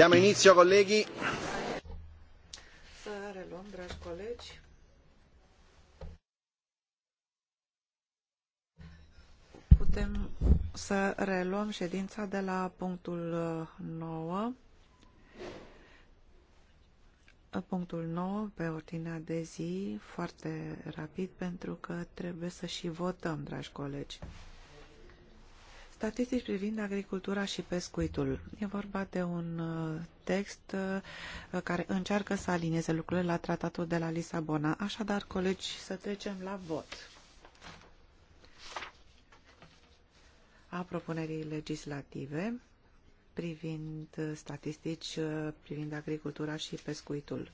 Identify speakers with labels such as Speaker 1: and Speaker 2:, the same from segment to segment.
Speaker 1: Diamo inizio, colleghi. Să reluăm, dragi colegi. Putem să reluăm ședința de la punctul 9. Uh, uh, punctul 9 pe ordinea de zi, foarte rapid, pentru că trebuie să și votăm, dragi colegi statistici privind agricultura și pescuitul. E vorba de un uh, text uh, care încearcă să alinieze lucrurile la tratatul de la Lisabona. Așadar, colegi, să trecem la vot. A propunerii legislative privind uh, statistici, privind agricultura și pescuitul.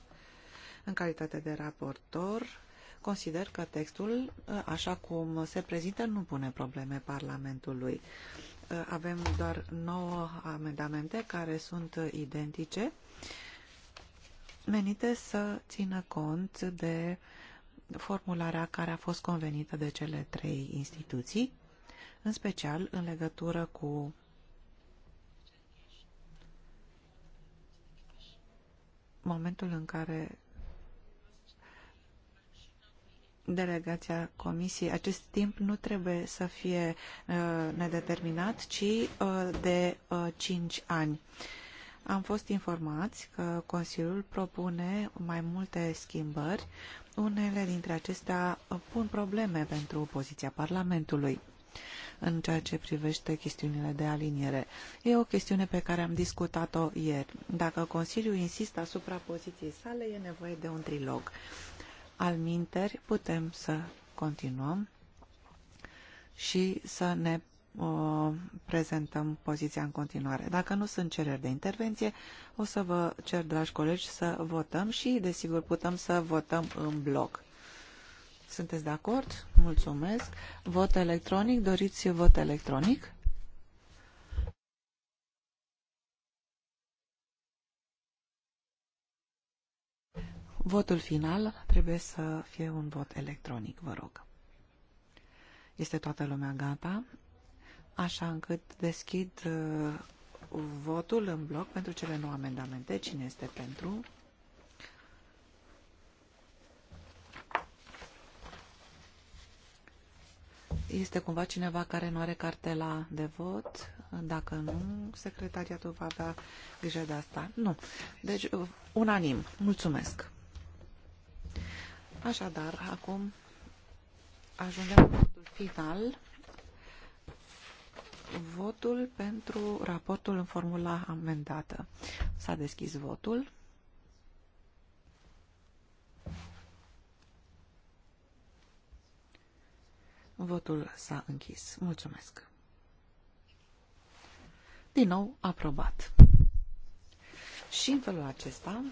Speaker 1: În calitate de raportor, Consider că textul, ă, așa cum se prezintă, nu pune probleme Parlamentului. Ă, avem doar 9 amendamente care sunt identice, menite să țină cont de formularea care a fost convenită de cele trei instituții, în special în legătură cu momentul în care delegația comisiei, acest timp nu trebuie să fie uh, nedeterminat, ci uh, de 5 uh, ani. Am fost informați că Consiliul propune mai multe schimbări. Unele dintre acestea pun probleme pentru poziția Parlamentului în ceea ce privește chestiunile de aliniere. E o chestiune pe care am discutat-o ieri. Dacă Consiliul insistă asupra poziției sale, e nevoie de un trilog. Al minteri putem să continuăm și să ne uh, prezentăm poziția în continuare. Dacă nu sunt cereri de intervenție, o să vă cer, dragi colegi, să votăm și, desigur, putem să votăm în bloc. Sunteți de acord? Mulțumesc. Vot electronic? Doriți vot electronic? Votul final trebuie să fie un vot electronic, vă rog. Este toată lumea gata, așa încât deschid uh, votul în bloc pentru cele nouă amendamente. Cine este pentru? Este cumva cineva care nu are cartela de vot? Dacă nu, secretariatul va avea grijă de asta. Nu. Deci, uh, unanim. Mulțumesc. Așadar, acum ajungem la votul final. Votul pentru raportul în formula amendată. S-a deschis votul. Votul s-a închis. Mulțumesc. Din nou, aprobat. Și în felul acesta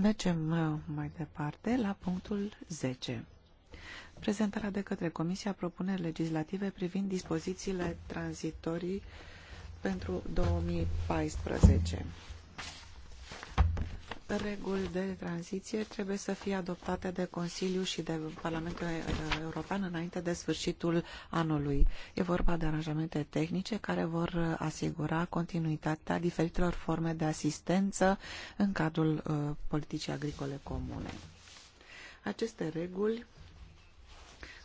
Speaker 1: Mergem mai departe la punctul 10. Prezentarea de către Comisia propuneri legislative privind dispozițiile tranzitorii pentru 2014 reguli de tranziție trebuie să fie adoptate de Consiliu și de Parlamentul eh, European înainte de sfârșitul anului. E vorba de aranjamente tehnice care vor eh, asigura continuitatea diferitelor forme de asistență în cadrul uh, politicii agricole comune. Aceste reguli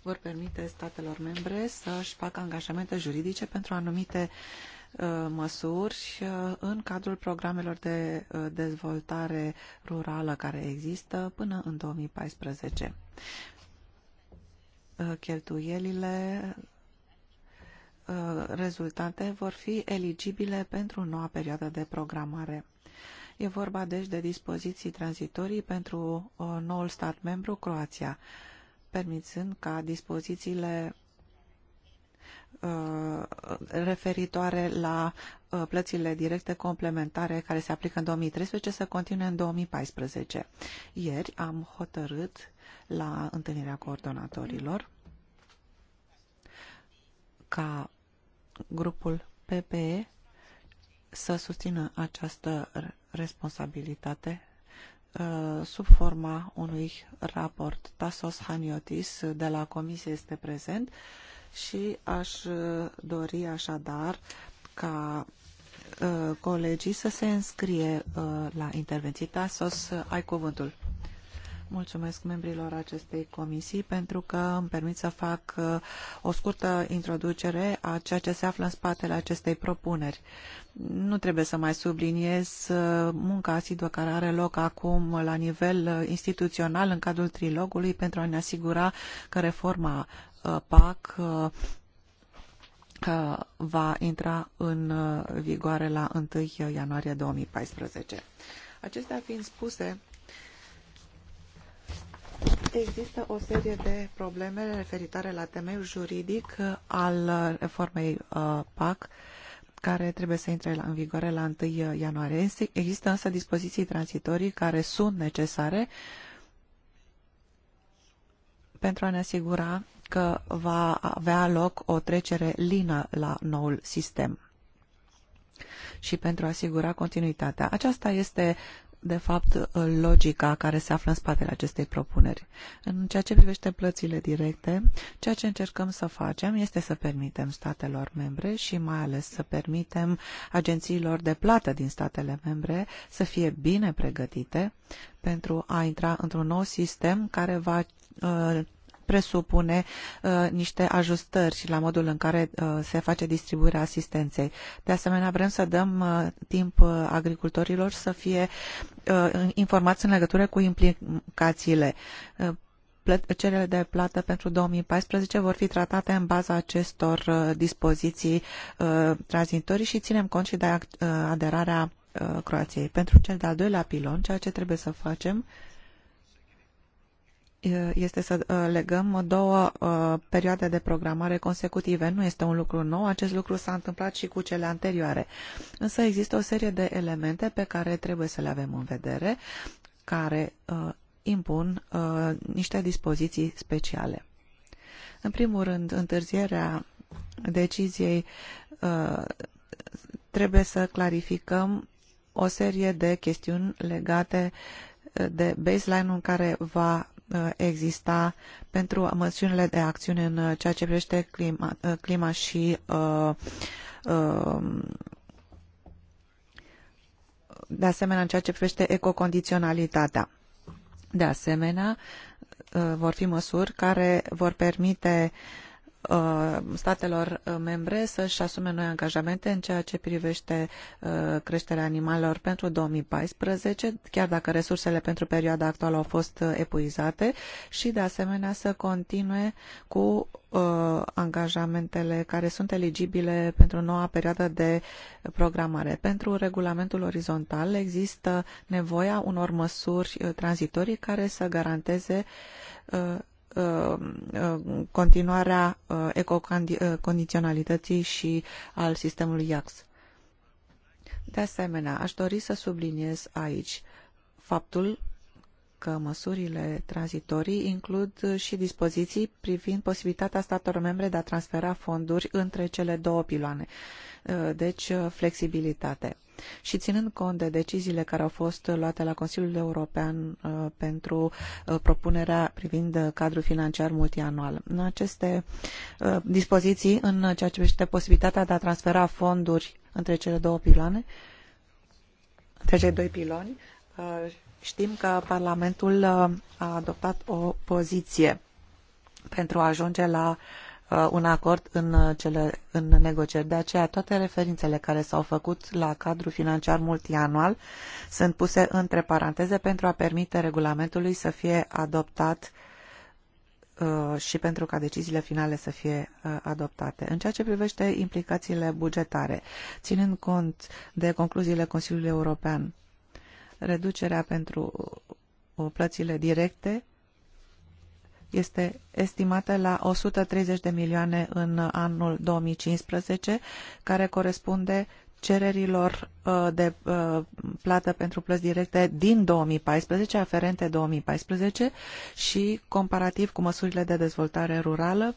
Speaker 1: vor permite statelor membre să își facă angajamente juridice pentru anumite uh, Uh, măsuri uh, în cadrul programelor de uh, dezvoltare rurală care există până în 2014. Cheltuielile rezultate vor fi eligibile pentru noua perioadă de programare. E vorba deci de dispoziții tranzitorii pentru noul stat membru, Croația, permițând ca dispozițiile Uh, referitoare la uh, plățile directe complementare care se aplică în 2013 să continue în 2014. Ieri am hotărât la întâlnirea coordonatorilor ca grupul PPE să susțină această responsabilitate uh, sub forma unui raport. Tasos Haniotis de la Comisie este prezent și aș uh, dori așadar ca uh, colegii să se înscrie uh, la intervenții. Tasos, ai cuvântul. Mulțumesc membrilor acestei comisii pentru că îmi permit să fac o scurtă introducere a ceea ce se află în spatele acestei propuneri. Nu trebuie să mai subliniez munca asiduă care are loc acum la nivel instituțional în cadrul trilogului pentru a ne asigura că reforma Uh, PAC uh, uh, va intra în vigoare la 1 ianuarie 2014. Acestea fiind spuse, există o serie de probleme referitoare la temeiul juridic al reformei PAC care trebuie să intre în vigoare la 1 ianuarie. Există însă dispoziții tranzitorii care sunt necesare pentru a ne asigura că va avea loc o trecere lină la noul sistem și pentru a asigura continuitatea. Aceasta este de fapt, logica care se află în spatele acestei propuneri. În ceea ce privește plățile directe, ceea ce încercăm să facem este să permitem statelor membre și mai ales să permitem agențiilor de plată din statele membre să fie bine pregătite pentru a intra într-un nou sistem care va uh, presupune uh, niște ajustări și la modul în care uh, se face distribuirea asistenței. De asemenea, vrem să dăm uh, timp uh, agricultorilor să fie uh, informați în legătură cu implicațiile uh, cererile de plată pentru 2014 vor fi tratate în baza acestor uh, dispoziții uh, tranzitorii și ținem cont și de aderarea uh, Croației. Pentru cel de-al doilea pilon, ceea ce trebuie să facem este să legăm două perioade de programare consecutive. Nu este un lucru nou, acest lucru s-a întâmplat și cu cele anterioare. Însă există o serie de elemente pe care trebuie să le avem în vedere, care impun niște dispoziții speciale. În primul rând, întârzierea deciziei trebuie să clarificăm o serie de chestiuni legate de baseline-ul care va Uh, exista pentru măsurile de acțiune în uh, ceea ce privește clima, uh, clima și um, de asemenea în ceea ce privește ecocondiționalitatea. De asemenea, vor fi măsuri care vor permite uh, Uh, statelor uh, membre să-și asume noi angajamente în ceea ce privește uh, creșterea animalelor pentru 2014, chiar dacă resursele pentru perioada actuală au fost epuizate și de asemenea să continue cu angajamentele care sunt eligibile pentru noua perioadă de programare. Pentru regulamentul orizontal există nevoia unor măsuri tranzitorii care să garanteze Uh, uh, continuarea uh, ecocondiționalității și al sistemului IAX. De asemenea, aș dori să subliniez aici faptul că măsurile tranzitorii includ și dispoziții privind posibilitatea statelor membre de a transfera fonduri între cele două piloane, uh, deci uh, flexibilitate. Și ținând cont de deciziile care au fost luate la Consiliul European uh, pentru propunerea privind cadrul financiar multianual. În aceste dispoziții, în ceea ce privește posibilitatea de a transfera fonduri între cele două piloane, între cei doi piloni, Știm că Parlamentul uh, a adoptat o poziție pentru a ajunge la uh, un acord în, uh, cele, în negocieri. De aceea, toate referințele care s-au făcut la cadrul financiar multianual sunt puse între paranteze pentru a permite regulamentului să fie adoptat și pentru ca deciziile finale să fie adoptate. În ceea ce privește implicațiile bugetare, ținând cont de concluziile Consiliului European Reducerea pentru uh, plățile directe este estimată la 130 de milioane în anul 2015, care corespunde cererilor uh, de uh, plată pentru plăți directe din 2014, aferente 2014 și comparativ cu măsurile de dezvoltare rurală,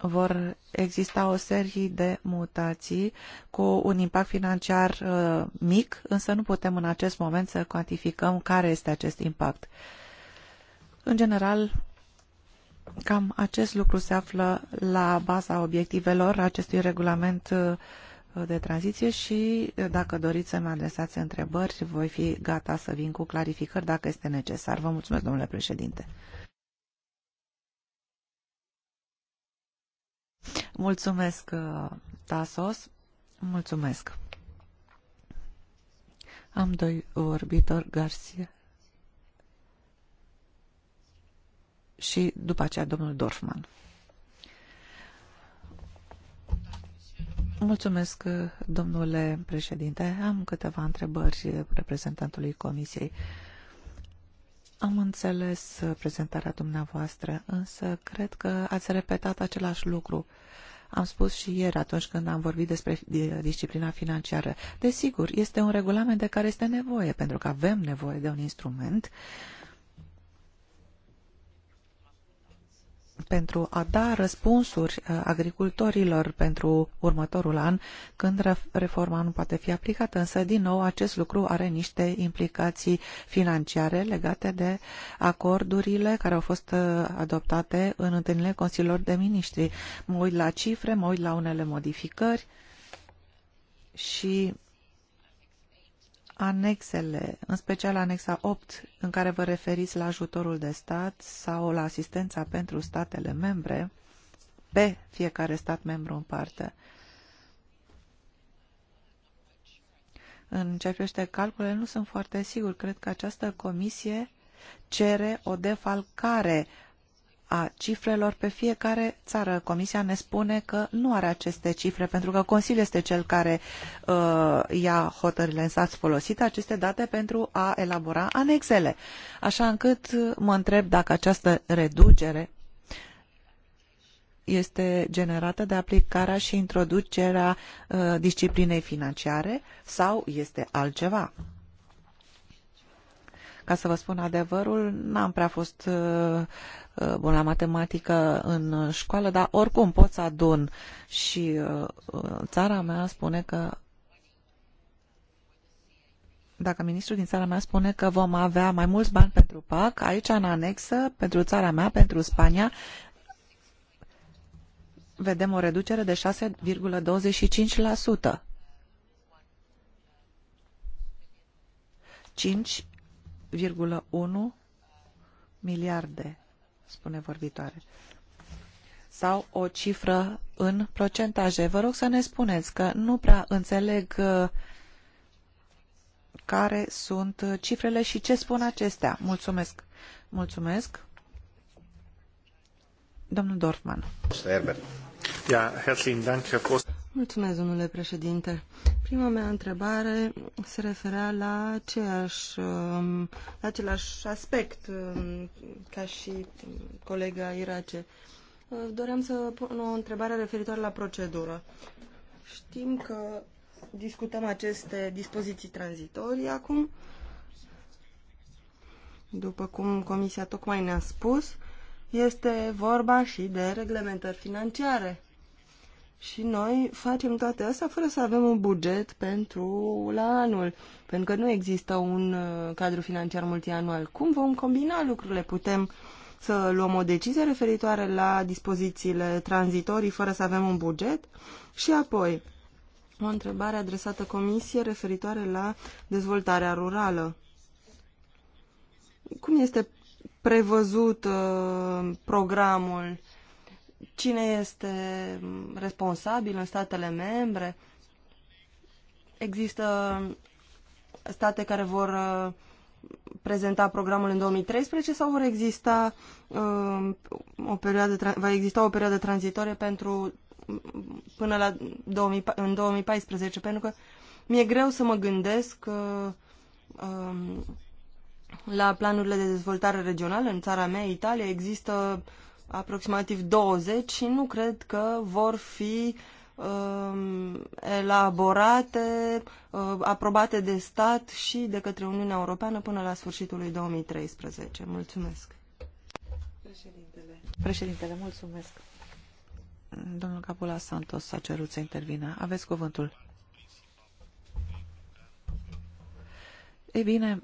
Speaker 1: vor exista o serie de mutații cu un impact financiar uh, mic, însă nu putem în acest moment să cuantificăm care este acest impact. În general, cam acest lucru se află la baza obiectivelor acestui regulament uh, de tranziție și dacă doriți să-mi adresați întrebări, voi fi gata să vin cu clarificări dacă este necesar. Vă mulțumesc, domnule președinte. Mulțumesc, uh, Tasos. Mulțumesc. Am doi vorbitori, Garcia. Și după aceea domnul Dorfman. Mulțumesc, uh, domnule președinte. Am câteva întrebări reprezentantului Comisiei. Am înțeles uh, prezentarea dumneavoastră, însă cred că ați repetat același lucru. Uh, am spus și ieri atunci când am vorbit despre disciplina financiară. Desigur, este un regulament de care este nevoie, pentru că avem nevoie de un instrument uh, pentru a da răspunsuri uh, agricultorilor pentru următorul an, când reforma nu poate fi aplicată. Însă, din nou, acest lucru are niște implicații financiare legate de acordurile care au fost uh, adoptate în întâlnirile Consiliilor de Ministri. Mă uit la cifre, mă uit la unele modificări și anexele, în special anexa 8, în care vă referiți la ajutorul de stat sau la asistența pentru statele membre, pe fiecare stat membru în parte. În ce privește calculele, nu sunt foarte sigur. Cred că această comisie cere o defalcare a cifrelor pe fiecare țară. Comisia ne spune că nu are aceste cifre, pentru că Consiliul este cel care uh, ia hotările, în sați folosit aceste date pentru a elabora anexele. Așa încât uh, mă întreb dacă această reducere este generată de aplicarea și introducerea uh, disciplinei financiare sau este altceva. Ca să vă spun adevărul, n-am prea fost uh, uh, bun la matematică în școală, dar oricum pot să adun. Și uh, țara mea spune că dacă ministrul din țara mea spune că vom avea mai mulți bani pentru PAC, aici în anexă, pentru țara mea, pentru Spania, vedem o reducere de 6,25%. 5 miliarde, spune vorbitoare, sau o cifră în procentaje. Vă rog să ne spuneți că nu prea înțeleg uh, care sunt cifrele și ce spun acestea. Mulțumesc. Mulțumesc.
Speaker 2: Domnul Dorfman. Mulțumesc, domnule președinte. Prima mea întrebare se referea la aceeași, um, la același aspect um, ca și colega Irace. Uh, doream să pun o întrebare referitoare la procedură. Știm că discutăm aceste dispoziții tranzitorii acum. După cum Comisia tocmai ne-a spus, este vorba și de reglementări financiare. Și noi facem toate astea fără să avem un buget pentru la anul, pentru că nu există un uh, cadru financiar multianual. Cum vom combina lucrurile? Putem să luăm o decizie referitoare la dispozițiile tranzitorii fără să avem un buget? Și apoi, o întrebare adresată Comisiei referitoare la dezvoltarea rurală. Cum este prevăzut uh, programul uh, cine este responsabil în statele membre. Există state care vor uh, prezenta programul în 2013 sau vor exista uh, o perioadă va exista o perioadă tranzitorie pentru până la 2000, în 2014 pentru că mi-e greu să mă gândesc uh, uh, la planurile de dezvoltare regională în țara mea, Italia, există uh, aproximativ 20 și nu cred că vor fi um, elaborate, uh, aprobate de stat și de către Uniunea Europeană până la sfârșitul lui 2013. Mulțumesc. Președintele. Președintele, mulțumesc. Domnul Capula Santos a cerut să intervină.
Speaker 1: Aveți cuvântul. Ei bine,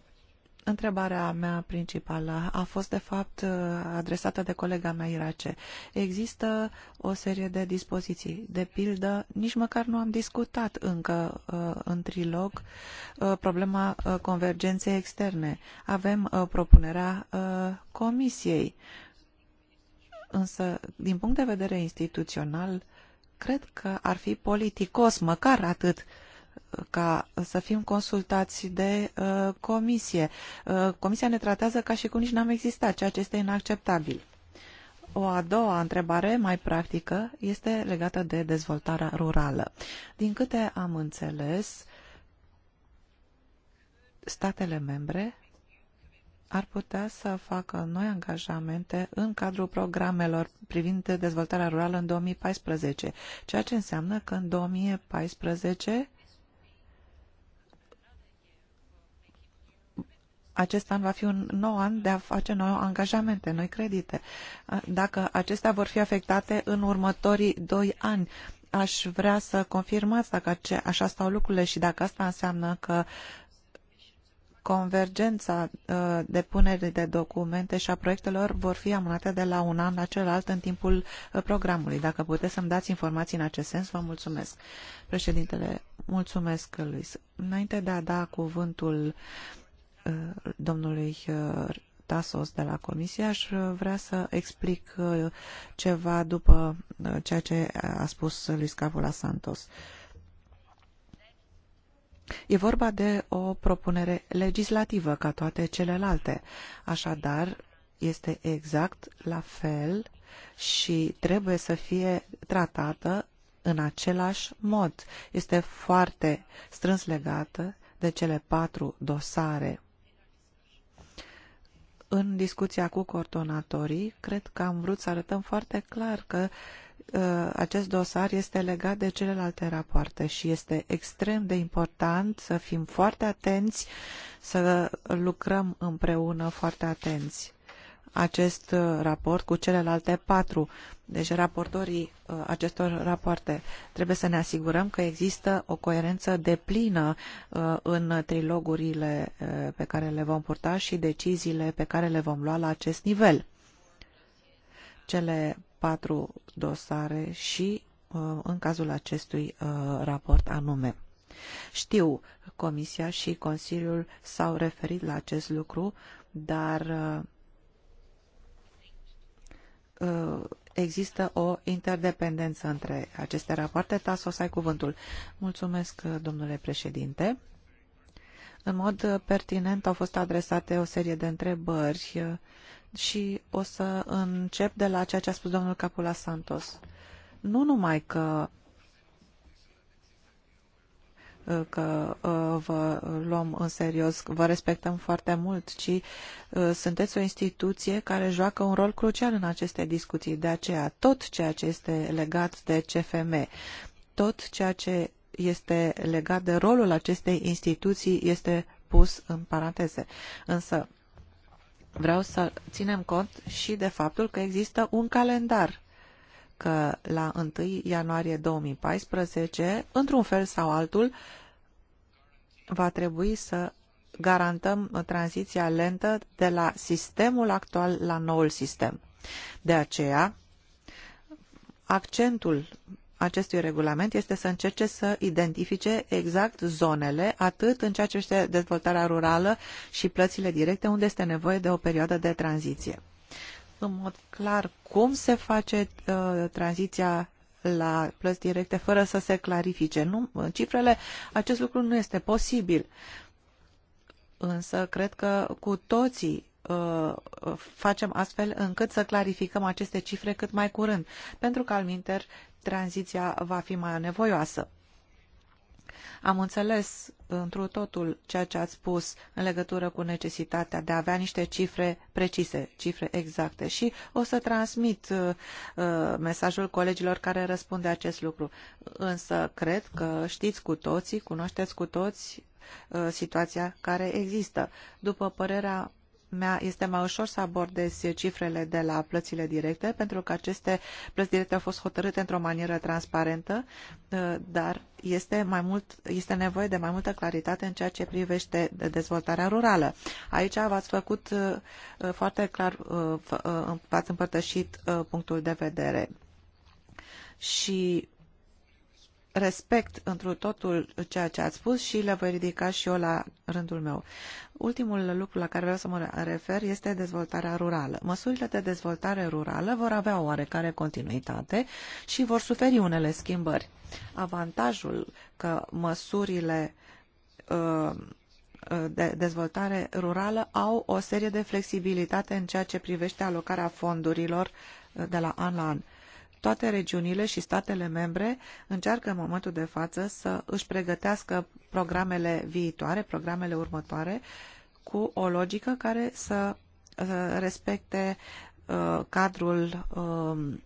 Speaker 1: Întrebarea mea principală a fost, de fapt, uh, adresată de colega mea Irace. Există o serie de dispoziții. De pildă, nici măcar nu am discutat încă uh, în trilog uh, problema convergenței externe. Avem propunerea Comisiei. Însă, din punct de vedere instituțional, cred că ar fi politicos, măcar atât, uh, ca să fim consultați de uh, comisie. Uh, comisia ne tratează ca și cum nici n-am existat, ceea ce este inacceptabil. O a doua întrebare, mai practică, este legată de dezvoltarea rurală. Din câte am înțeles, statele membre ar putea să facă noi angajamente în cadrul programelor privind dezvoltarea rurală în 2014, ceea ce înseamnă că în 2014 acest an va fi un nou an de a face noi angajamente, noi credite. Dacă acestea vor fi afectate în următorii doi ani, aș vrea să confirmați dacă așa stau lucrurile și dacă asta înseamnă că convergența ă, depunerii de documente și a proiectelor vor fi amânate de la un an la celălalt în timpul ă, programului. Dacă puteți să-mi dați informații în acest sens, vă mulțumesc. Președintele, mulțumesc, lui. Înainte de a da cuvântul Uh, domnului uh, Tasos de la Comisie. Aș uh, vrea să explic ceva după ceea ce a spus Luis Capula Santos. E vorba de o propunere legislativă ca toate celelalte. Așadar, este exact la fel și trebuie să fie tratată în același mod. Este foarte strâns legată de cele patru dosare în discuția cu coordonatorii, cred că am vrut să arătăm foarte clar că uh, acest dosar este legat de celelalte rapoarte și este extrem de important să fim foarte atenți, să lucrăm împreună foarte atenți acest uh, raport cu celelalte patru. Deci raportorii uh, acestor rapoarte trebuie să ne asigurăm că există o coerență deplină uh, în trilogurile pe care le vom purta și deciziile pe care le vom lua la acest nivel. Cele patru dosare și în cazul acestui raport anume. Știu, Comisia și Consiliul s-au referit la acest lucru, dar Uh, există o interdependență între aceste rapoarte. Tasos, ai cuvântul. Mulțumesc, uh, domnule președinte. În mod uh, pertinent au fost adresate o serie de întrebări și o să încep de la ceea ce a spus domnul Capula Santos. Nu numai că că uh, vă luăm în serios, vă respectăm foarte mult, ci uh, sunteți o instituție care joacă un rol crucial în aceste discuții. De aceea, tot ceea ce este legat de CFM, tot ceea ce este legat de rolul acestei instituții este pus în paranteze. Însă, vreau să ținem cont și de faptul că există un calendar că la 1 ianuarie 2014, într-un fel sau altul, va trebui să garantăm tranziția lentă de la sistemul actual la noul sistem. De aceea, accentul acestui regulament este să încerce să identifice exact zonele, atât în ceea ce este dezvoltarea rurală și plățile directe, unde este nevoie de o perioadă de tranziție în mod clar cum se face uh, tranziția la plăți directe fără să se clarifice. Nu, cifrele, acest lucru nu este posibil. Însă cred că cu toții uh, facem astfel încât să clarificăm aceste cifre cât mai curând, pentru că alminter tranziția va fi mai anevoioasă. Am înțeles întru totul ceea ce ați spus în legătură cu necesitatea de a avea niște cifre precise, cifre exacte și o să transmit uh, uh mesajul colegilor care răspunde acest lucru. Însă cred că știți cu toții, cunoașteți cu toți uh, situația care există. După părerea mea este mai ușor să abordez cifrele de la plățile directe, pentru că aceste plăți directe au fost hotărâte într-o manieră transparentă, uh, dar este, mai mult, este nevoie de mai multă claritate în ceea ce privește dezvoltarea rurală. Aici v-ați făcut uh, uh, foarte clar, v-ați împărtășit punctul de vedere. Și respect întru totul ceea ce ați spus și le voi ridica și eu la rândul meu. Ultimul lucru la care vreau să mă refer este dezvoltarea rurală. Măsurile de dezvoltare rurală vor avea o oarecare continuitate și vor suferi unele schimbări. Avantajul că măsurile uh, de dezvoltare rurală au o serie de flexibilitate în ceea ce privește alocarea fondurilor uh, de la an la an. Toate regiunile și statele membre încearcă în momentul de față să își pregătească programele viitoare, programele următoare, cu o logică care să uh, respecte uh, cadrul um,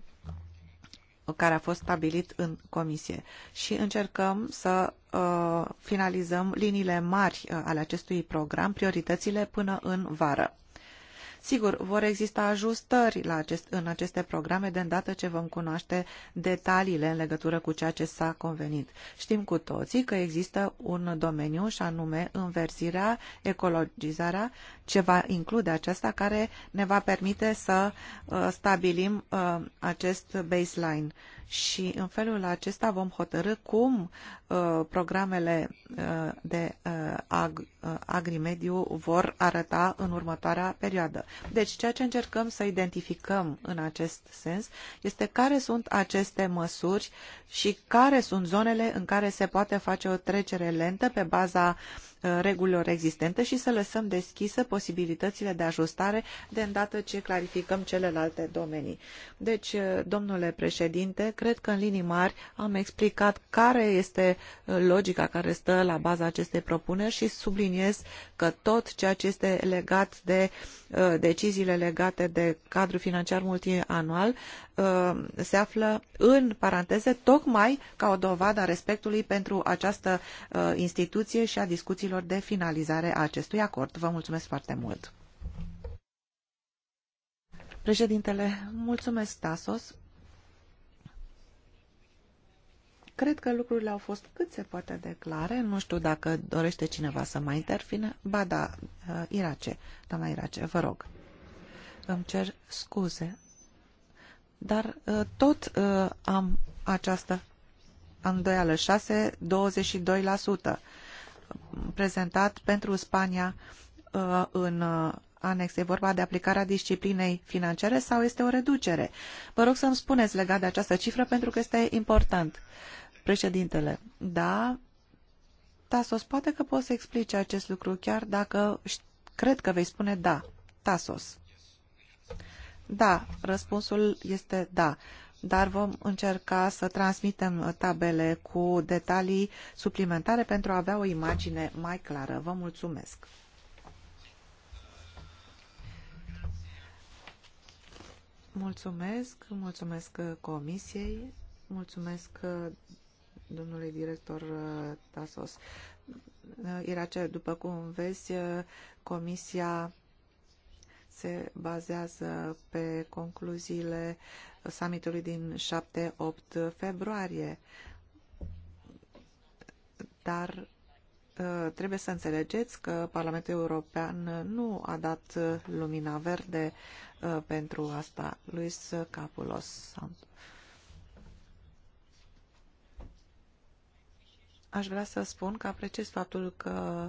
Speaker 1: care a fost stabilit în comisie și încercăm să uh, finalizăm liniile mari ale acestui program, prioritățile până în vară. Sigur, vor exista ajustări la acest, în aceste programe de îndată ce vom cunoaște detaliile în legătură cu ceea ce s-a convenit. Știm cu toții că există un domeniu și anume înverzirea, ecologizarea, ce va include aceasta care ne va permite să uh, stabilim uh, acest baseline și în felul acesta vom hotărâ cum uh, programele uh, de uh, ag, uh, agrimediu vor arăta în următoarea perioadă. Deci ceea ce încercăm să identificăm în acest sens este care sunt aceste măsuri și care sunt zonele în care se poate face o trecere lentă pe baza uh, Uh, regulilor existente și să lăsăm deschise posibilitățile de ajustare de îndată ce clarificăm celelalte domenii. Deci, uh, domnule președinte, cred că în linii mari am explicat care este uh, logica care stă la baza acestei propuneri și subliniez că tot ceea ce este legat de deciziile legate de cadrul financiar multianual se află în paranteze tocmai ca o dovadă a respectului pentru această instituție și a discuției discuțiilor de finalizare a acestui acord. Vă mulțumesc foarte mult! Președintele, mulțumesc, Tasos. Cred că lucrurile au fost cât se poate de clare. Nu știu dacă dorește cineva să mai intervine. Ba da, uh, Irace, doamna Irace, vă rog. Îmi cer scuze, dar uh, tot uh, am această îndoială, 6, 22% prezentat pentru Spania uh, în uh, anex. E vorba de aplicarea disciplinei financiare sau este o reducere? Vă rog să-mi spuneți legat de această cifră pentru că este important. Președintele, da, Tasos, poate că poți să explice acest lucru chiar dacă cred că vei spune da. Tasos. Da, răspunsul este da dar vom încerca să transmitem tabele cu detalii suplimentare pentru a avea o imagine mai clară. Vă mulțumesc! Mulțumesc, mulțumesc comisiei, mulțumesc domnului director uh, Tasos. Irace, uh, după cum vezi, uh, comisia se bazează pe concluziile summitului din 7-8 februarie. Dar uh, trebuie să înțelegeți că Parlamentul European nu a dat uh, lumina verde uh, pentru asta. Luis Capulos. Aș vrea să spun că apreciez faptul că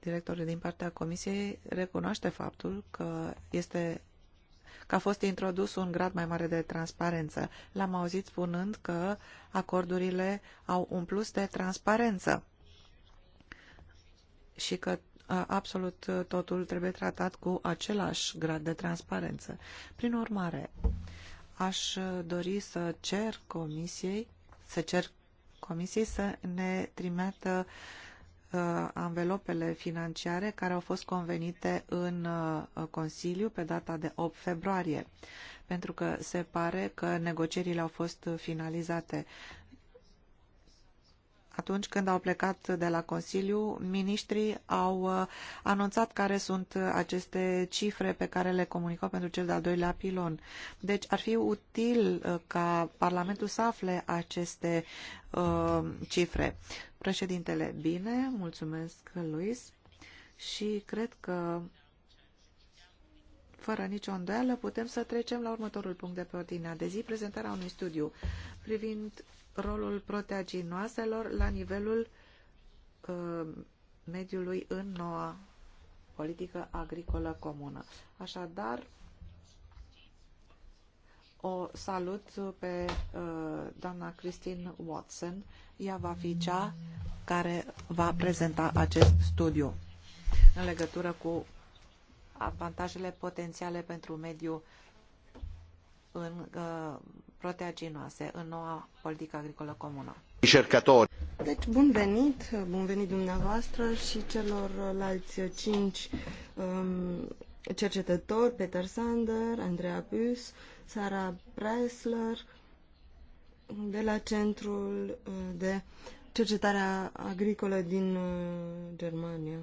Speaker 1: directorul din partea Comisiei recunoaște faptul că este că a fost introdus un grad mai mare de transparență. L-am auzit spunând că acordurile au un plus de transparență și că absolut totul trebuie tratat cu același grad de transparență. Prin urmare, aș dori să cer comisiei, să cer comisiei să ne trimită uh, Uh, anvelopele financiare care au fost convenite în uh, Consiliu pe data de 8 februarie, pentru că se pare că negocierile au fost finalizate. Atunci când au plecat de la Consiliu, miniștrii au uh, anunțat care sunt aceste cifre pe care le comunicau pentru cel de-al doilea pilon. Deci ar fi util ca Parlamentul să afle aceste uh, cifre. Președintele, bine, mulțumesc, Luis, și cred că fără nicio îndoială, putem să trecem la următorul punct de pe ordinea de zi, prezentarea unui studiu privind rolul proteaginoaselor la nivelul uh, mediului în noua politică agricolă comună. Așadar, o salut pe uh, doamna Christine Watson, ea va fi cea care va prezenta acest studiu în legătură cu avantajele potențiale pentru mediu în uh, proteaginoase, în noua politică agricolă comună.
Speaker 2: Deci, bun venit, bun venit dumneavoastră și celorlalți uh, cinci um, cercetători, Peter Sander, Andrea Bus, Sara Pressler, de la Centrul uh, de Cercetare Agricolă din uh, Germania.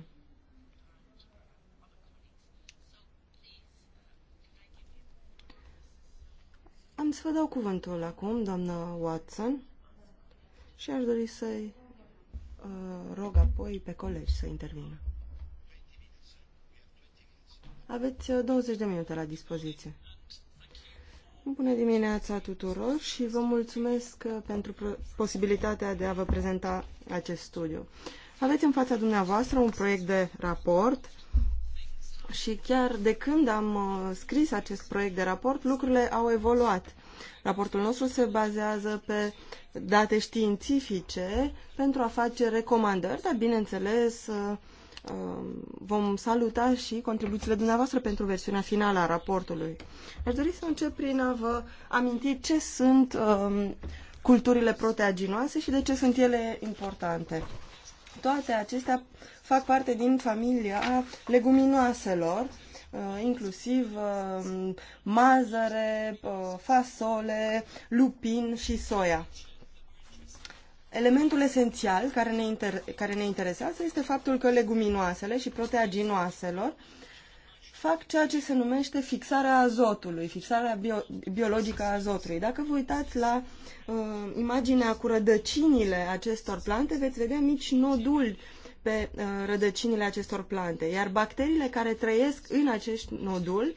Speaker 2: Am să vă dau cuvântul acum, doamna Watson, și aș dori să-i uh, rog apoi pe colegi să intervină. Aveți 20 uh, de minute la dispoziție. Bună dimineața tuturor și vă mulțumesc uh, pentru posibilitatea de a vă prezenta acest studiu. Aveți în fața dumneavoastră un proiect de raport și chiar de când am uh, scris acest proiect de raport, lucrurile au evoluat. Raportul nostru se bazează pe date științifice pentru a face recomandări, dar bineînțeles uh, Um, vom saluta și contribuțiile dumneavoastră pentru versiunea finală a raportului. Aș dori să încep prin a vă aminti ce sunt um, culturile proteaginoase și de ce sunt ele importante. Toate acestea fac parte din familia leguminoaselor, uh, inclusiv um, mazăre, uh, fasole, lupin și soia. Elementul esențial care ne, inter- care ne interesează este faptul că leguminoasele și proteaginoaselor fac ceea ce se numește fixarea azotului, fixarea bio- biologică a azotului. Dacă vă uitați la uh, imaginea cu rădăcinile acestor plante, veți vedea mici noduli pe uh, rădăcinile acestor plante, iar bacteriile care trăiesc în acești noduli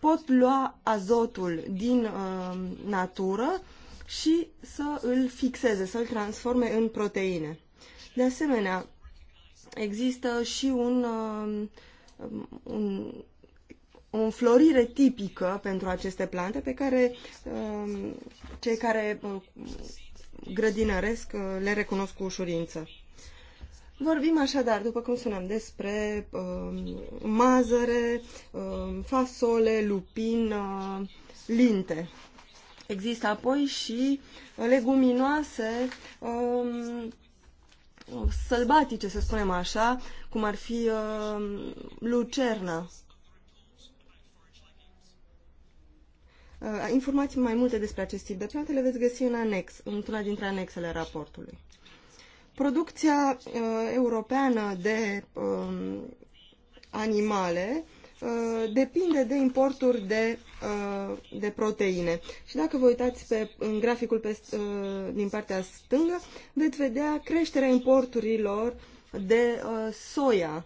Speaker 2: pot lua azotul din uh, natură și să îl fixeze, să îl transforme în proteine. De asemenea, există și un, um, un, o înflorire tipică pentru aceste plante pe care um, cei care uh, grădinăresc uh, le recunosc cu ușurință. Vorbim așadar, după cum spuneam, despre uh, mazăre, uh, fasole, lupin, uh, linte. Există apoi și uh, leguminoase um, sălbatice, să spunem așa, cum ar fi um, lucerna. Uh, informații mai multe despre acest tip de plante le veți găsi în anex, într-una dintre anexele raportului. Producția uh, europeană de uh, animale uh, Uh, depinde de importuri de, uh, de proteine. Și dacă vă uitați pe, în graficul pe, uh, din partea stângă, veți vedea creșterea importurilor de soia.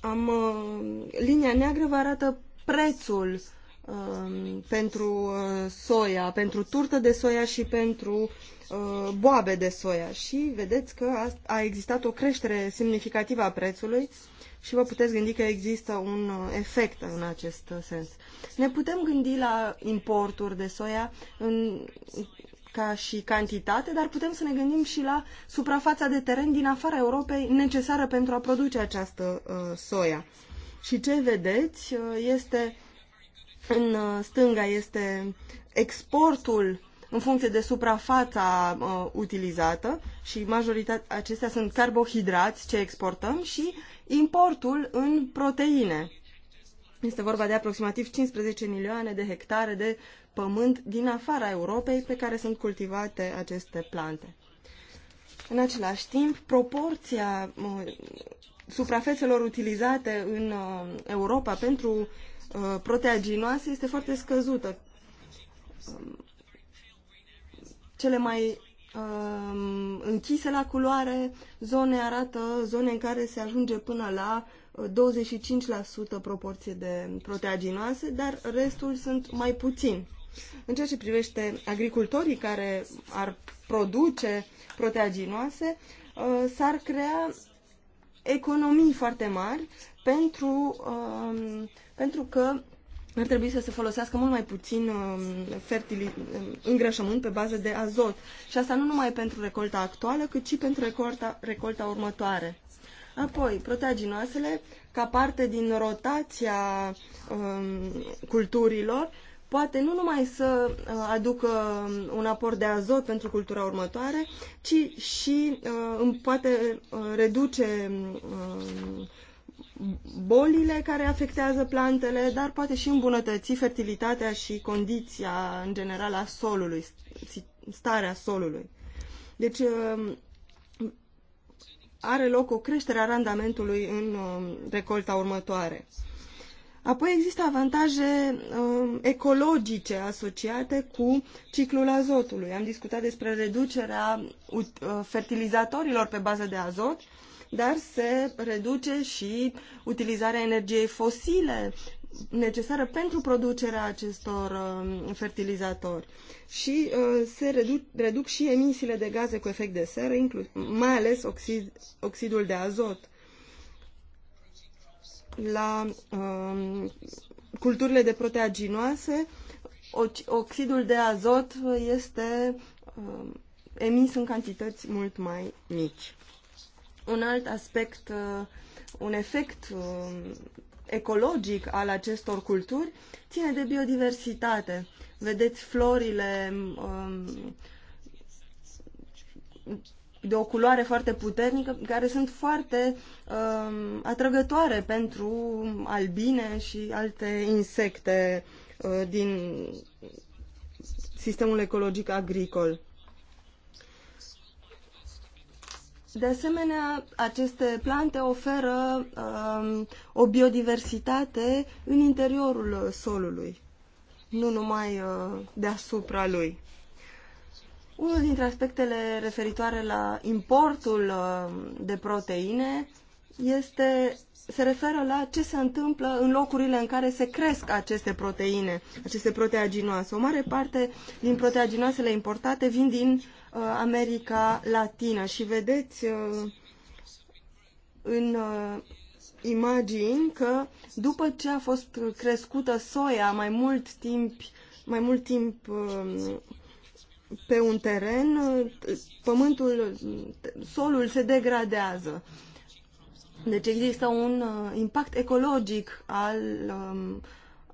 Speaker 2: Am, linia neagră vă arată prețul pentru soia, pentru turtă de soia și pentru Uh, boabe de soia și vedeți că a existat o creștere semnificativă a prețului și vă puteți gândi că există un uh, efect în acest uh, sens. Ne putem gândi la importuri de soia în, ca și cantitate, dar putem să ne gândim și la suprafața de teren din afara Europei necesară pentru a produce această uh, soia. Și ce vedeți este, în stânga este exportul în funcție de suprafața uh, utilizată și majoritatea acestea sunt carbohidrați ce exportăm și importul în proteine. Este vorba de aproximativ 15 milioane de hectare de pământ din afara Europei pe care sunt cultivate aceste plante. În același timp, proporția uh, suprafețelor utilizate în uh, Europa pentru uh, proteaginoase este foarte scăzută cele mai uh, închise la culoare zone arată zone în care se ajunge până la 25% uh, proporție de proteaginoase, dar restul sunt mai puțin. În ceea ce privește agricultorii care ar produce proteaginoase, uh, s-ar crea economii foarte mari pentru, um, pentru că ar trebui să se folosească mult mai puțin um, um, îngrășământ pe bază de azot. Și asta nu numai pentru recolta actuală, cât și pentru recolta, recolta următoare. Apoi, proteaginoasele, ca parte din rotația um, culturilor, poate nu numai să uh, aducă um, un aport de azot pentru cultura următoare, ci și uh, poate uh, reduce uh, bolile care afectează plantele, dar poate și îmbunătăți fertilitatea și condiția în general a solului, starea solului. Deci um, are loc o creștere a randamentului în um, recolta următoare. Apoi există avantaje uh, ecologice asociate cu ciclul azotului. Am discutat despre reducerea uh, fertilizatorilor pe bază de azot dar se reduce și utilizarea energiei fosile necesară pentru producerea acestor um, fertilizatori și uh, se reduc, reduc și emisiile de gaze cu efect de seră, inclus, mai ales oxid, oxidul de azot. La uh, culturile de proteaginoase, oxidul de azot este um, emis în cantități mult mai mici. Un alt aspect, uh, un efect uh, ecologic al acestor culturi ține de biodiversitate. Vedeți florile um, de o culoare foarte puternică, care sunt foarte um, atrăgătoare pentru albine și alte insecte uh, din sistemul ecologic agricol. De asemenea, aceste plante oferă um, o biodiversitate în interiorul solului, nu numai uh, deasupra lui. Unul dintre aspectele referitoare la importul uh, de proteine este, se referă la ce se întâmplă în locurile în care se cresc aceste proteine, aceste proteaginoase. O mare parte din proteaginoasele importate vin din uh, Uh, America Latină și vedeți uh, în uh, imagini că după ce a fost crescută soia mai mult timp, mai mult timp pe un teren, pământul, solul se degradează. Deci există un impact ecologic al, um,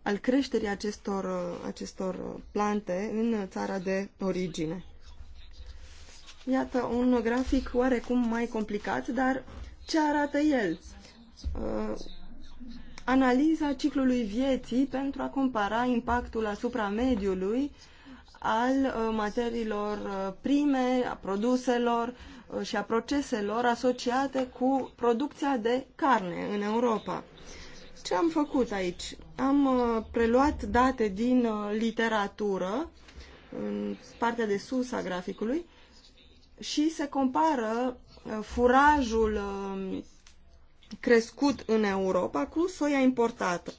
Speaker 2: al creșterii acestor, acestor plante în țara de origine. Iată un grafic oarecum mai complicat, dar ce arată el? Uh, analiza ciclului vieții pentru a compara impactul asupra mediului al uh, materiilor uh, prime, a produselor și a proceselor asociate cu producția de carne în Europa. Ce am făcut aici? Am preluat date din literatură, în partea de sus a graficului, și se compară uh, furajul um, crescut în Europa cu soia importată.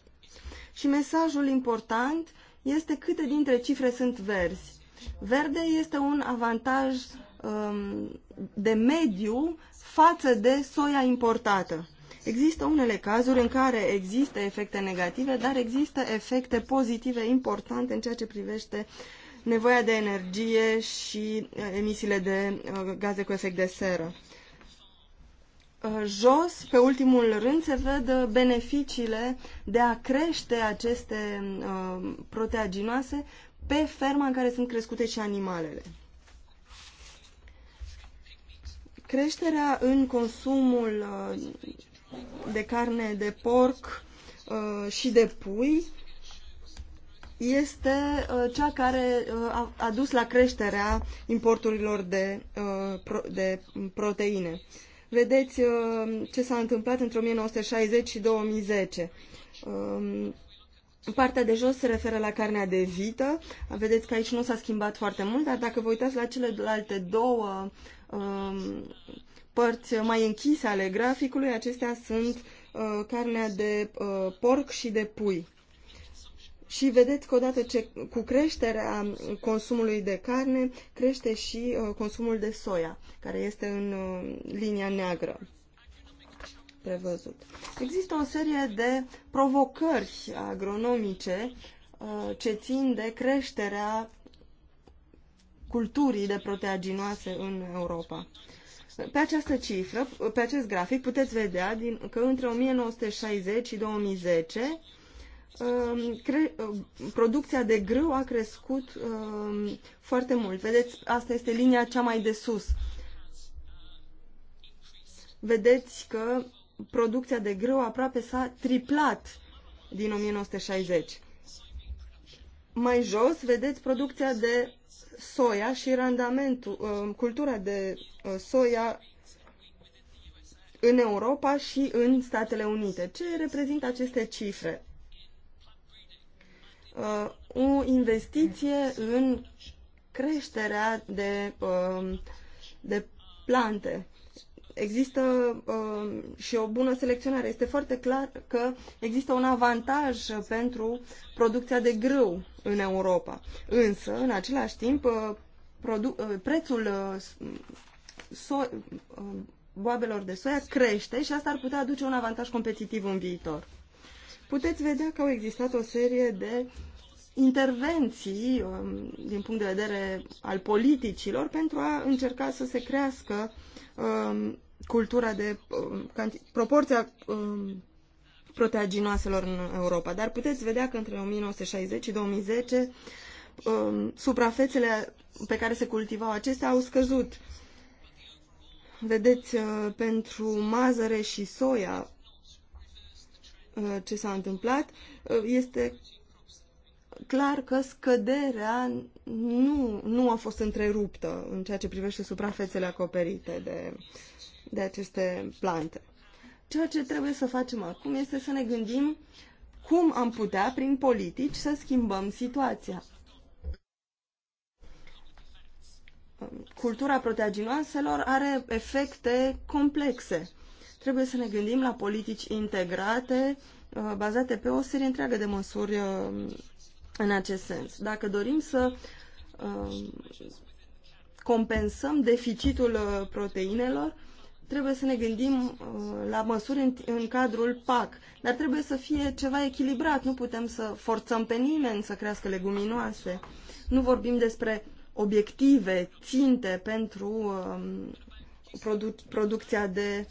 Speaker 2: Și mesajul important este câte dintre cifre sunt verzi. Verde este un avantaj um, de mediu față de soia importată. Există unele cazuri în care există efecte negative, dar există efecte pozitive importante în ceea ce privește nevoia de energie și uh, emisiile de uh, gaze cu efect de seră. Uh, jos, pe ultimul rând, se văd beneficiile de a crește aceste proteaginoase pe ferma în care sunt crescute și animalele. Creșterea în consumul de carne de porc și de pui este uh, cea care uh, a dus la creșterea importurilor de, uh, de proteine. Vedeți ce s-a întâmplat între 1960 și 2010. Um, partea de jos se referă la carnea de vită. Vedeți că aici nu s-a schimbat foarte mult, dar dacă vă uitați la celelalte două um, părți mai închise ale graficului, acestea sunt carnea de porc și de pui. Și vedeți că odată ce cu creșterea consumului de carne crește și uh, consumul de soia, care este în uh, linia neagră prevăzut. Există o serie de provocări agronomice uh, ce țin de creșterea culturii de proteaginoase în Europa. Pe această cifră, pe acest grafic, puteți vedea din, că între 1960 și 2010 Um, um, producția de grâu a crescut um, foarte mult. Vedeți, asta este linia cea mai de sus. Vedeți că producția de grâu aproape s-a triplat din 1960. Mai jos vedeți producția de soia și randamentul, cultura de uh, soia în Europa și în Statele Unite. Ce reprezintă aceste cifre? uh, o investiție în creșterea de, uh, de plante. Există uh, și o bună selecționare. Este foarte clar că există un avantaj pentru producția de grâu în Europa. Însă, în același timp, uh, uh prețul uh, so- uh, boabelor de soia crește și asta ar putea aduce un avantaj competitiv în viitor puteți vedea că au existat o serie de intervenții um, din punct de vedere al politicilor pentru a încerca să se crească um, cultura de um, proporția um, proteaginoaselor în Europa. Dar puteți vedea că între 1960 și 2010 um, suprafețele pe care se cultivau acestea au scăzut. Vedeți, uh, pentru mazăre și soia Uh, ce s-a întâmplat, uh, este clar că scăderea nu, nu a fost întreruptă în ceea ce privește suprafețele acoperite de, de aceste plante. Ceea ce trebuie să facem acum este să ne gândim cum am putea, prin politici, să schimbăm situația. Cultura proteaginoaselor are efecte complexe Trebuie să ne gândim la politici integrate, uh, bazate pe o serie întreagă de măsuri uh, în acest sens. Dacă dorim să uh, compensăm deficitul proteinelor, trebuie să ne gândim la măsuri în, cadrul PAC, dar trebuie să fie ceva echilibrat, nu putem să forțăm pe nimeni să crească leguminoase. Nu vorbim despre obiective, ținte pentru produc producția de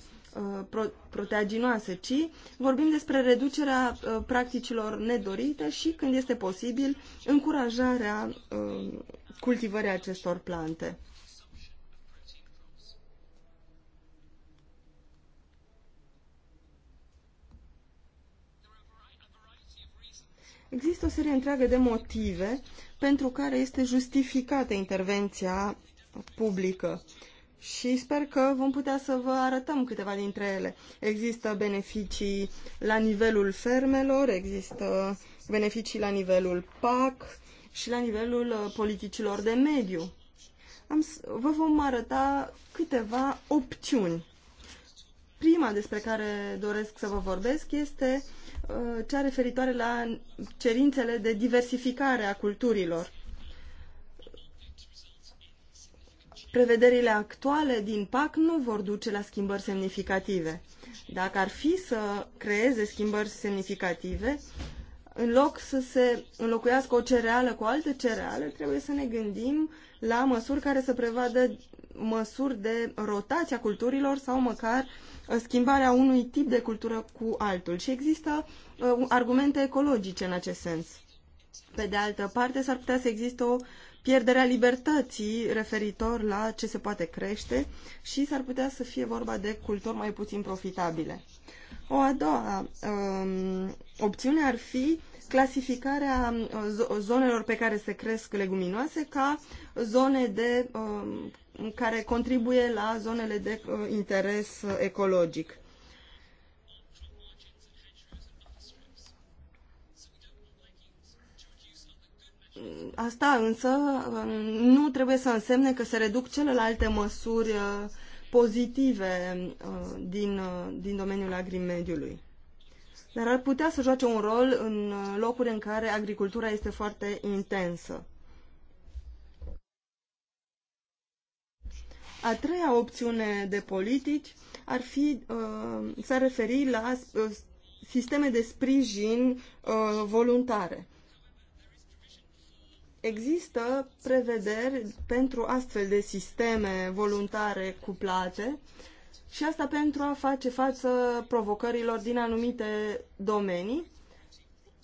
Speaker 2: Uh, proteaginoase, ci vorbim despre reducerea uh, practicilor nedorite și, când este posibil, încurajarea uh, cultivării acestor plante. Există o serie întreagă de motive pentru care este justificată intervenția publică. Uh, și sper că vom putea să vă arătăm câteva dintre ele. Există beneficii la nivelul fermelor, există beneficii la nivelul PAC și la nivelul uh, politicilor de mediu. Am, vă vom arăta câteva opțiuni. Prima despre care doresc să vă vorbesc este uh, cea referitoare la cerințele de diversificare a culturilor prevederile actuale din PAC nu vor duce la schimbări semnificative. Dacă ar fi să creeze schimbări semnificative, în loc să se înlocuiască o cereală cu alte cereale, trebuie să ne gândim la măsuri care să prevadă măsuri de rotația culturilor sau măcar uh, schimbarea unui tip de cultură cu altul. Și există uh, argumente ecologice în acest sens. Pe de altă parte, s-ar putea să existe o pierderea libertății referitor la ce se poate crește și s-ar putea să fie vorba de culturi mai puțin profitabile. O a doua um, opțiune ar fi clasificarea uh, zonelor pe care se cresc leguminoase ca zone de, um, care contribuie la zonele de uh, interes uh, ecologic. Asta însă uh, nu trebuie să însemne că se reduc celelalte măsuri uh, pozitive uh, din, din domeniul agrimediului. Dar ar putea să joace un rol în locuri în care agricultura este foarte intensă. A treia opțiune de politici ar fi s-ar referi la sisteme de sprijin voluntare Există prevederi pentru astfel de sisteme voluntare cuplate și asta pentru a face față provocărilor din anumite domenii.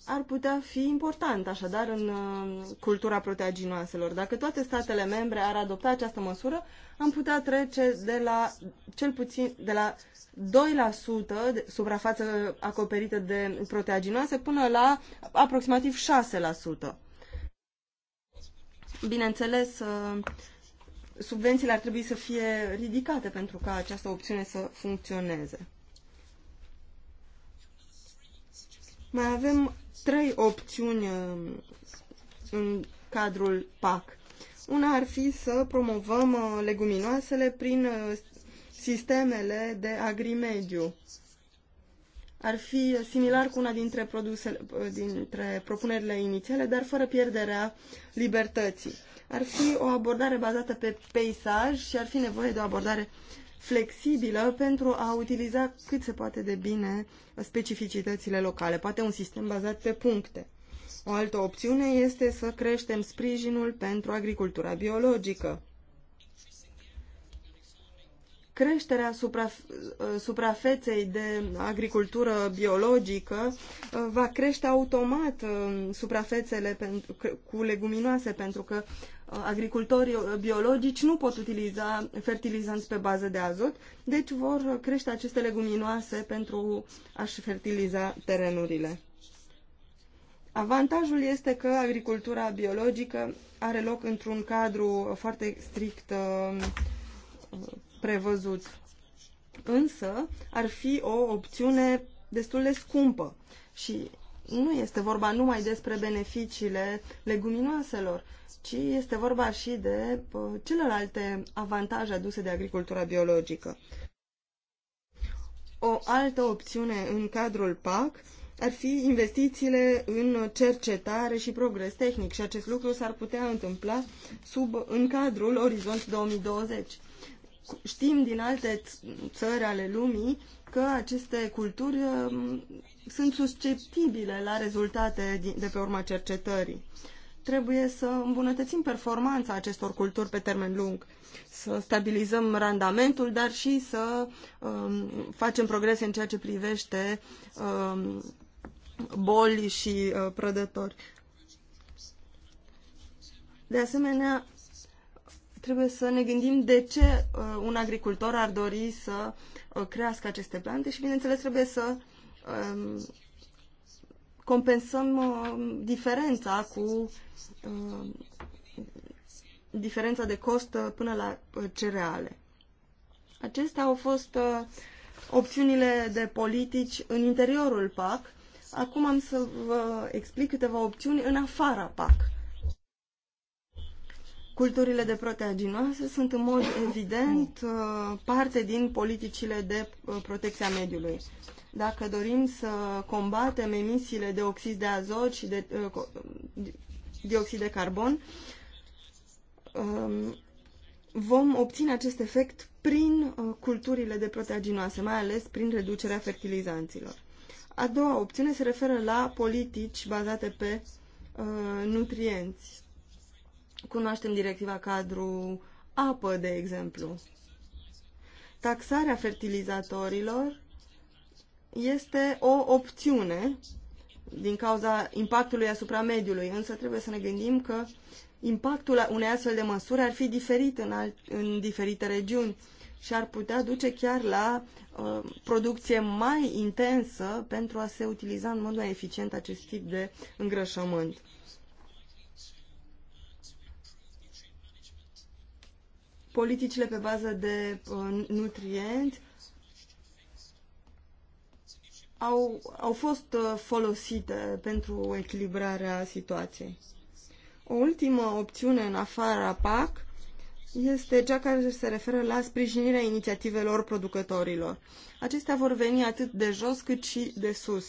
Speaker 2: Ar putea fi important, așadar, în uh, cultura proteaginoaselor. Dacă toate statele membre ar adopta această măsură, am putea trece de la cel puțin de la 2% suprafață acoperită de proteaginoase până la aproximativ 6%. Bineînțeles, uh, subvențiile ar trebui să fie ridicate pentru ca această opțiune să funcționeze. Mai avem trei opțiuni uh, în cadrul PAC. Una ar fi să promovăm uh, leguminoasele prin sistemele de agrimediu ar fi similar cu una dintre, produsele, dintre propunerile inițiale, dar fără pierderea libertății. Ar fi o abordare bazată pe peisaj și ar fi nevoie de o abordare flexibilă pentru a utiliza cât se poate de bine specificitățile locale, poate un sistem bazat pe puncte. O altă opțiune este să creștem sprijinul pentru agricultura biologică creșterea supraf uh, suprafeței de agricultură biologică uh, va crește automat uh, suprafețele cu leguminoase, pentru că agricultorii biologici nu pot utiliza fertilizanți pe bază de azot, deci vor crește aceste leguminoase pentru a-și fertiliza terenurile. Avantajul este că agricultura biologică are loc într-un cadru foarte strict prevăzuți. Însă ar fi o opțiune destul de scumpă și nu este vorba numai despre beneficiile leguminoaselor, ci este vorba și de uh, celelalte avantaje aduse de agricultura biologică. O altă opțiune în cadrul PAC ar fi investițiile în cercetare și progres tehnic și acest lucru s-ar putea întâmpla sub, în cadrul Orizont 2020. Știm din alte țări ale lumii că aceste culturi um, sunt susceptibile la rezultate de pe urma cercetării. Trebuie să îmbunătățim performanța acestor culturi pe termen lung, să stabilizăm randamentul, dar și să um, facem progrese în ceea ce privește um, boli și uh, prădători. De asemenea, trebuie să ne gândim de ce uh, un agricultor ar dori să uh, crească aceste plante și, bineînțeles, trebuie să um, compensăm uh, diferența cu diferența de cost până la cereale. Acestea au fost opțiunile de politici în interiorul PAC. Acum am să vă explic câteva opțiuni în afara PAC. Culturile de proteaginoase sunt în mod evident uh, parte din politicile de uh, protecția mediului. Dacă dorim să combatem emisiile de oxid de azot și de uh, dioxid de carbon, um, vom obține acest efect prin culturile de proteaginoase, mai ales prin reducerea fertilizanților. A doua opțiune se referă la politici bazate pe nutrienți Cunoaștem directiva cadru apă, de exemplu. Taxarea fertilizatorilor este o opțiune din cauza impactului asupra mediului, însă trebuie să ne gândim că impactul unei astfel de măsuri ar fi diferit în, alt, în diferite regiuni și ar putea duce chiar la uh, producție mai intensă pentru a se utiliza în mod mai eficient acest tip de îngrășământ. politicile pe bază de uh, nutrienți au, au fost uh, folosite pentru echilibrarea situației. O ultimă opțiune în afara PAC este cea care se referă la sprijinirea inițiativelor producătorilor. Acestea vor veni atât de jos cât și de sus.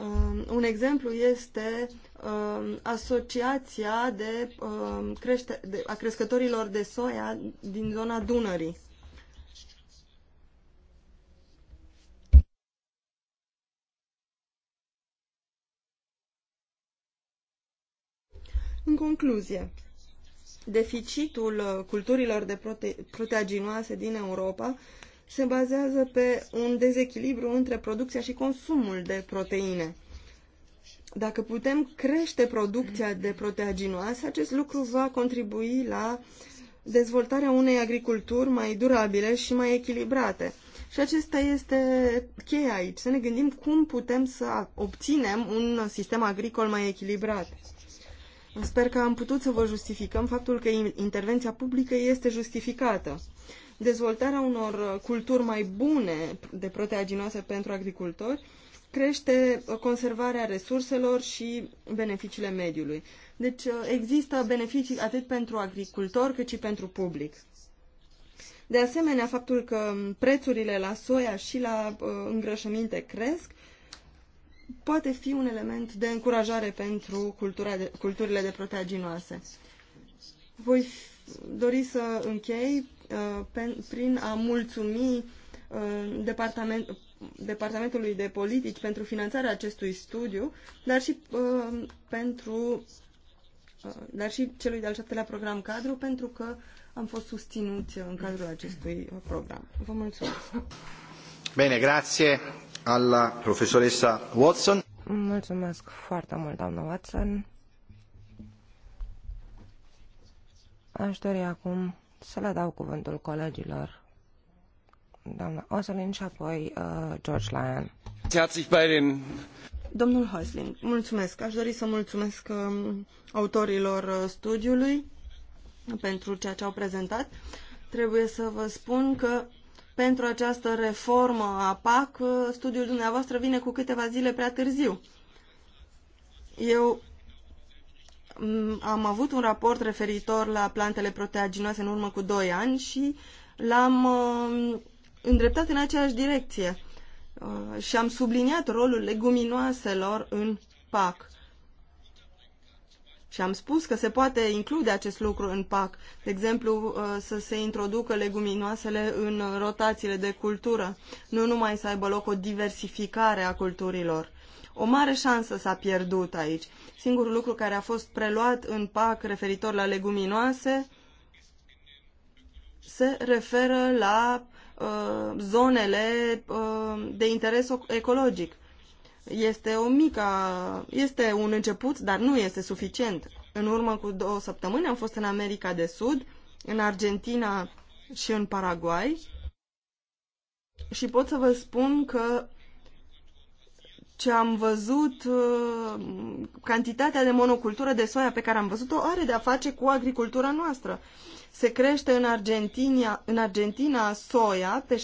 Speaker 2: Um, un exemplu este um, Asociația de, um, crește, de, a Crescătorilor de Soia din zona Dunării. În concluzie, deficitul uh, culturilor de prote- proteaginoase din Europa se bazează pe un dezechilibru între producția și consumul de proteine. Dacă putem crește producția de proteaginoase, acest lucru va contribui la dezvoltarea unei agriculturi mai durabile și mai echilibrate. Și acesta este cheia aici, să ne gândim cum putem să obținem un sistem agricol mai echilibrat. Sper că am putut să vă justificăm faptul că intervenția publică este justificată dezvoltarea unor uh, culturi mai bune de proteaginoase pentru agricultori crește uh, conservarea resurselor și beneficiile mediului. Deci uh, există beneficii atât pentru agricultor, cât și pentru public. De asemenea, faptul că um, prețurile la soia și la uh, îngrășăminte cresc poate fi un element de încurajare pentru cultura de, culturile de proteaginoase. Voi dori să închei Uh, prin a mulțumi uh, departament, Departamentului de Politici pentru finanțarea acestui studiu, dar și uh, pentru dar și celui de-al șaptelea program cadru, pentru că am fost susținuți în cadrul acestui program. Vă mulțumesc!
Speaker 3: Bine, grație alla profesoressa Watson. Mulțumesc foarte mult, doamnă Watson. Aș dori acum să le dau cuvântul colegilor. Doamna Oselin și apoi uh, George Lyon. Domnul Hosling, mulțumesc. Aș dori să
Speaker 2: mulțumesc um, autorilor uh, studiului pentru ceea ce au prezentat. Trebuie să vă spun că pentru această reformă a PAC, uh, studiul dumneavoastră vine cu câteva zile prea târziu. Eu Mm, am avut un raport referitor la plantele proteaginoase în urmă cu 2 ani și l-am uh, îndreptat în aceeași direcție uh, și am subliniat rolul leguminoaselor în PAC. Și am spus că se poate include acest lucru în PAC. De exemplu, uh, să se introducă leguminoasele în rotațiile de cultură, nu numai să aibă loc o diversificare a culturilor. O mare șansă s-a pierdut aici. Singurul lucru care a fost preluat în PAC referitor la leguminoase se referă la uh, zonele uh, de interes ecologic. Este o mică, este un început, dar nu este suficient. În urmă cu două săptămâni am fost în America de Sud, în Argentina și în Paraguay și pot să vă spun că ce am văzut, uh, cantitatea de monocultură de soia pe care am văzut-o are de-a face cu agricultura noastră. Se crește în Argentina, în Argentina soia pe 70%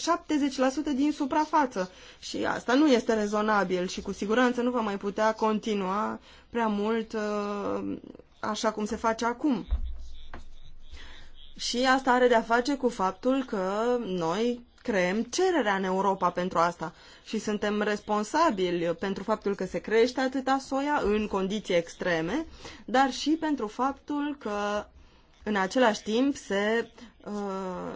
Speaker 2: din suprafață și asta nu este rezonabil și cu siguranță nu va mai putea continua prea mult uh, așa cum se face acum. Și asta are de-a face cu faptul că noi, creăm cererea în Europa pentru asta și suntem responsabili pentru faptul că se crește atâta soia în condiții extreme, dar și pentru faptul că în același timp se uh,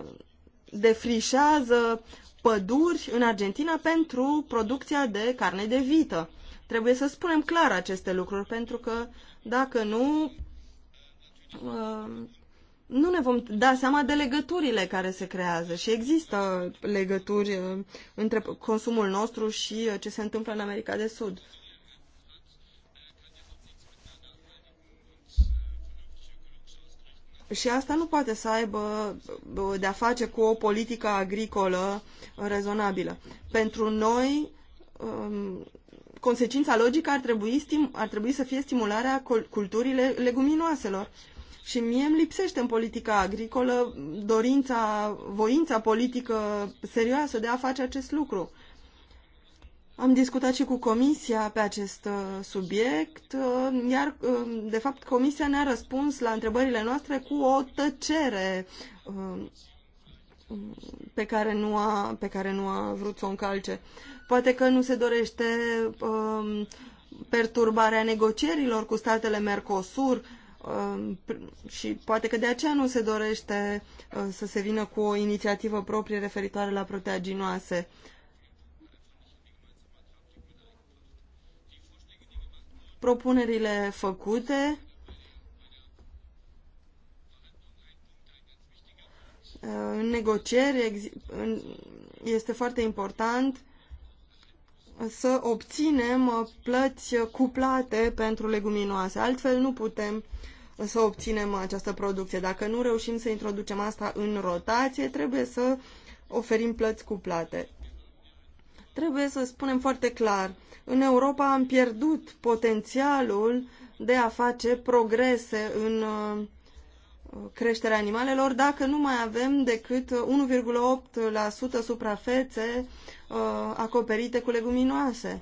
Speaker 2: defrișează păduri în Argentina pentru producția de carne de vită. Trebuie să spunem clar aceste lucruri, pentru că dacă nu, uh, nu ne vom da seama de legăturile care se creează și există legături uh, între consumul nostru și uh, ce se întâmplă în America de Sud. Și asta nu poate să aibă uh, de-a face cu o politică agricolă rezonabilă. Pentru noi, um, consecința logică ar trebui, ar trebui să fie stimularea culturii leguminoaselor și mie îmi lipsește în politica agricolă dorința, voința politică serioasă de a face acest lucru. Am discutat și cu Comisia pe acest uh, subiect, uh, iar, uh, de fapt, Comisia ne-a răspuns la întrebările noastre cu o tăcere pe care nu a, pe care nu a vrut să o încalce. Poate că nu se dorește perturbarea negocierilor cu statele Mercosur, Um, și poate că de aceea nu se dorește uh, să se vină cu o inițiativă proprie referitoare la proteaginoase. Propunerile făcute uh, în negocieri este foarte important să obținem uh, plăți cuplate pentru leguminoase. Altfel nu putem uh, să obținem această producție. Dacă nu reușim să introducem asta în rotație, trebuie să oferim plăți cuplate. Trebuie să spunem foarte clar, în Europa am pierdut potențialul de a face progrese în uh, creșterea animalelor dacă nu mai avem decât 1,8% suprafețe uh, acoperite cu leguminoase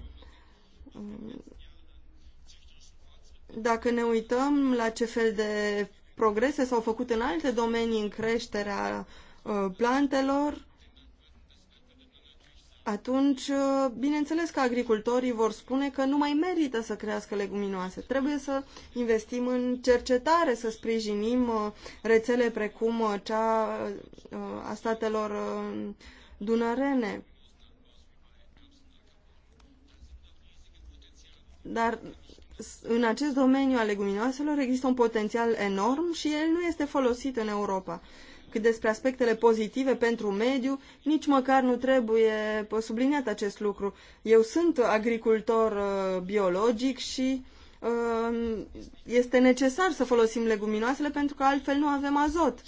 Speaker 2: dacă ne uităm la ce fel de progrese s-au făcut în alte domenii în creșterea uh, plantelor, atunci, uh, bineînțeles că agricultorii vor spune că nu mai merită să crească leguminoase. Trebuie să investim în cercetare, să sprijinim uh, rețele precum cea a statelor dunărene. Dar în acest domeniu al leguminoaselor există un potențial enorm și el nu este folosit în Europa. Cât despre aspectele pozitive pentru mediu, nici măcar nu trebuie subliniat acest lucru. Eu sunt agricultor uh, biologic și uh, este necesar să folosim leguminoasele pentru că altfel nu avem azot.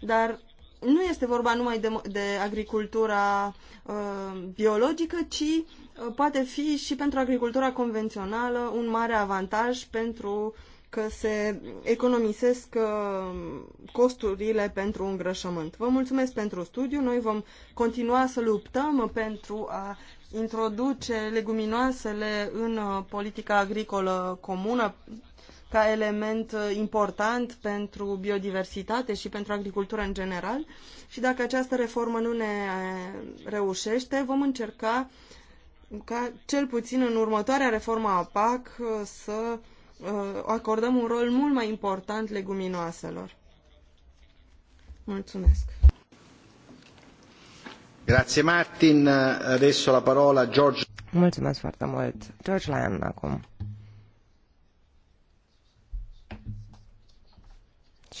Speaker 2: Dar nu este vorba numai de, de agricultura uh, biologică, ci uh, poate fi și pentru agricultura convențională un mare avantaj pentru că se economisesc uh, costurile pentru îngrășământ. Vă mulțumesc pentru studiu. Noi vom continua să luptăm pentru a introduce leguminoasele în uh, politica agricolă comună ca element uh, important pentru biodiversitate și pentru agricultură în general și dacă această reformă nu ne uh, reușește, vom încerca ca cel puțin în următoarea reformă a PAC uh, să acordăm un rol mult mai important leguminoaselor. Mulțumesc.
Speaker 1: Grazie Martin, adesso la parola
Speaker 2: George.
Speaker 3: Mulțumesc foarte mult. George Lyon acum.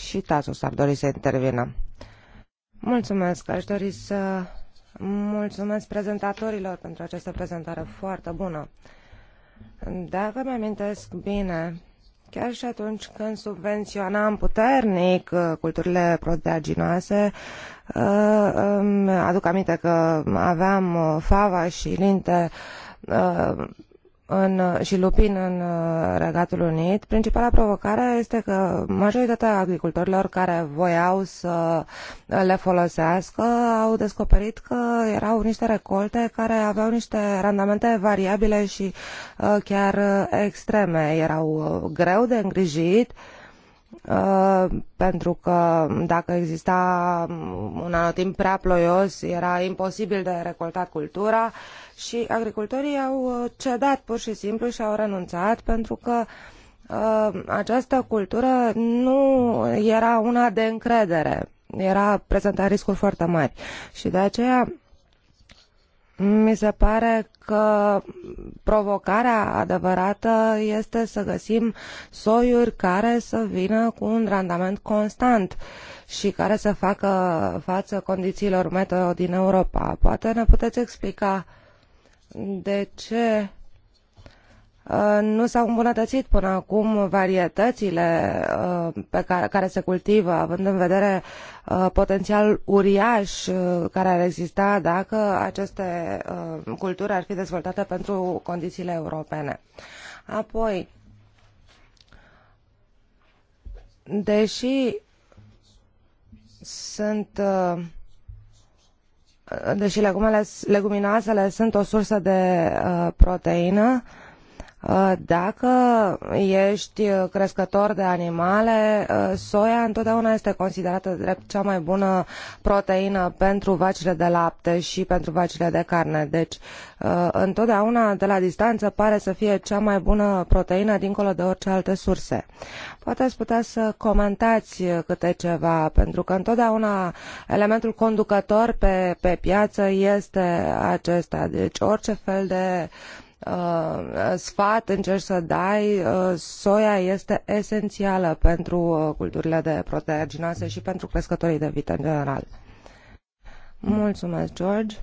Speaker 3: și s ar dori să intervină. Mulțumesc, aș dori să mulțumesc prezentatorilor pentru această prezentare foarte bună. Dacă mă amintesc bine, chiar și atunci când subvenționam puternic uh, culturile proteaginoase, uh, aduc aminte că aveam uh, fava și linte în, și lupin în uh, Regatul Unit, principala provocare este că majoritatea agricultorilor care voiau să le folosească au descoperit că erau niște recolte care aveau niște randamente variabile și uh, chiar uh, extreme. Erau greu de îngrijit, pentru că dacă exista um, un anotimp prea ploios, era imposibil de recoltat cultura și agricultorii au uh, cedat pur și simplu și au renunțat pentru că uh, această cultură nu era una de încredere, era prezenta riscuri foarte mari și de aceea mi se pare că provocarea adevărată este să găsim soiuri care să vină cu un randament constant și care să facă față condițiilor meteo din Europa. Poate ne puteți explica uh, de ce uh, nu s-au îmbunătățit până acum varietățile uh, pe care, care se cultivă, având în vedere uh, potențial uriaș care ar exista dacă aceste culturi ar fi dezvoltate pentru condițiile europene. Apoi, deși sunt uh, deși legumele, leguminoasele sunt o sursă de uh, proteină, Uh, dacă ești crescător de animale, uh, soia întotdeauna este considerată drept cea mai bună proteină pentru vacile de lapte și pentru vacile de carne. Deci, uh, întotdeauna, de la distanță, pare să fie cea mai bună proteină dincolo de orice alte surse. Poate ați putea să comentați câte ceva, pentru că întotdeauna elementul conducător pe, pe piață este acesta. Deci, orice fel de Uh, sfat încerci să dai, uh, soia este esențială pentru uh, culturile de proteaginase și pentru crescătorii de vită în general. Mulțumesc, George.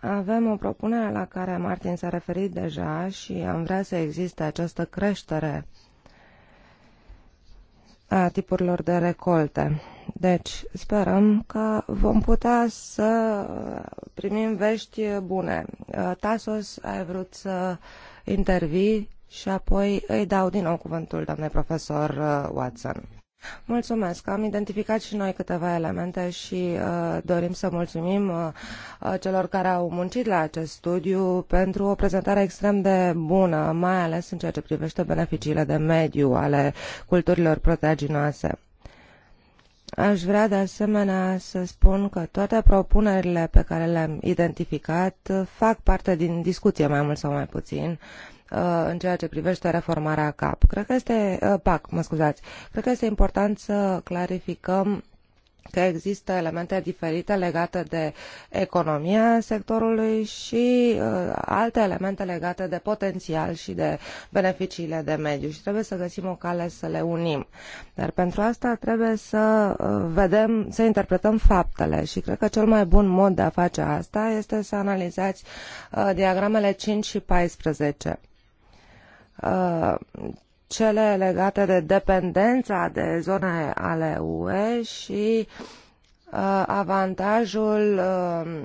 Speaker 3: Avem o propunere la care Martin s-a referit deja și am vrea să existe această creștere uh, a tipurilor de recolte. Deci sperăm că vom putea să primim vești bune. Tasos, ai vrut să intervii și apoi îi dau din nou cuvântul doamnei profesor Watson. Mulțumesc. Am identificat și noi câteva elemente și uh, dorim să mulțumim uh, uh, celor care au muncit la acest studiu pentru o prezentare extrem de bună, mai ales în ceea ce privește beneficiile de mediu ale culturilor proteaginoase. Aș vrea de asemenea să spun că toate propunerile pe care le-am identificat fac parte din discuție mai mult sau mai puțin Uh, în ceea ce privește reformarea CAP. Cred că este, uh, PAC, mă scuzați, cred că este important să clarificăm că există elemente diferite legate de economia sectorului și uh, alte elemente legate de potențial și de beneficiile de mediu și trebuie să găsim o cale să le unim. Dar pentru asta trebuie să uh, vedem, să interpretăm faptele și cred că cel mai bun mod de a face asta este să analizați uh, diagramele 5 și 14 Uh, cele legate de dependența de zone ale UE și uh, avantajul uh,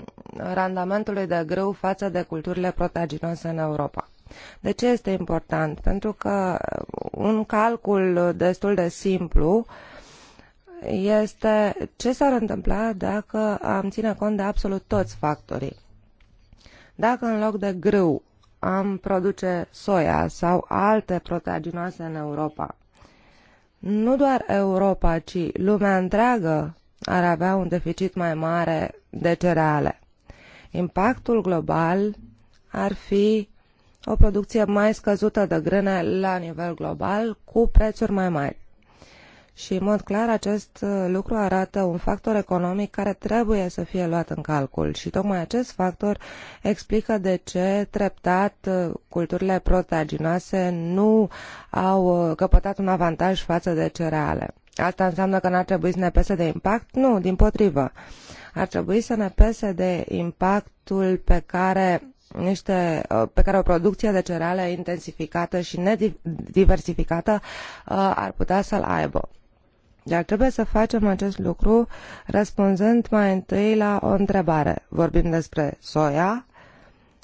Speaker 3: randamentului de grâu față de culturile protaginoase în Europa. De ce este important? Pentru că un calcul destul de simplu este ce s-ar întâmpla dacă am ține cont de absolut toți factorii. Dacă în loc de grâu am produce soia sau alte proteaginoase în Europa, nu doar Europa, ci lumea întreagă ar avea un deficit mai mare de cereale. Impactul global ar fi o producție mai scăzută de grâne la nivel global cu prețuri mai mari. Și, în mod clar, acest uh, lucru arată un factor economic care trebuie să fie luat în calcul. Și tocmai acest factor explică de ce treptat uh, culturile protaginoase nu au uh, căpătat un avantaj față de cereale. Asta înseamnă că n-ar trebui să ne pese de impact? Nu, din potrivă. Ar trebui să ne pese de impactul pe care niște, pe care o producție de cereale intensificată și nediversificată ar putea să-l aibă. Dar trebuie să facem acest lucru răspunzând mai întâi la o întrebare. Vorbim despre soia,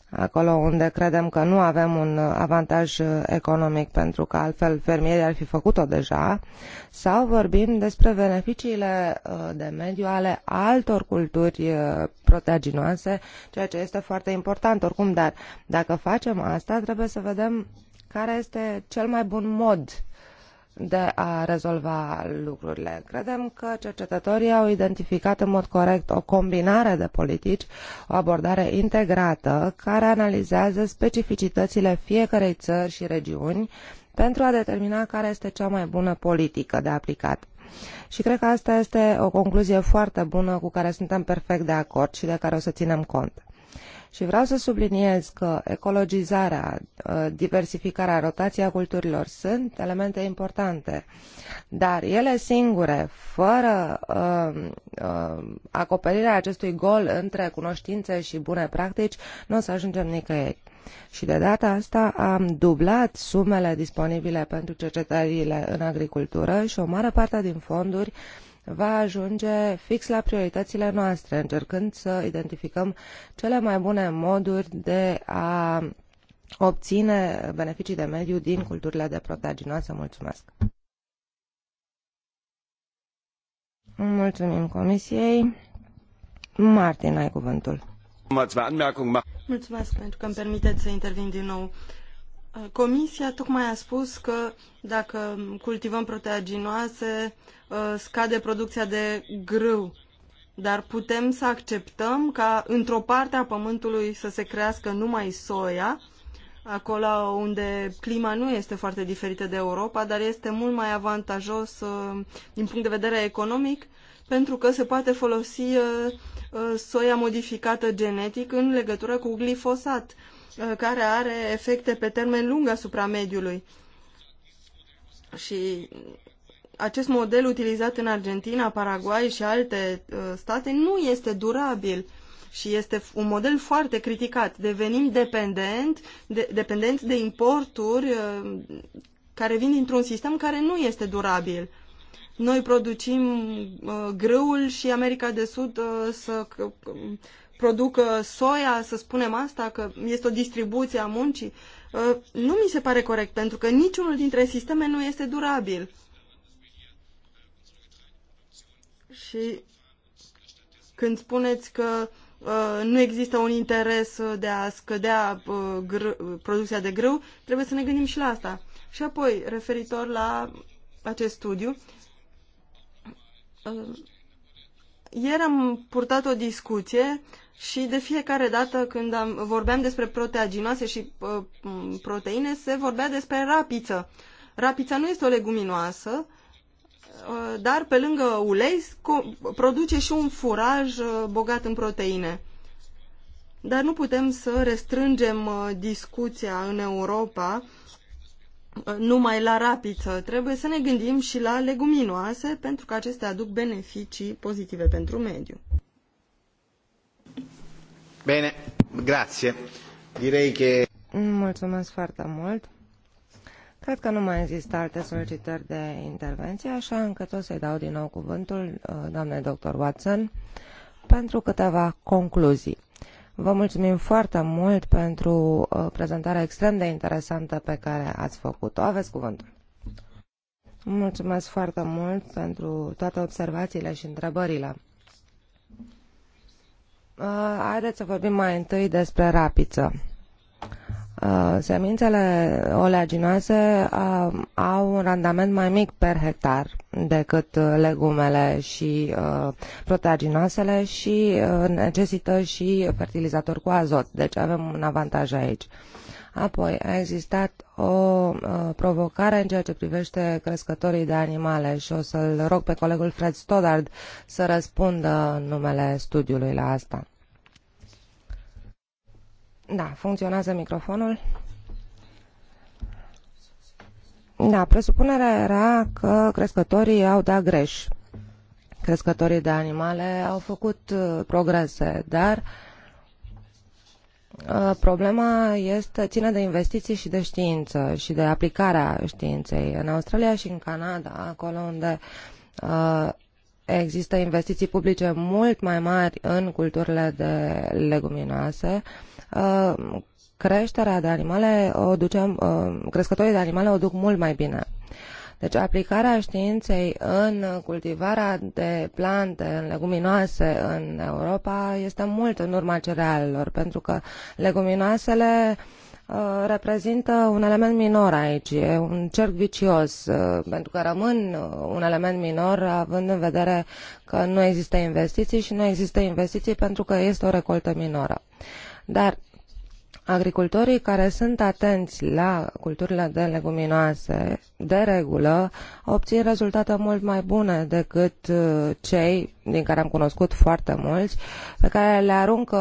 Speaker 3: acolo unde credem că nu avem un avantaj economic pentru că altfel fermierii ar fi făcut-o deja, sau vorbim despre beneficiile uh, de mediu ale altor culturi uh, proteaginoase, ceea ce este foarte important oricum, dar dacă facem asta trebuie să vedem care este cel mai bun mod de a rezolva lucrurile. Credem că cercetătorii au identificat în mod corect o combinare de politici, o abordare integrată care analizează specificitățile fiecarei țări și regiuni pentru a determina care este cea mai bună politică de aplicat. Și cred că asta este o concluzie foarte bună cu care suntem perfect de acord și de care o să ținem cont. Și vreau să subliniez că ecologizarea, ă, diversificarea, rotația culturilor sunt elemente importante, dar ele singure, fără uh, uh, acoperirea acestui gol între cunoștințe și bune practici, nu o să ajungem nicăieri. Și de data asta am dublat sumele disponibile pentru cercetările în agricultură și o mare parte din fonduri uh, va ajunge fix la prioritățile noastre, încercând să identificăm cele mai bune moduri de a obține beneficii de mediu din culturile de protaginoasă. Mulțumesc! Mulțumim Comisiei. Martin, ai cuvântul. Mulțumesc
Speaker 2: pentru că îmi permiteți să intervin din nou. Comisia tocmai a spus că dacă cultivăm proteaginoase, uh, scade producția de grâu. Dar putem să acceptăm ca într-o parte a pământului să se crească numai soia, acolo unde clima nu este foarte diferită de Europa, dar este mult mai avantajos uh, din punct de vedere economic, pentru că se poate folosi uh, soia modificată genetic în legătură cu glifosat Uh, care are efecte pe termen lung asupra mediului. Și acest model utilizat în Argentina, Paraguay și alte uh, state nu este durabil și este un model foarte criticat. Devenim dependent, de, dependenți de importuri uh, care vin dintr-un sistem care nu este durabil. Noi producim uh, grâul și America de Sud uh, să producă soia, să spunem asta, că este o distribuție a muncii, uh, nu mi se pare corect, pentru că niciunul dintre sisteme nu este durabil. Și când spuneți că uh, nu există un interes de a scădea uh, producția de grâu, trebuie să ne gândim și la asta. Și apoi, referitor la acest studiu, ieri am purtat o discuție și de fiecare dată când am, vorbeam despre proteaginoase și uh, proteine, se vorbea despre rapiță. Rapița nu este o leguminoasă, uh, dar pe lângă ulei produce și un furaj uh, bogat în proteine. Dar nu putem să restrângem uh, discuția în Europa numai la rapiță. Trebuie să ne gândim și la leguminoase, pentru că acestea aduc beneficii
Speaker 3: pozitive pentru mediu.
Speaker 1: Bine, grație. Direi că...
Speaker 3: Mulțumesc foarte mult. Cred că nu mai există alte solicitări de intervenție, așa încât o să-i dau din nou cuvântul uh, doamnei doctor Watson pentru câteva concluzii. Vă mulțumim foarte mult pentru uh, prezentarea extrem de interesantă pe care ați făcut-o. Aveți cuvântul. Mulțumesc foarte mult pentru toate observațiile și întrebările. Uh, haideți să vorbim mai întâi despre rapiță. Uh, semințele oleaginoase uh, au un randament mai mic per hectar decât uh, legumele și proteaginoasele și necesită și fertilizator cu azot, deci avem un avantaj aici. Apoi a existat o provocare în ceea ce privește crescătorii de animale și o să-l rog pe colegul Fred Stoddard să răspundă numele studiului la asta. Da, funcționează microfonul. Da, presupunerea era că crescătorii au dat greș. Crescătorii de animale au făcut uh, progrese, dar uh, problema este ține de investiții și de știință și de aplicarea științei. În Australia și în Canada, acolo unde uh, există investiții publice mult mai mari în culturile de leguminoase, Uh, creșterea de animale o ducem, uh, crescătorii de animale o duc mult mai bine. Deci aplicarea științei în cultivarea de plante, în leguminoase în Europa este mult în urma cerealelor, pentru că leguminoasele uh, reprezintă un element minor aici, e un cerc vicios, pentru că rămân un element minor având în vedere că nu există investiții și nu există investiții pentru că este o recoltă minoră. Dar agricultorii care sunt atenți la culturile de leguminoase, de regulă, obțin rezultate mult mai bune decât uh, cei din care am cunoscut foarte mulți, pe care le aruncă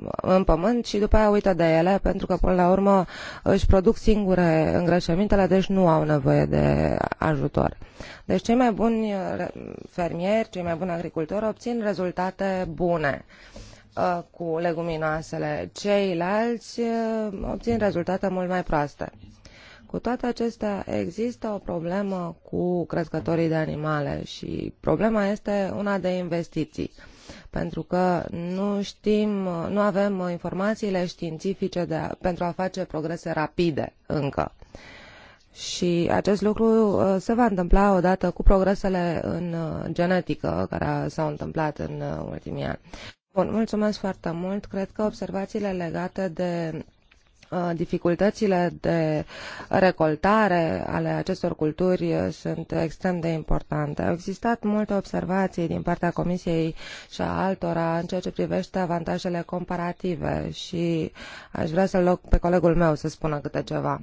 Speaker 3: uh, în pământ și după aia uită de ele, pentru că până la urmă își produc singure îngrășămintele, deci nu au nevoie de ajutor. Deci cei mai buni uh, fermieri, cei mai buni agricultori obțin rezultate bune. Uh, Uh, cu leguminoasele. Ceilalți uh, obțin rezultate mult mai proaste. Cu toate acestea, există o problemă cu crescătorii de animale și problema este una de investiții. Pentru că nu știm, nu avem informațiile științifice de, pentru a face progrese rapide încă. Și acest lucru uh, se va întâmpla odată cu progresele în genetică care s-au întâmplat în ultimii ani. Bun, mulțumesc foarte mult. Cred că observațiile legate de uh, dificultățile de recoltare ale acestor culturi uh, sunt extrem de importante. Au existat multe observații din partea Comisiei și a altora în ceea ce privește avantajele comparative și aș vrea să-l loc pe colegul meu să spună câte ceva.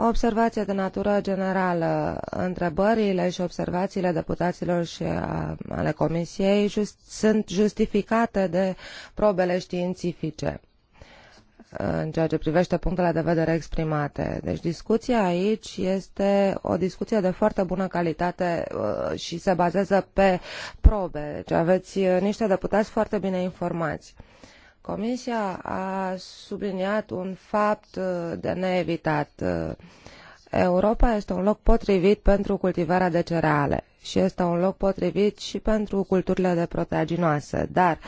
Speaker 3: O observație de natură generală. Întrebările și observațiile deputaților și a, ale Comisiei just, sunt justificate de probele științifice uh, în ceea ce privește punctele de vedere exprimate. Deci discuția aici este o discuție de foarte bună calitate uh, și se bazează pe probe. Deci aveți uh, niște deputați foarte bine informați. Uh, Comisia a subliniat un fapt uh, de neevitat. Uh, Europa este un loc potrivit pentru cultivarea de cereale și este un loc potrivit și pentru culturile de proteaginoase, dar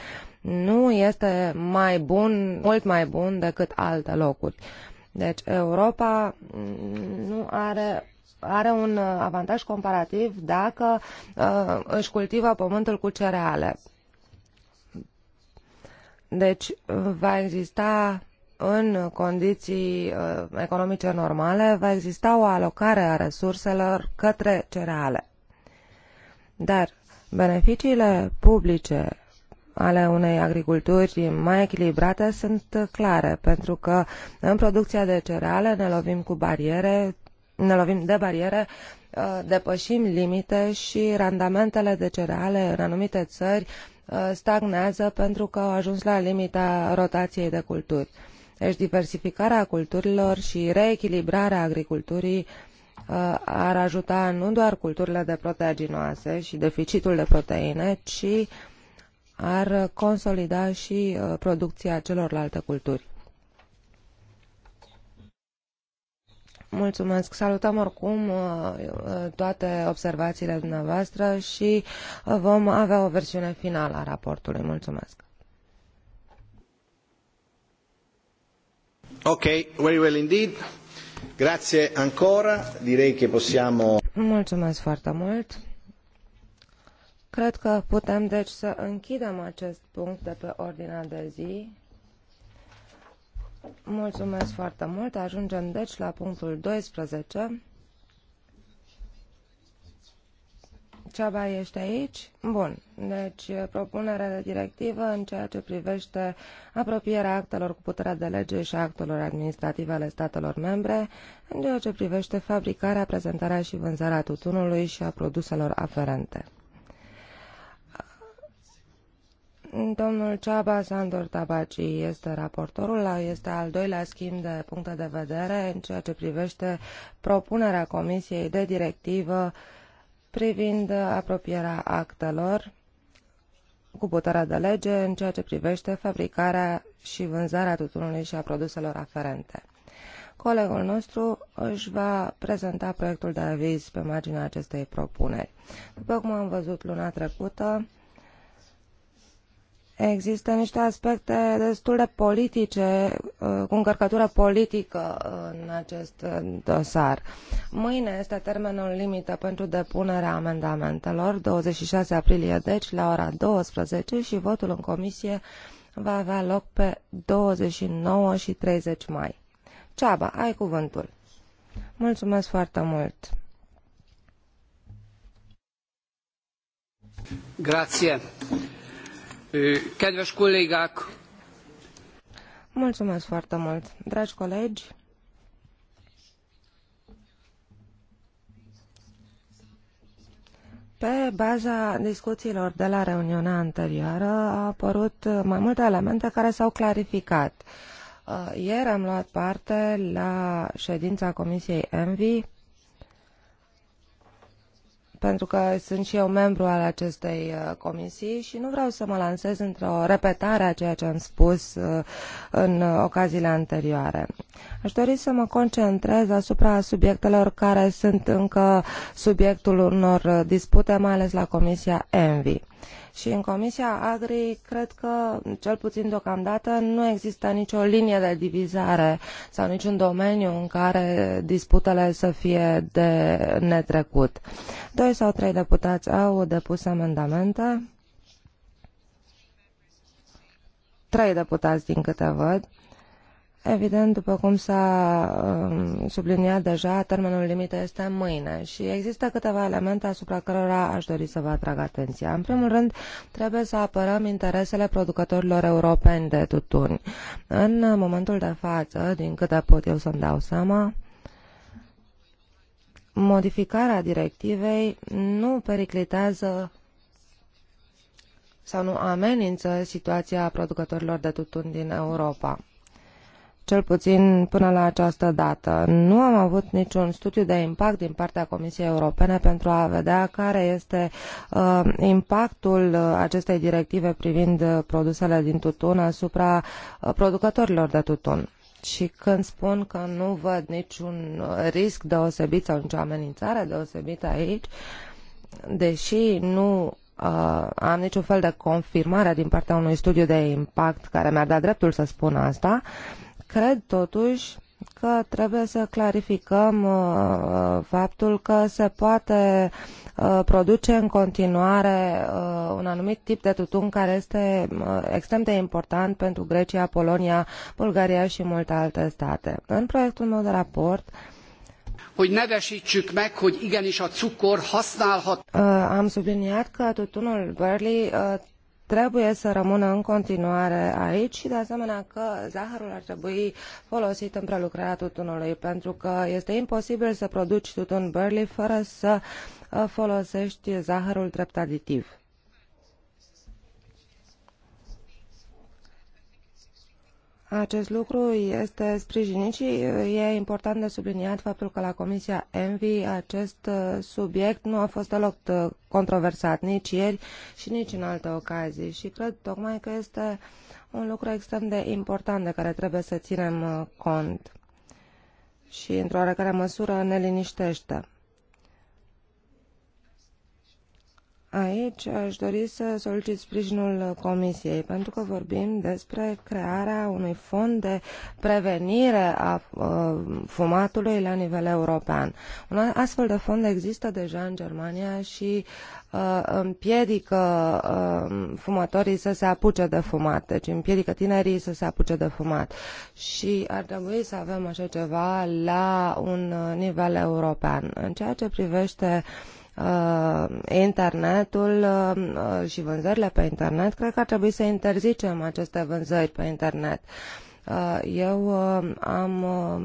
Speaker 3: nu este mai bun, mult mai bun decât alte locuri. Deci Europa mm, nu are are un uh, avantaj comparativ dacă uh, își cultivă pământul cu cereale. Deci uh, va exista în condiții uh, economice normale, va exista o alocare a resurselor către cereale. Dar beneficiile publice ale unei agriculturi mai echilibrate sunt clare, pentru că în producția de cereale ne lovim cu bariere, ne lovim de bariere, uh, depășim limite și randamentele de cereale în anumite țări Uh, stagnează pentru că au ajuns la limita rotației de culturi. Deci diversificarea culturilor și reechilibrarea agriculturii uh, ar ajuta nu doar culturile de proteaginoase și deficitul de proteine, ci ar consolida și uh, producția celorlalte culturi. Mulțumesc. Salutăm oricum uh, uh, toate observațiile dumneavoastră și uh, vom avea o versiune finală a raportului. Mulțumesc.
Speaker 2: Ok, very well indeed. Grazie
Speaker 1: ancora. Direi che possiamo...
Speaker 3: Mulțumesc foarte mult. Cred că putem deci să închidem acest punct de pe ordinea de zi. Mulțumesc foarte mult. Ajungem deci la punctul 12. Ceaba, ești aici? Bun. Deci, propunerea de directivă în ceea ce privește apropierea actelor cu puterea de lege și actelor administrative ale statelor membre, în ceea ce privește fabricarea, prezentarea și vânzarea tutunului și a produselor aferente. Domnul Ceaba Sandor Tabaci este raportorul, este al doilea schimb de puncte de vedere în ceea ce privește propunerea Comisiei de directivă privind apropierea actelor cu puterea de lege în ceea ce privește fabricarea și vânzarea tutunului și a produselor aferente. Colegul nostru își va prezenta proiectul de aviz pe marginea acestei propuneri. După cum am văzut luna trecută, Există niște aspecte destul de politice, uh, cu încărcătură politică în acest uh, dosar. Mâine este termenul limită pentru depunerea amendamentelor, 26 aprilie, deci la ora 12 și votul în comisie va avea loc pe 29 și 30 mai. Ceaba, ai cuvântul. Mulțumesc foarte mult. Grazie. Kedves kollégák! Mulțumesc foarte mult, dragi colegi! Pe baza discuțiilor de la reuniunea anterioară au apărut mai multe elemente care s-au clarificat. Uh, ieri am luat parte la ședința Comisiei ENVI pentru că sunt și eu membru al acestei uh, comisii și nu vreau să mă lansez într-o repetare a ceea ce am spus uh, în uh, ocaziile anterioare. Aș dori să mă concentrez asupra subiectelor care sunt încă subiectul unor dispute, mai ales la Comisia ENVI. Și în Comisia Agri, cred că, cel puțin deocamdată, nu există nicio linie de divizare sau niciun domeniu în care disputele să fie de netrecut. Doi sau trei deputați au depus amendamente. Trei deputați din câte văd Evident, după cum s-a um, subliniat deja, termenul limită este mâine și există câteva elemente asupra cărora aș dori să vă atrag atenția. În primul rând, trebuie să apărăm interesele producătorilor europeni de tutuni. În momentul de față, din câte pot eu să-mi dau seama, modificarea directivei nu periclitează sau nu amenință situația producătorilor de tutun din Europa cel puțin până la această dată. Nu am avut niciun studiu de impact din partea Comisiei Europene pentru a vedea care este uh, impactul uh, acestei directive privind uh, produsele din tutun asupra uh, producătorilor de tutun. Și când spun că nu văd niciun risc deosebit sau nicio amenințare deosebită aici, deși nu uh, am niciun fel de confirmare din partea unui studiu de impact care mi-ar da dreptul să spun asta, Cred totuși că trebuie să clarificăm uh, faptul că se poate uh, produce în continuare uh, un anumit tip de tutun care este extrem de important pentru Grecia, Polonia, Bulgaria și multe alte state. În proiectul meu de raport
Speaker 1: hogy nevesítsük meg, hogy igenis a cukor használhat.
Speaker 3: Am subliniat că tutunul Burley trebuie să rămână în continuare aici și de asemenea că zahărul ar trebui folosit în prelucrarea tutunului pentru că este imposibil să produci tutun burley fără să uh, folosești zahărul drept aditiv. Acest lucru este sprijinit și uh, e important de subliniat faptul că la Comisia ENVI acest uh, subiect nu a fost deloc uh, controversat nici ieri și nici în alte ocazii și cred tocmai că este un lucru extrem de important de care trebuie să ținem cont și într-o oarecare măsură ne liniștește. Aici aș dori să solicit sprijinul Comisiei, pentru că vorbim despre crearea unui fond de prevenire a uh, fumatului la nivel european. Un astfel de fond există deja în Germania și uh, împiedică uh, fumătorii să se apuce de fumat, deci împiedică tinerii să se apuce de fumat. Și ar trebui să avem așa ceva la un nivel european. În ceea ce privește uh, uh, internetul uh, și vânzările pe internet, cred că ar trebui să interzicem aceste vânzări pe internet. Uh, eu uh, am uh,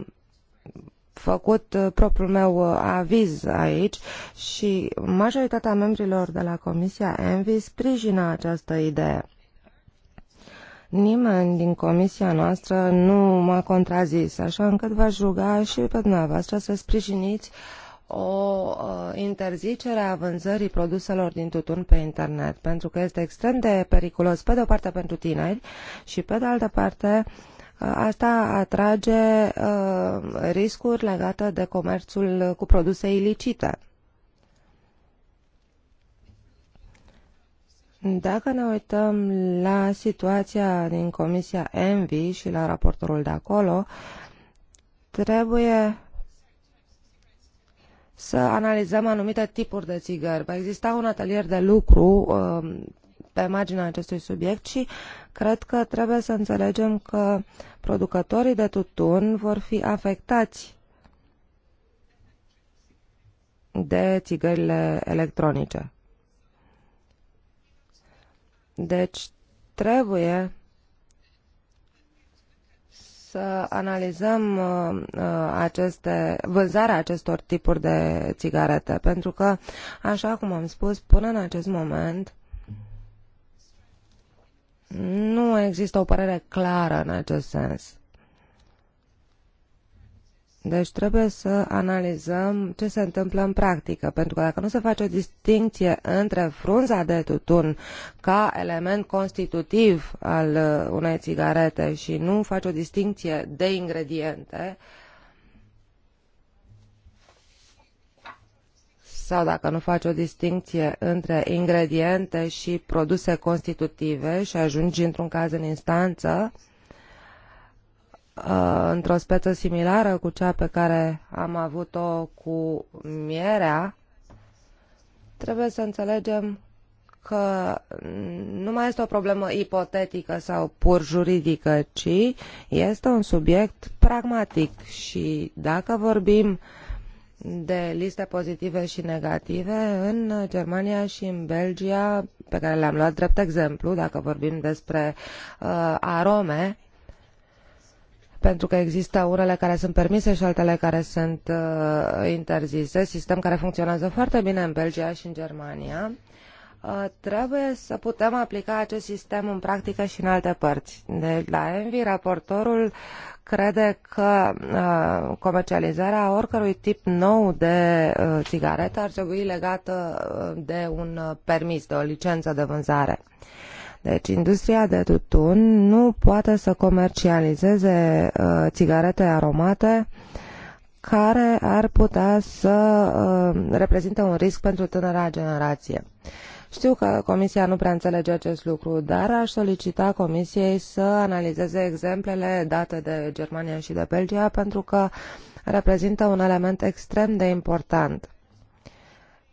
Speaker 3: făcut uh, propriul meu uh, aviz aici și majoritatea membrilor de la Comisia Envi sprijină această idee. Nimeni din comisia noastră nu m-a contrazis, așa încât v-aș ruga și pe dumneavoastră să sprijiniți uh, o uh, interzicere a vânzării produselor din tutun pe internet, pentru că este extrem de periculos, pe de o parte pentru tineri și pe de altă parte uh, asta atrage uh, riscuri legate de comerțul cu produse ilicite. Dacă ne uităm la situația din Comisia Envi și la raportorul de acolo, trebuie să analizăm anumite tipuri de țigări. Va exista un atelier de lucru um, pe marginea acestui subiect și cred că trebuie să înțelegem că producătorii de tutun vor fi afectați de țigările electronice. Deci trebuie să analizăm uh, uh, aceste, vânzarea acestor tipuri de țigarete, pentru că, așa cum am spus, până în acest moment nu există o părere clară în acest sens. Deci trebuie să analizăm ce se întâmplă în practică, pentru că dacă nu se face o distinție între frunza de tutun ca element constitutiv al uh, unei țigarete și nu face o distinție de ingrediente, sau dacă nu faci o distinție între ingrediente și produse constitutive și ajungi într-un caz în instanță, uh, Uh, într-o speță similară cu cea pe care am avut-o cu mierea, trebuie să înțelegem că nu mai este o problemă ipotetică sau pur juridică, ci este un subiect pragmatic și dacă vorbim de liste pozitive și negative, în Germania și în Belgia, pe care le-am luat drept exemplu, dacă vorbim despre uh, arome, pentru că există unele care sunt permise și altele care sunt uh, interzise, sistem care funcționează foarte bine în Belgia și în Germania, uh, trebuie să putem aplica acest sistem în practică și în alte părți. De la Envi, raportorul crede că uh, comercializarea oricărui tip nou de uh, țigaretă ar trebui legată uh, de un uh, permis, de o licență de vânzare. Uh, deci industria de tutun nu poate să comercializeze uh, țigarete aromate care ar putea să uh, reprezinte un risc pentru tânăra generație. Știu că Comisia nu prea înțelege acest lucru, dar aș solicita Comisiei să analizeze exemplele date de Germania și de Belgia pentru că reprezintă un element extrem de important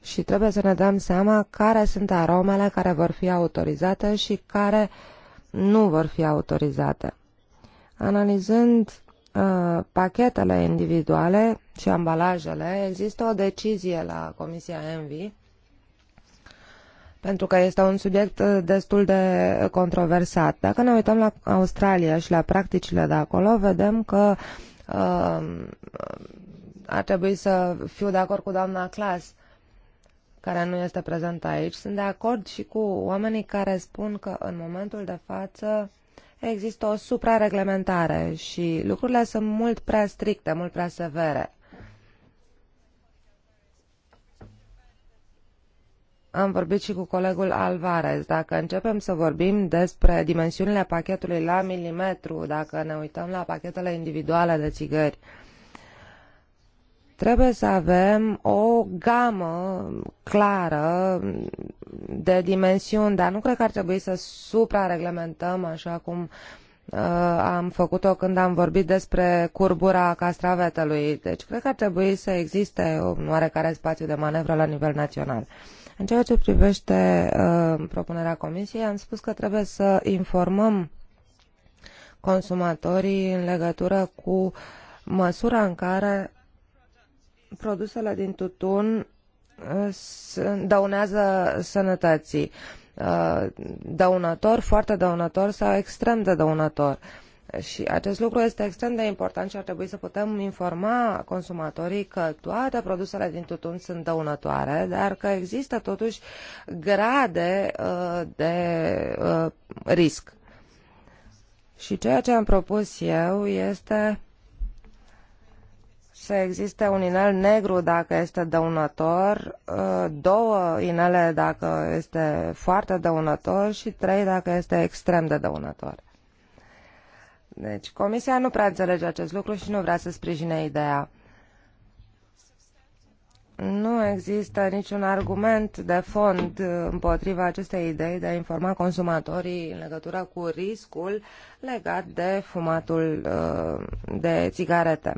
Speaker 3: și trebuie să ne dăm seama care sunt aromele care vor fi autorizate și care nu vor fi autorizate. Analizând uh, pachetele individuale și ambalajele, există o decizie la Comisia Envi pentru că este un subiect uh, destul de controversat. Dacă ne uităm la Australia și la practicile de acolo, vedem că uh, ar trebui să fiu de acord cu doamna Clas care nu este prezent aici. Sunt de acord și cu oamenii care spun că în momentul de față există o suprareglementare și lucrurile sunt mult prea stricte, mult prea severe. Am vorbit și cu colegul Alvarez. Dacă începem să vorbim despre dimensiunile pachetului la milimetru, dacă ne uităm la pachetele individuale de țigări, uh, Trebuie să avem o gamă clară de dimensiuni, dar nu cred că ar trebui să suprareglementăm așa cum uh, am făcut-o când am vorbit despre curbura castravetelui. Deci cred că ar trebui să existe un oarecare spațiu de manevră la nivel național. În ceea ce privește uh, propunerea comisiei, am spus că trebuie să informăm consumatorii în legătură cu măsura în care produsele din tutun uh, dăunează sănătății. Uh, dăunător, foarte dăunător sau extrem de dăunător. Și acest lucru este extrem de important și ar trebui să putem informa consumatorii că toate produsele din tutun sunt dăunătoare, dar că există totuși grade uh, de risc. Și ceea ce am propus eu este să existe un inel negru dacă este dăunător, uh, două inele dacă este foarte dăunător și trei dacă este extrem de dăunător. Deci Comisia nu prea înțelege acest lucru și nu vrea să sprijine ideea nu există niciun argument de fond împotriva acestei idei de a informa consumatorii în legătură cu riscul legat de fumatul uh, de țigarete.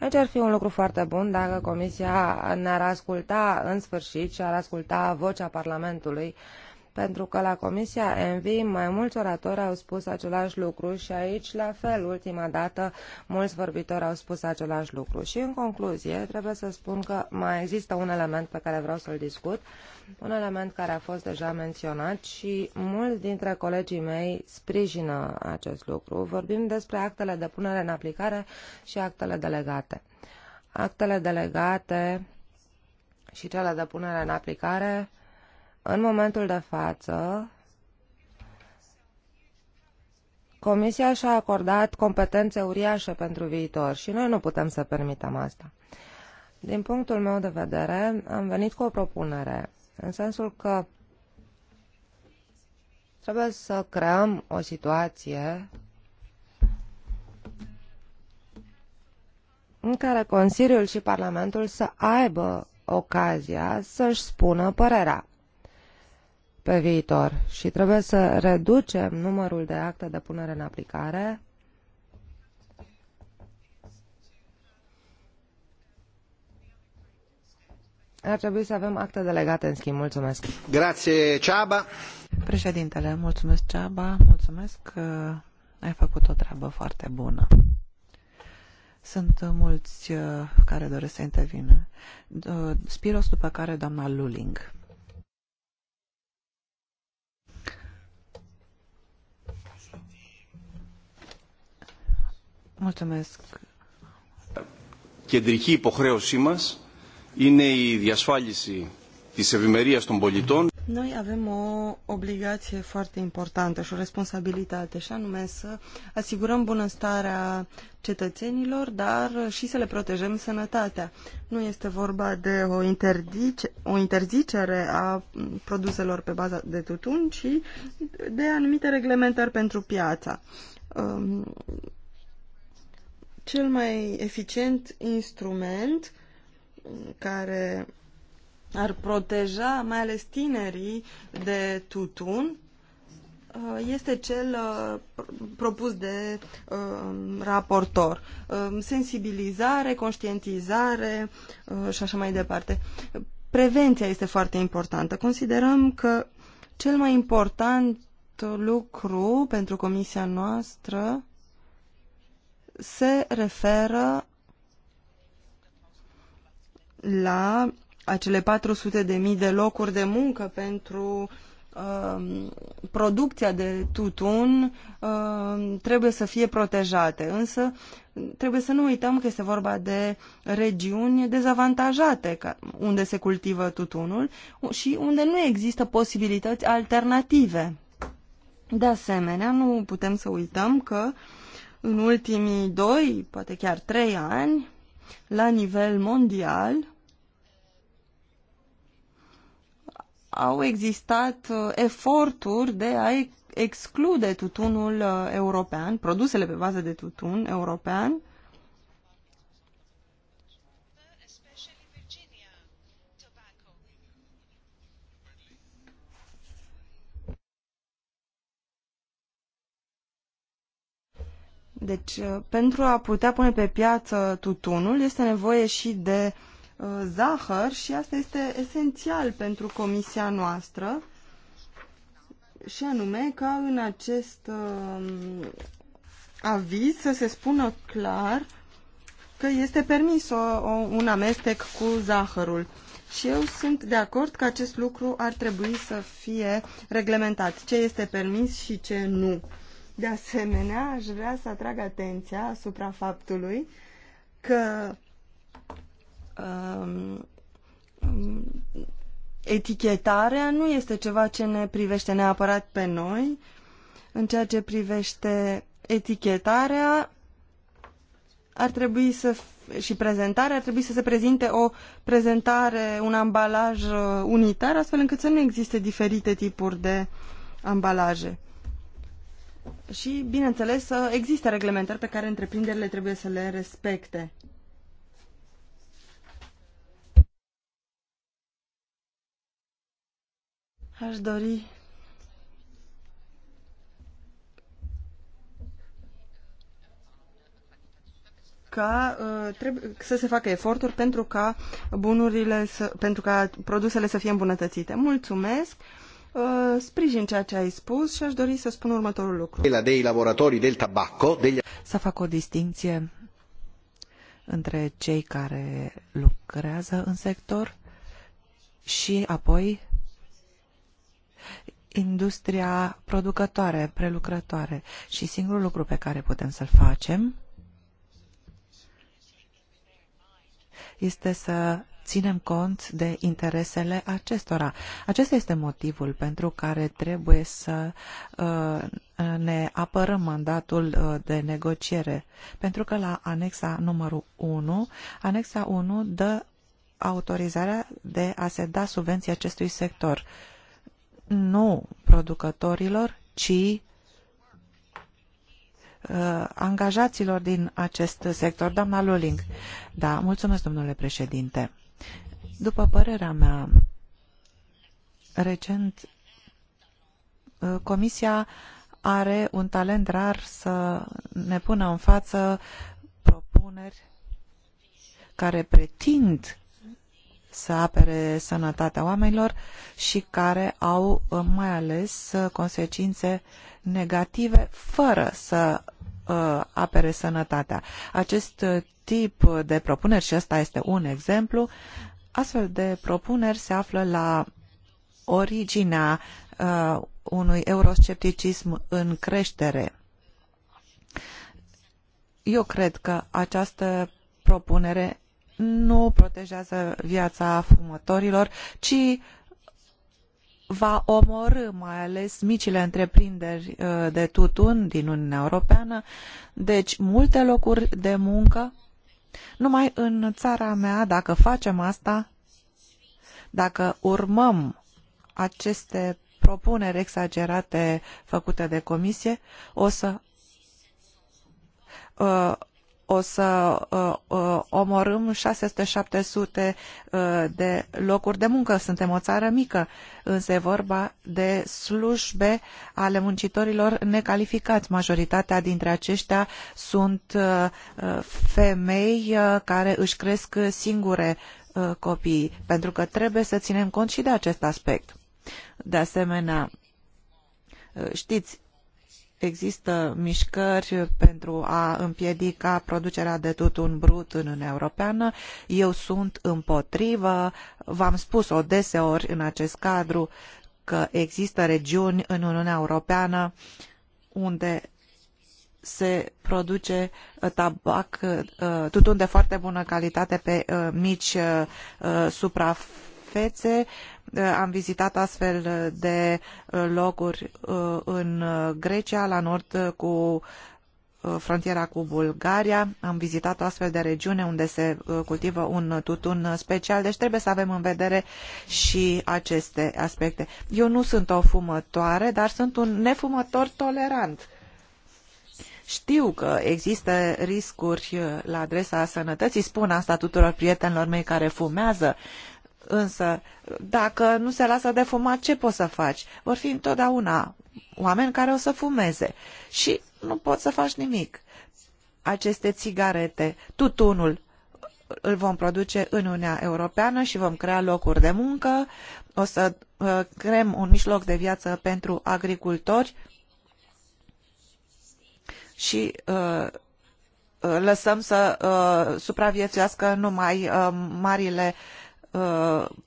Speaker 3: Aici ar fi un lucru foarte bun dacă Comisia ne-ar asculta în sfârșit și ar asculta vocea Parlamentului pentru că la Comisia Envi mai mulți oratori au spus același lucru și aici, la fel, ultima dată, mulți vorbitori au spus același lucru. Și în concluzie, trebuie să spun că mai există un element pe care vreau să-l discut, un element care a fost deja menționat și mulți dintre colegii mei sprijină acest lucru. Vorbim despre actele de punere în aplicare și actele delegate. Actele delegate și cele de punere în aplicare în momentul de față, Comisia și-a acordat competențe uriașe pentru viitor și noi nu putem să permitem asta. Din punctul meu de vedere, am venit cu o propunere, în sensul că trebuie să creăm o situație în care Consiliul și Parlamentul să aibă ocazia să-și spună părerea pe viitor și trebuie să reducem numărul de acte de punere în aplicare ar trebui să avem acte delegate în schimb. Mulțumesc.
Speaker 1: Grație, Ceaba.
Speaker 3: Președintele, mulțumesc, Ceaba. Mulțumesc că ai făcut o treabă foarte
Speaker 1: bună. Sunt mulți uh, care doresc să intervină. Uh, Spiros, după care doamna Luling. Mulțumesc.
Speaker 2: Κεντρική υποχρέωσή μας είναι η διασφάλιση της ευημερίας των πολιτών. Noi avem o obligație foarte importantă și o responsabilitate, și anume să asigurăm bunăstarea cetățenilor, dar și să le protejăm sănătatea. Nu este vorba de o, interdice, o interzicere a produselor pe baza de tutun, ci de anumite reglementări pentru piața ehm, cel mai eficient instrument care ar proteja mai ales tinerii de tutun uh, este cel uh, propus de uh, raportor. Sensibilizare, conștientizare și așa mai departe. Prevenția este foarte importantă. Considerăm că cel mai important lucru pentru comisia noastră se referă la acele 400 de mii de locuri de muncă pentru uh, producția de tutun uh, trebuie să fie protejate. Însă trebuie să nu uităm că este vorba de regiuni dezavantajate unde se cultivă tutunul și unde nu există posibilități alternative. De asemenea, nu putem să uităm că uh, în ultimii doi, poate chiar trei ani, la nivel mondial, au existat uh, eforturi de a exclude tutunul uh, european, produsele pe bază de tutun european, Deci, uh, pentru a putea pune pe piață tutunul, este nevoie și de uh, zahăr și asta este esențial pentru comisia noastră, și anume ca în acest uh, aviz să se spună clar că este permis o, o, un amestec cu zahărul. Și eu sunt de acord că acest lucru ar trebui să fie reglementat, ce este permis și ce nu de asemenea, aș vrea să atrag atenția asupra faptului că um, etichetarea nu este ceva ce ne privește neapărat pe noi. În ceea ce privește etichetarea, ar trebui să și prezentarea ar trebui să se prezinte o prezentare, un ambalaj uh, unitar, astfel încât să nu existe diferite tipuri de ambalaje și, bineînțeles, există reglementări pe care întreprinderile trebuie să le respecte. Aș dori ca uh, trebuie să se facă eforturi pentru ca bunurile să, pentru ca produsele să fie îmbunătățite. Mulțumesc. Uh, sprijin ceea ce ai spus și aș dori să spun următorul lucru.
Speaker 1: La dei laboratorii del tabacco, degli... Să fac o distinție între cei care lucrează în sector și apoi industria producătoare, prelucrătoare. Și singurul lucru pe care putem să-l facem este să ținem cont de interesele acestora. Acesta este motivul pentru care trebuie să uh, ne apărăm mandatul uh, de negociere, pentru că la anexa numărul 1, anexa 1 dă autorizarea de a se da subvenții acestui sector, nu producătorilor, ci uh, angajaților din acest sector. Doamna Luling. Da, mulțumesc, domnule președinte. După părerea mea, recent uh, Comisia are un talent rar să ne pună în față propuneri care pretind să apere sănătatea oamenilor și care au uh, mai ales uh, consecințe negative fără să apere sănătatea. Acest tip de propuneri, și ăsta este un exemplu, Astfel de propuneri se află la originea uh, unui euroscepticism în creștere. Eu cred că această propunere nu protejează viața fumătorilor, ci va omorî mai ales micile întreprinderi uh, de tutun din Uniunea Europeană, deci multe locuri de muncă numai în țara mea, dacă facem asta, dacă urmăm aceste propuneri exagerate făcute de comisie, o să uh, o să uh, uh omorâm 600-700 uh, de locuri de muncă. Suntem o țară mică, însă e vorba de slujbe ale muncitorilor necalificați. Majoritatea dintre aceștia sunt uh, femei care își cresc singure copiii, pentru că trebuie să ținem cont și de acest aspect. De asemenea, știți, există mișcări pentru a împiedica producerea de tutun brut în Uniunea Europeană. Eu sunt împotrivă, v-am spus-o deseori în acest cadru, că există regiuni în Uniunea Europeană unde se produce uh, tabac, uh, tutun de foarte bună calitate pe uh, mici suprafețe Eh, am vizitat astfel eh, de eh, locuri în Grecia, la nord cu frontiera cu Bulgaria. Am vizitat o astfel de regiune unde se cultivă un tutun special, deci trebuie să avem în vedere și aceste aspecte. Eu nu sunt o fumătoare, dar sunt un nefumător tolerant. Știu că există riscuri la adresa sănătății, spun asta tuturor prietenilor mei care fumează, Însă, dacă nu se lasă de fumat, ce poți să faci? Vor fi întotdeauna oameni care o să fumeze și nu poți să faci nimic. Aceste țigarete, tutunul, îl vom produce în Uniunea Europeană și vom crea locuri de muncă, o să uh, creăm un mijloc de viață pentru agricultori și uh, uh, lăsăm să supraviețuiască numai marile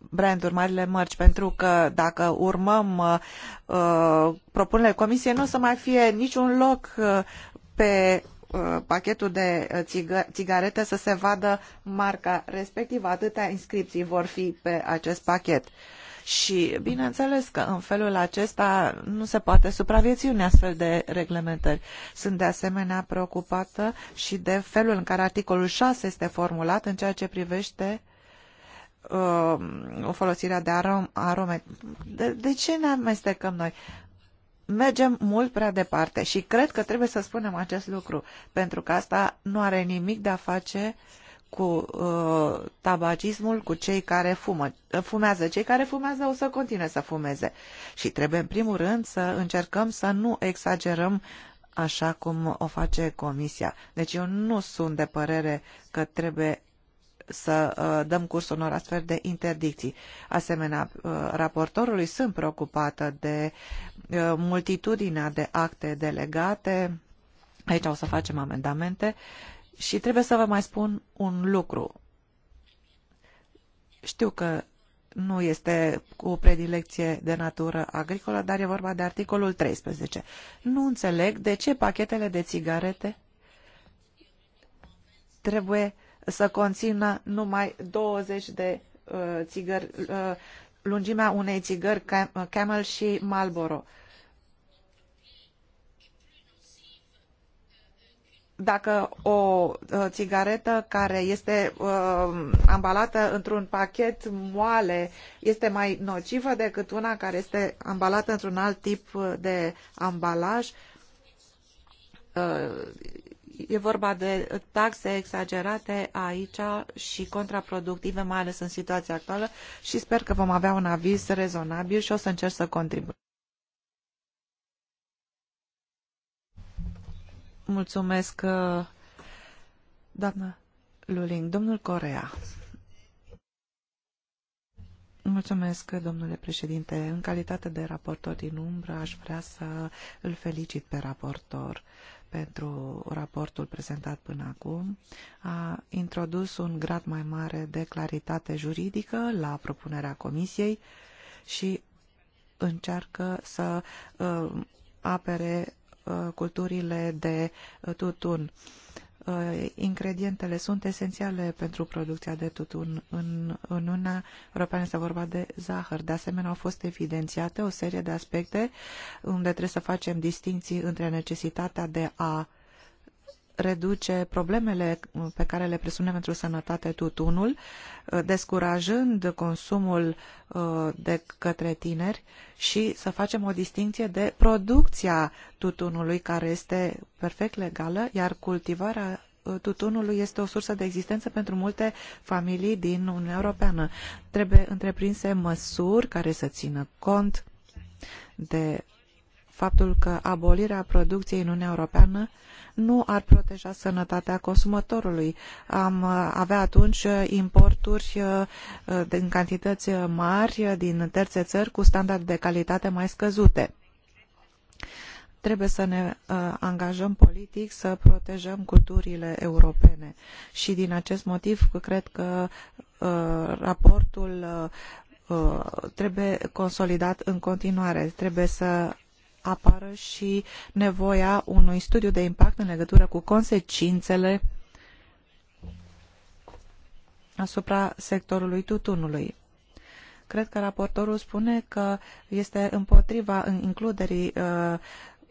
Speaker 1: branduri, marile mărci, pentru că dacă urmăm uh, uh, propunerile comisiei, nu o să mai fie niciun loc uh, pe pachetul de țigarete să se vadă marca respectivă. Atâtea inscripții vor fi pe acest pachet. Și bineînțeles că în felul acesta nu se poate supraviețui unei astfel de reglementări. Sunt de asemenea preocupată și de felul în care articolul 6 este formulat în ceea ce privește uh, folosirea de arom, arome. De, de ce ne amestecăm noi? Mergem mult prea departe și cred că trebuie să spunem acest lucru, pentru că asta nu are nimic de a face cu uh, tabacismul, cu cei care fumă, uh, fumează. Cei care fumează o să continue să fumeze. Și trebuie, în primul rând, să încercăm să nu exagerăm așa cum o face Comisia. Deci eu nu sunt de părere că trebuie să uh, dăm curs unor astfel de interdicții. Asemenea, uh, raportorului sunt preocupată de uh, multitudinea de acte delegate. Aici o să facem amendamente și trebuie să vă mai spun un lucru. Știu că nu este cu predilecție de natură agricolă, dar e vorba de articolul 13. Nu înțeleg de ce pachetele de țigarete trebuie să conțină numai 20 de uh, țigări, uh, lungimea unei țigări uh, Camel și Marlboro. Dacă o uh, țigaretă care este uh, ambalată într-un pachet moale este mai nocivă decât una care este ambalată într-un alt tip uh, de ambalaj, uh, E vorba de taxe exagerate aici și contraproductive, mai ales în situația actuală și sper că vom avea un aviz rezonabil și o să încerc să contribu. Mulțumesc, uh, doamnă Luling. Domnul Corea. Mulțumesc, domnule președinte. În calitate de raportor din umbră, aș vrea să îl felicit pe raportor. Uh, pentru raportul prezentat până acum. A introdus un grad mai mare de claritate juridică la propunerea Comisiei și încearcă să uh, apere uh, culturile de uh, tutun Uh, ingredientele sunt esențiale pentru producția de tutun în Uniunea Europeană. Este vorba de zahăr. De asemenea, au fost evidențiate o serie de aspecte unde trebuie să facem distinții între necesitatea de a reduce problemele pe care le presune pentru sănătate tutunul, uh, descurajând consumul uh, de către tineri și să facem o distinție de producția tutunului, care este perfect legală, iar cultivarea uh, tutunului este o sursă de existență pentru multe familii din Uniunea Europeană. Trebuie întreprinse măsuri care să țină cont de faptul că abolirea producției în Uniunea Europeană nu ar proteja sănătatea consumatorului. Am uh, avea atunci uh, importuri uh, din cantități mari din terțe țări cu standarde de calitate mai scăzute trebuie să ne uh, angajăm politic să protejăm culturile europene și din acest motiv cred că uh, raportul uh, trebuie consolidat în continuare. Trebuie să apară și nevoia unui studiu de impact în legătură cu consecințele asupra sectorului tutunului. Cred că raportorul spune că este împotriva includerii uh,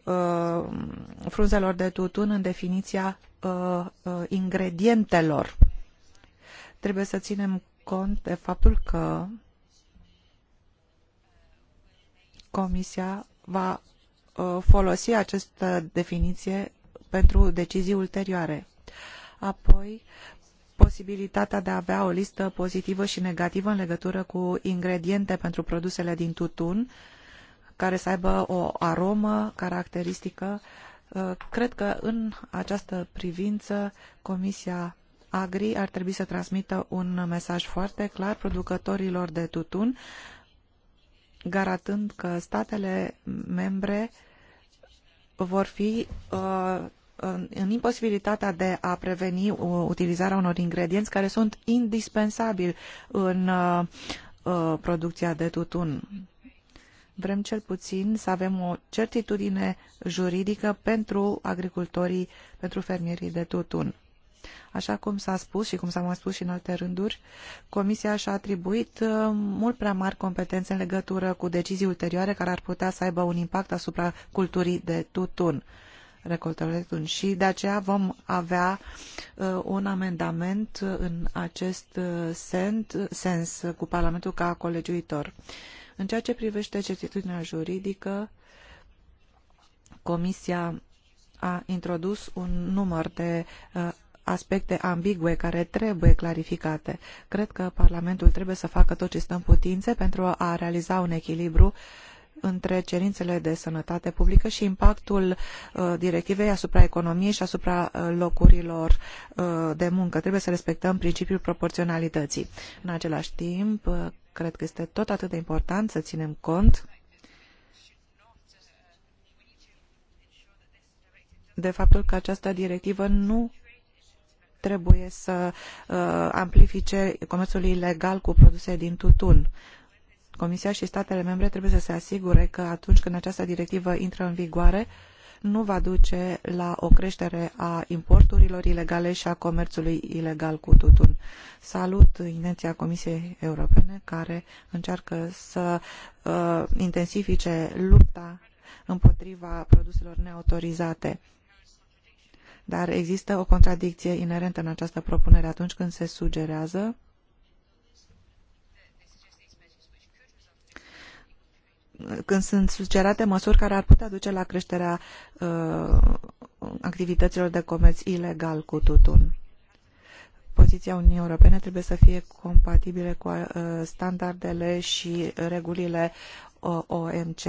Speaker 1: uh, frunzelor de tutun în definiția uh, uh, ingredientelor. Trebuie să ținem cont de faptul că Comisia va Uh, folosi această definiție pentru decizii ulterioare. Apoi, posibilitatea de a avea o listă pozitivă și negativă în legătură cu ingrediente pentru produsele din tutun, care să aibă o aromă caracteristică. Uh, cred că în această privință Comisia Agri ar trebui să transmită un mesaj foarte clar producătorilor de tutun, garantând că statele membre uh, vor fi uh, în imposibilitatea de a preveni uh, utilizarea unor ingredienți care sunt indispensabili în uh, producția de tutun. Vrem cel puțin să avem o certitudine juridică pentru agricultorii, pentru fermierii de tutun. Așa cum s-a spus și cum s-a mai spus și în alte rânduri, Comisia și-a atribuit uh, mult prea mari competențe în legătură cu decizii ulterioare care ar putea să aibă un impact asupra culturii de tutun recoltările tutun. Și de aceea vom avea uh, un amendament în acest uh, sens cu Parlamentul ca colegiuitor. În ceea ce privește certitudinea juridică, Comisia a introdus un număr de aspecte ambigue care trebuie clarificate. Cred că Parlamentul trebuie să facă tot ce stă în putințe pentru a realiza un echilibru între cerințele de sănătate publică și impactul uh, directivei asupra economiei și asupra uh, locurilor uh, de muncă. Trebuie să respectăm principiul proporționalității. În același timp, uh, cred că este tot atât de important să ținem cont de faptul că această directivă nu trebuie să uh, amplifice comerțul ilegal cu produse din tutun. Comisia și statele membre trebuie să se asigure că atunci când această directivă intră în vigoare, nu va duce la o creștere a importurilor ilegale și a comerțului ilegal cu tutun. Salut intenția Comisiei Europene care încearcă să uh, intensifice lupta împotriva produselor neautorizate dar există o contradicție inerentă în această propunere atunci când se sugerează când sunt sugerate măsuri care ar putea duce la creșterea uh, activităților de comerț ilegal cu tutun. Poziția Uniunii Europene trebuie să fie compatibilă cu uh, standardele și regulile uh, OMC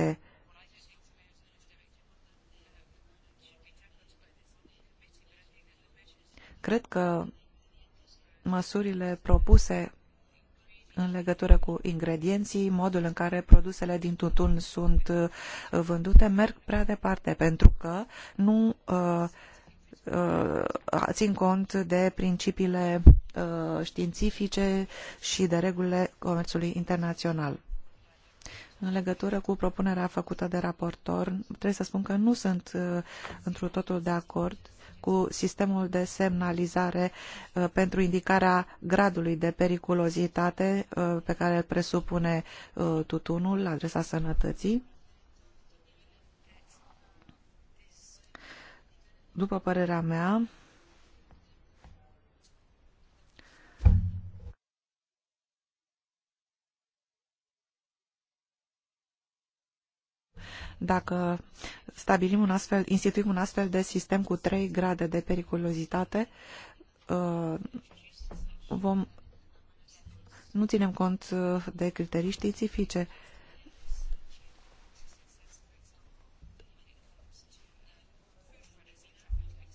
Speaker 1: Cred că măsurile propuse în legătură cu ingredienții, modul în care produsele din tutun sunt uh, vândute, merg prea departe, pentru că nu uh, uh, țin cont de principiile uh, științifice și de regulile comerțului internațional. În legătură cu propunerea făcută de raportor, trebuie să spun că nu sunt uh, întru totul de acord cu sistemul de semnalizare uh, pentru indicarea gradului de periculozitate uh, pe care îl presupune uh, tutunul la adresa sănătății. După părerea mea, Dacă stabilim un astfel, instituim un astfel de sistem cu trei grade de periculozitate, uh, vom, nu ținem cont uh, de criterii științifice.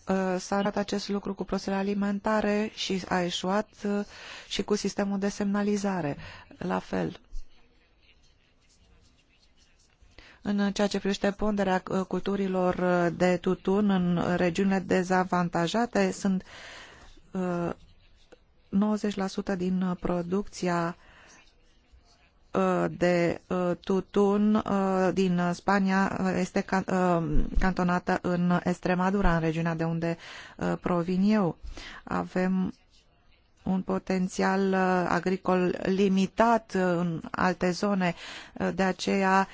Speaker 1: Uh, s-a arătat acest lucru cu prostele alimentare și a eșuat și cu sistemul de semnalizare. La fel, În ceea ce privește ponderea uh, culturilor uh, de tutun în regiunile dezavantajate, sunt 90% uh, din producția de tutun din Spania este cantonată în Extremadura, în regiunea de unde provin eu. Avem un potențial agricol limitat în alte zone, de aceea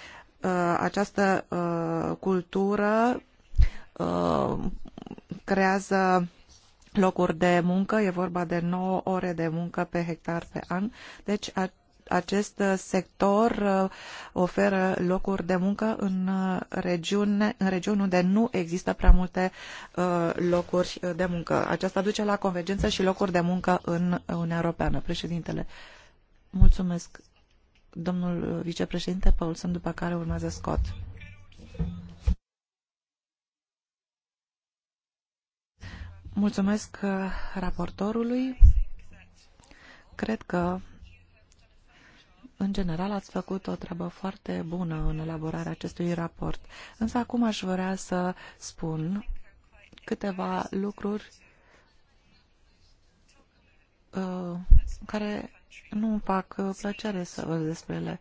Speaker 1: Uh, această uh, cultură uh, creează locuri de muncă, e vorba de 9 ore de muncă pe hectar pe an, deci acest sector oferă locuri de muncă în, regiune, în regiuni unde nu există prea multe locuri de muncă. Aceasta duce la convergență și locuri de muncă în Uniunea Europeană. Președintele, mulțumesc domnul uh, vicepreședinte Paulson, după care urmează Scott. Mulțumesc uh, raportorului. Cred că, în general, ați făcut o treabă foarte bună în elaborarea acestui raport. Însă acum aș vrea să spun câteva lucruri uh, care nu îmi fac uh, plăcere să vorbesc despre ele.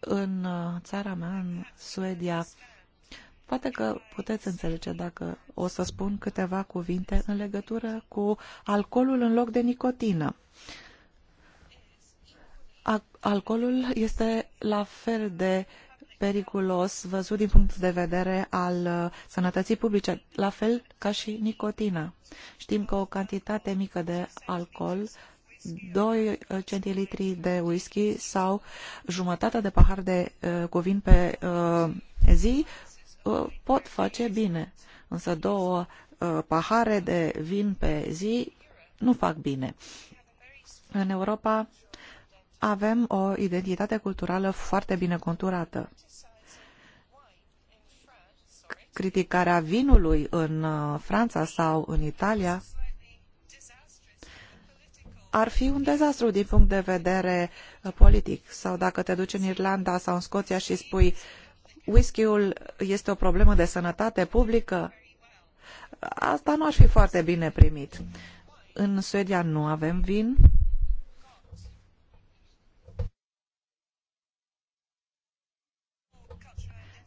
Speaker 1: În uh, țara mea, în Suedia, poate că puteți înțelege dacă o să spun câteva cuvinte în legătură cu alcoolul în loc de nicotină. Alcoolul este la fel de periculos văzut din punct de vedere al uh, sănătății publice, la fel ca și nicotina. Știm că o cantitate mică de alcool 2 uh, centilitri de whisky sau jumătate de pahar de uh, vin pe uh, zi pot face bine, însă două pahare de vin pe zi nu fac bine. În Europa avem o identitate culturală foarte bine conturată. Criticarea vinului în Franța sau în Italia ar fi un dezastru din punct de vedere uh, politic. Sau dacă te duci în Irlanda sau în Scoția și spui whisky-ul este o problemă de sănătate publică, asta nu ar fi foarte bine primit. În Suedia nu avem vin.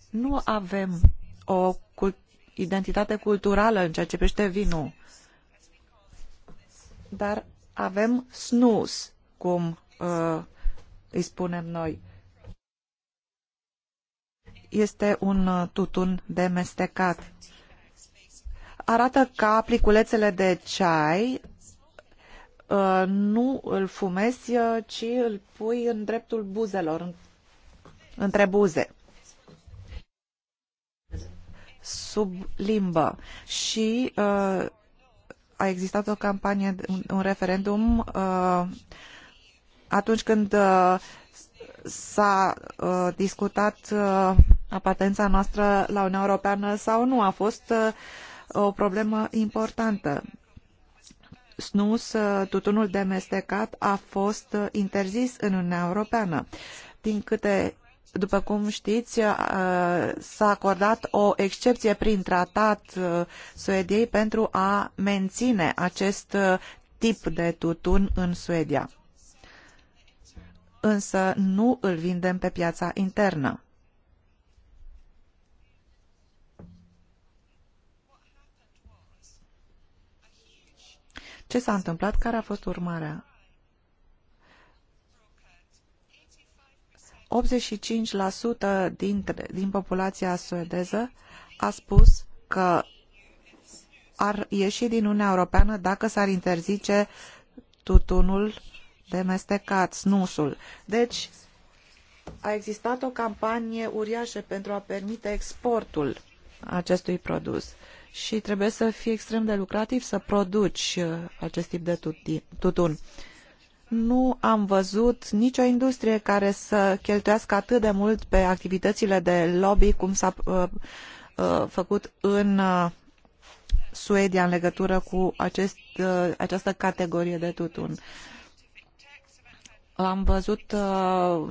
Speaker 1: Nu avem o cult identitate culturală în ceea ce privește vinul. Dar avem snus, cum uh, îi spunem noi. Este un uh, tutun demestecat. Arată ca pliculețele de ceai uh, nu îl fumezi, uh, ci îl pui în dreptul buzelor, între buze sub limbă și uh, a existat o campanie, un referendum uh, atunci când uh, s-a uh, discutat apartența noastră la Uniunea Europeană sau nu. A fost o problemă importantă. Snus, tutunul demestecat, a fost interzis în Uniunea Europeană. Din câte după cum știți, uh, s-a acordat o excepție prin tratat uh, Suediei pentru a menține acest uh, tip de tutun în Suedia. Însă nu îl vindem pe piața internă. Ce s-a întâmplat? Care a fost urmarea? 85% dintre, din populația suedeză a spus că ar ieși din Uniunea Europeană dacă s-ar interzice tutunul de mestecat, snusul. Deci, a existat o campanie uriașă pentru a permite exportul acestui produs și trebuie să fii extrem de lucrativ să produci uh, acest tip de tutun nu am văzut nicio industrie care să cheltuiască atât de mult pe activitățile de lobby cum s-a uh, uh, făcut în uh, Suedia în legătură cu acest, uh, această categorie de tutun. Am văzut uh,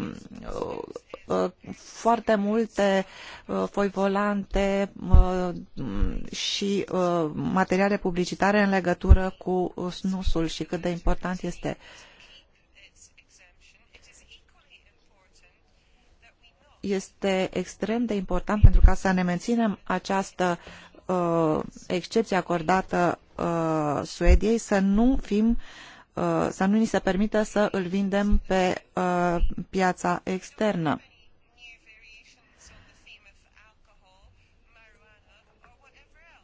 Speaker 1: uh, foarte multe foi volante și materiale publicitare în legătură cu snusul și cât de important este uh, este extrem de important pentru ca să ne menținem această uh, excepție acordată uh, Suediei, să nu fim uh, să nu ni se permită să îl vindem pe uh, piața externă.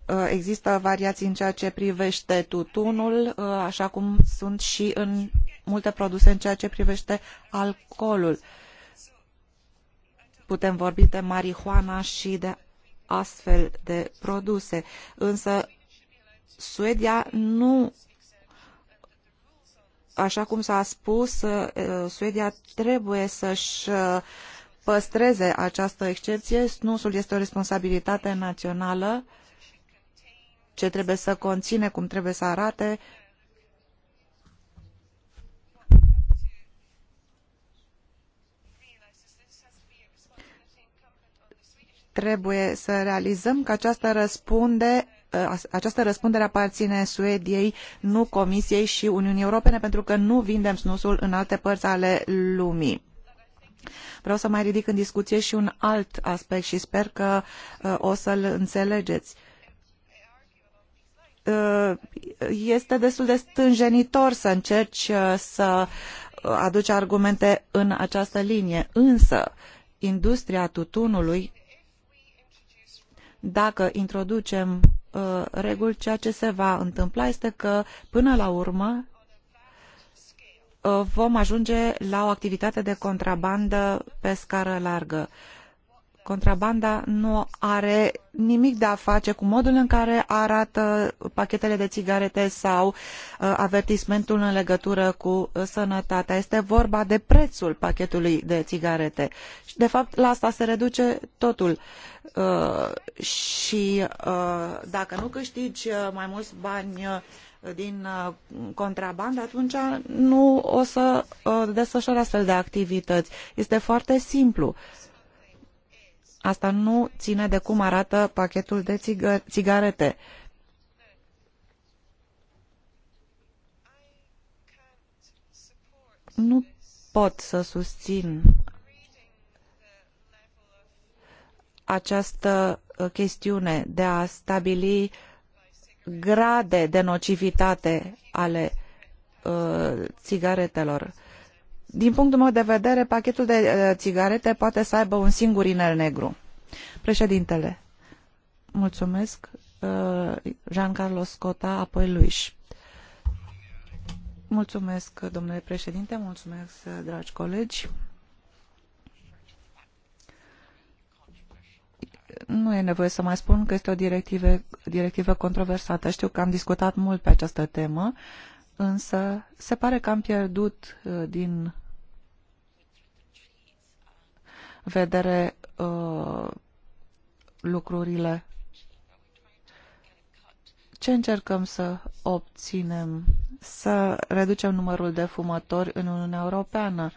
Speaker 1: Uh, există variații în ceea ce privește tutunul, uh, așa cum sunt și în multe produse în ceea ce privește alcoolul. Putem vorbi de marihuana și de astfel de produse, însă Suedia nu așa cum s-a spus, uh, Suedia trebuie să-și uh, păstreze această excepție. Snusul este o responsabilitate națională ce trebuie să conține, cum trebuie să arate, Trebuie să realizăm că această răspunde ă, această răspundere aparține Suediei, nu Comisiei și Uniunii Europene, pentru că nu vindem snusul în alte părți ale lumii. Vreau să mai ridic în discuție și un alt aspect și sper că uh, o să-l înțelegeți. Uh, este destul de stânjenitor să încerci uh, să aduci argumente în această linie, însă industria tutunului dacă introducem uh, reguli, ceea ce se va întâmpla este că, până la urmă, uh, vom ajunge la o activitate de contrabandă pe scară largă. Uh, Contrabanda nu are nimic de a face cu modul în care arată pachetele de țigarete sau uh, avertismentul în legătură cu uh, sănătatea. Este vorba de prețul pachetului de țigarete. Și, de fapt, la asta se reduce totul. Uh, și uh, dacă nu câștigi uh, mai mulți bani uh, din contrabandă, atunci nu o să desfășori astfel de activități. Este foarte simplu. Uh, Asta nu ține de cum arată pachetul de țigarete. Nu pot să susțin această uh, chestiune de a stabili grade de nocivitate ale uh, țigaretelor din punctul meu de vedere, pachetul de uh, țigarete poate să aibă un singur inel negru. Președintele, mulțumesc. Jean uh, Carlos Cota, apoi Luis. Mulțumesc, domnule președinte, mulțumesc, uh, dragi colegi. Nu e nevoie să mai spun că este o directivă, directivă controversată. Știu că am discutat mult pe această temă, însă se pare că am pierdut din vedere uh, lucrurile. Ce încercăm să obținem? Să reducem numărul de fumători în Uniunea Europeană. Uh,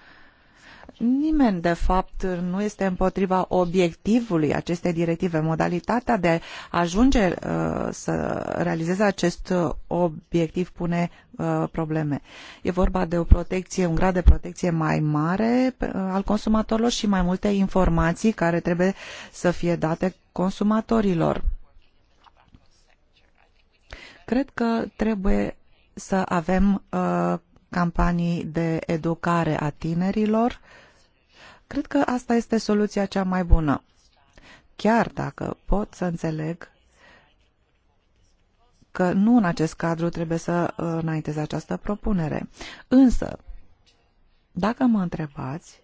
Speaker 1: Nimeni, de fapt, nu este împotriva obiectivului acestei directive. Modalitatea de a ajunge uh, să realizeze acest obiectiv pune uh, probleme. E vorba de o protecție, un grad de protecție mai mare uh, al consumatorilor și mai multe informații care trebuie să fie date consumatorilor. Cred că trebuie să avem uh, campanii de educare a tinerilor, cred că asta este soluția cea mai bună. Chiar dacă pot să înțeleg că nu în acest cadru trebuie să uh, înaintez această propunere. Însă, dacă mă întrebați,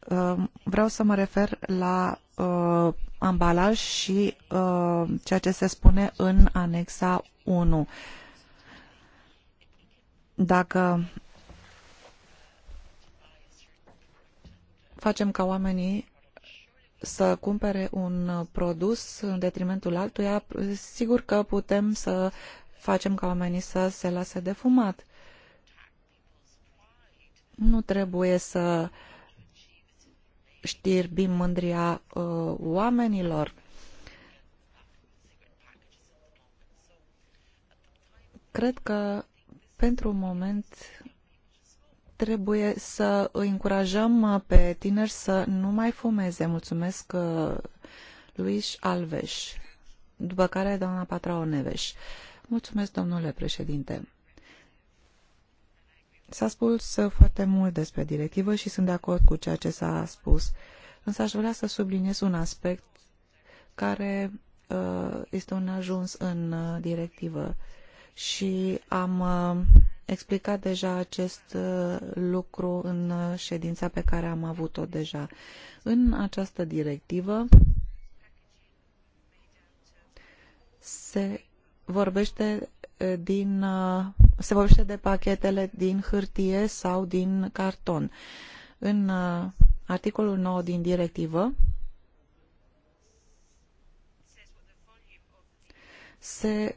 Speaker 1: uh, vreau să mă refer la uh, ambalaj și uh, ceea ce se spune în anexa 1. Dacă facem ca oamenii să cumpere un produs în detrimentul altuia, sigur că putem să facem ca oamenii să se lase de fumat. Nu trebuie să știrbim mândria uh, oamenilor. Cred că pentru un moment trebuie să îi încurajăm uh, pe tineri să nu mai fumeze. Mulțumesc uh, Luis Alves, după care doamna Patrao Neveș. Mulțumesc, domnule președinte. S-a spus uh, foarte mult despre directivă și sunt de acord cu ceea ce s-a spus, însă aș vrea să subliniez un aspect care este un ajuns în directivă. Uh, și am uh, explicat deja acest uh, lucru în uh, ședința pe care am avut-o deja. În această directivă se vorbește din, se vorbește de pachetele din hârtie sau din carton. În articolul 9 din directivă se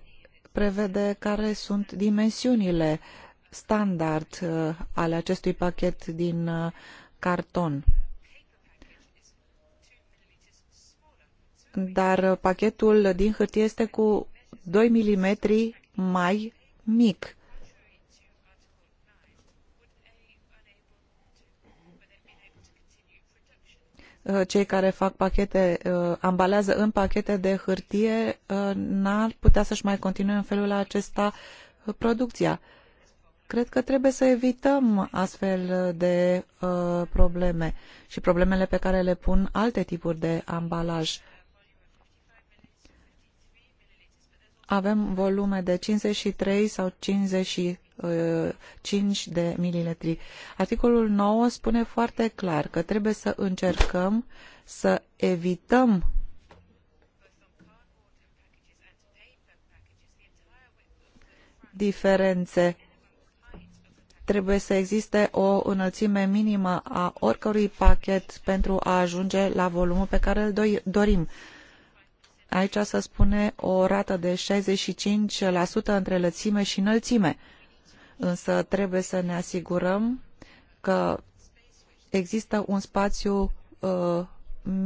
Speaker 1: prevede care sunt dimensiunile standard uh, ale acestui pachet din uh, carton. Dar uh, pachetul din hârtie este cu 2 mm mai mic Uh, cei care fac pachete, uh, ambalează în pachete de hârtie, uh, n-ar putea să-și mai continue în felul acesta producția. Cred că trebuie să evităm astfel de probleme și problemele pe care le pun alte tipuri de ambalaj. Avem volume de 53 sau 50 5 de mililitri. Articolul 9 spune foarte clar că trebuie să încercăm să evităm diferențe. Trebuie să existe o înălțime minimă a oricărui pachet pentru a ajunge la volumul pe care îl dorim. Aici se spune o rată de 65% între lățime și înălțime însă trebuie să ne asigurăm că există un spațiu uh,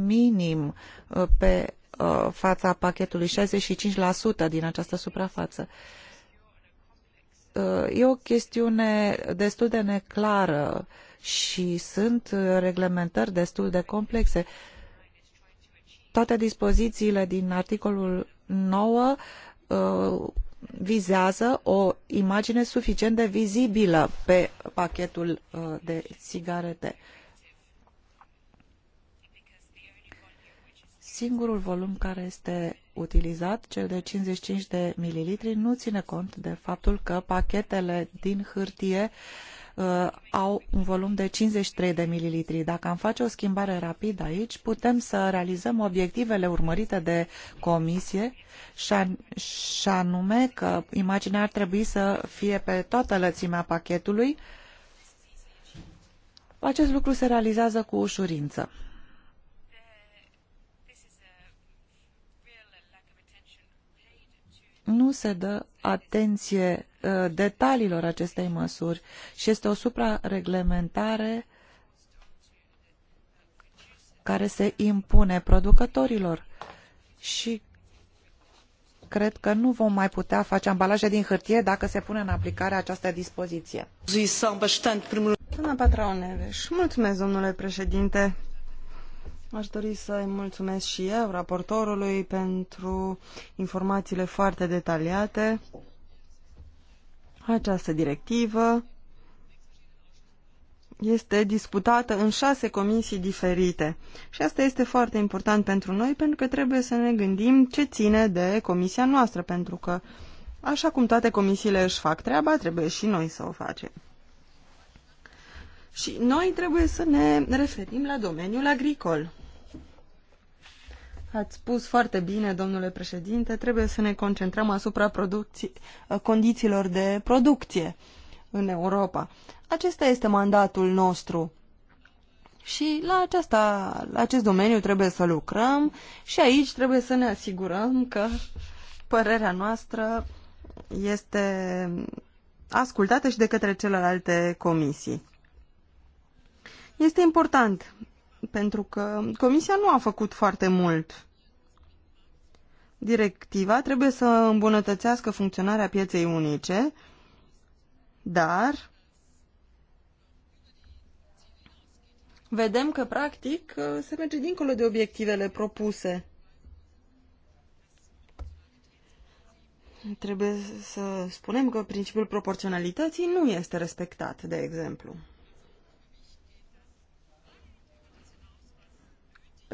Speaker 1: minim uh, pe uh, fața pachetului, 65% din această suprafață. Uh, e o chestiune destul de neclară și sunt reglementări destul de complexe. Toate dispozițiile din articolul 9 uh, vizează o imagine suficient de vizibilă pe pachetul uh, de țigarete. Singurul volum care este utilizat, cel de 55 de mililitri, nu ține cont de faptul că pachetele din hârtie uh, uh, au un volum de 53 de mililitri. Dacă am face o schimbare rapidă aici, putem să realizăm obiectivele urmărite de comisie și anume că imaginea ar trebui să fie pe toată lățimea pachetului. Acest lucru se realizează cu ușurință. nu se dă atenție uh, detaliilor acestei măsuri și este o suprareglementare care se impune producătorilor și cred că nu vom mai putea face ambalaje din hârtie dacă se pune în aplicare această dispoziție.
Speaker 2: Doamna Patraoneveș, deci mulțumesc, domnule președinte. Aș dori să-i mulțumesc și eu, raportorului, pentru informațiile foarte detaliate. Această directivă este disputată în șase comisii diferite. Și asta este foarte important pentru noi, pentru că trebuie să ne gândim ce ține de comisia noastră, pentru că așa cum toate comisiile își fac treaba, trebuie și noi să o facem. Și noi trebuie să ne referim la domeniul agricol. Ați spus foarte bine, domnule președinte, trebuie să ne concentrăm asupra condițiilor de producție în Europa. Acesta este mandatul nostru. Și la, aceasta, la acest domeniu trebuie să lucrăm și aici trebuie să ne asigurăm că părerea noastră este ascultată și de către celelalte comisii. Este important pentru că Comisia nu a făcut foarte mult. Directiva trebuie să îmbunătățească funcționarea pieței unice, dar vedem că, practic, se merge dincolo de obiectivele propuse. Trebuie să spunem că principiul proporționalității nu este respectat, de exemplu.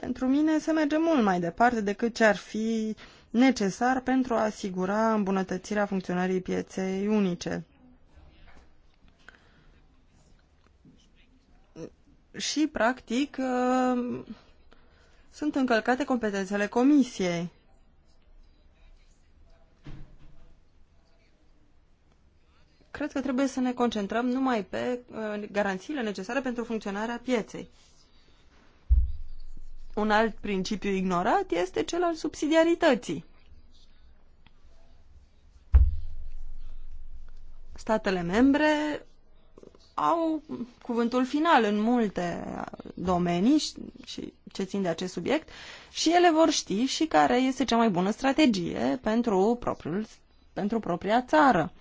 Speaker 2: Pentru mine se merge mult mai departe decât ce ar fi necesar pentru a asigura îmbunătățirea funcționării pieței unice. Și, practic, ă, sunt încălcate competențele Comisiei. Cred că trebuie să ne concentrăm numai pe ă, garanțiile necesare pentru funcționarea pieței. Un alt principiu ignorat este cel al subsidiarității. Statele membre au cuvântul final în multe domenii și, și ce țin de acest subiect și ele vor ști și care este cea mai bună strategie pentru, propriul, pentru propria țară.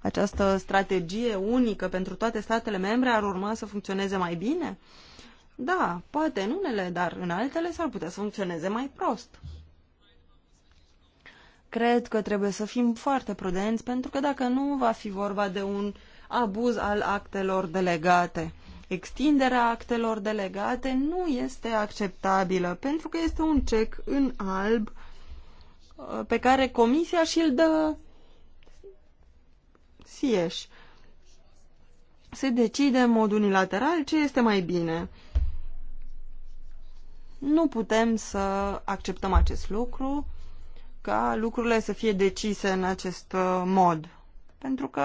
Speaker 2: Această strategie unică pentru toate statele membre ar urma să funcționeze mai bine? Uh, da, poate în unele, dar în altele s-ar putea să funcționeze mai prost. Cred că trebuie să fim foarte prudenți, pentru că dacă nu va fi vorba de un abuz al actelor delegate. Extinderea actelor delegate nu este acceptabilă, pentru că este un cec în alb uh, pe care comisia și-l dă sieși. Se decide în mod unilateral ce este mai bine nu putem să acceptăm acest lucru, ca lucrurile să fie decise în acest uh, mod. Pentru că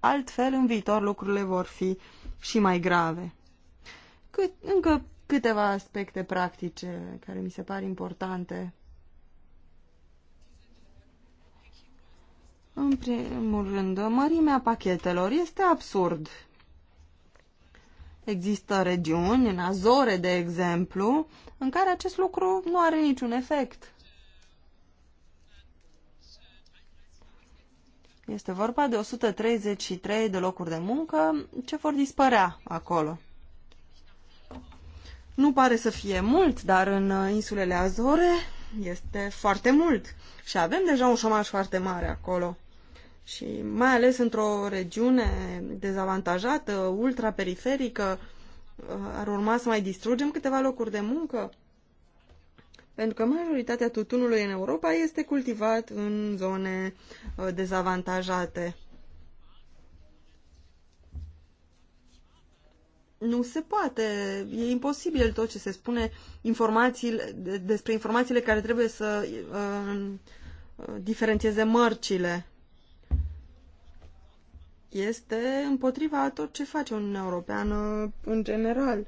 Speaker 2: altfel în viitor lucrurile vor fi și mai grave. Cât, încă câteva aspecte practice care mi se par importante. În primul rând, mărimea pachetelor este absurd Există regiuni, în Azore, de exemplu, în care acest lucru nu are
Speaker 3: niciun efect.
Speaker 2: Este vorba de 133 de locuri de muncă ce vor dispărea acolo. Nu pare să fie mult, dar în insulele Azore este foarte mult și avem deja un șomaj foarte mare acolo și mai ales într-o regiune dezavantajată, ultraperiferică, uh, ar urma să mai distrugem câteva locuri de muncă? Pentru că majoritatea tutunului în Europa este cultivat în zone uh, dezavantajate. nu se poate, e imposibil tot ce se spune informațiile, despre informațiile care trebuie să uh, diferențieze mărcile este împotriva a tot ce face Uniunea Europeană în general.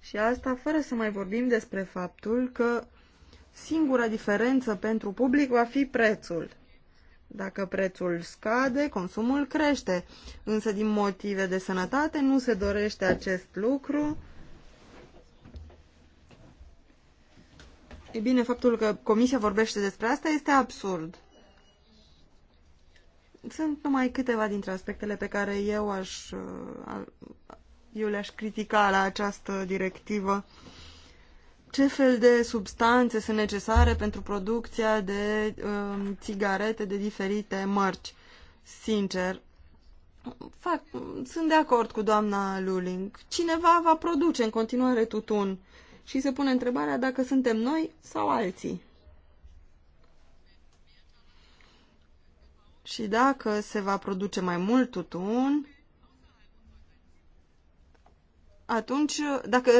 Speaker 2: Și asta fără să mai vorbim despre faptul că singura diferență pentru public va fi prețul. Dacă prețul scade, consumul crește, însă din motive de sănătate nu se dorește acest lucru E bine, faptul că Comisia vorbește despre asta este absurd. Sunt numai câteva dintre aspectele pe care eu aș uh, eu le-aș critica la această directivă. Ce fel de substanțe sunt necesare pentru producția de uh, țigarete de diferite mărci? Sincer, fac, sunt de acord cu doamna Luling. Cineva va produce în continuare tutun și se pune întrebarea dacă suntem noi sau alții. Și dacă se va produce mai mult tutun, atunci, dacă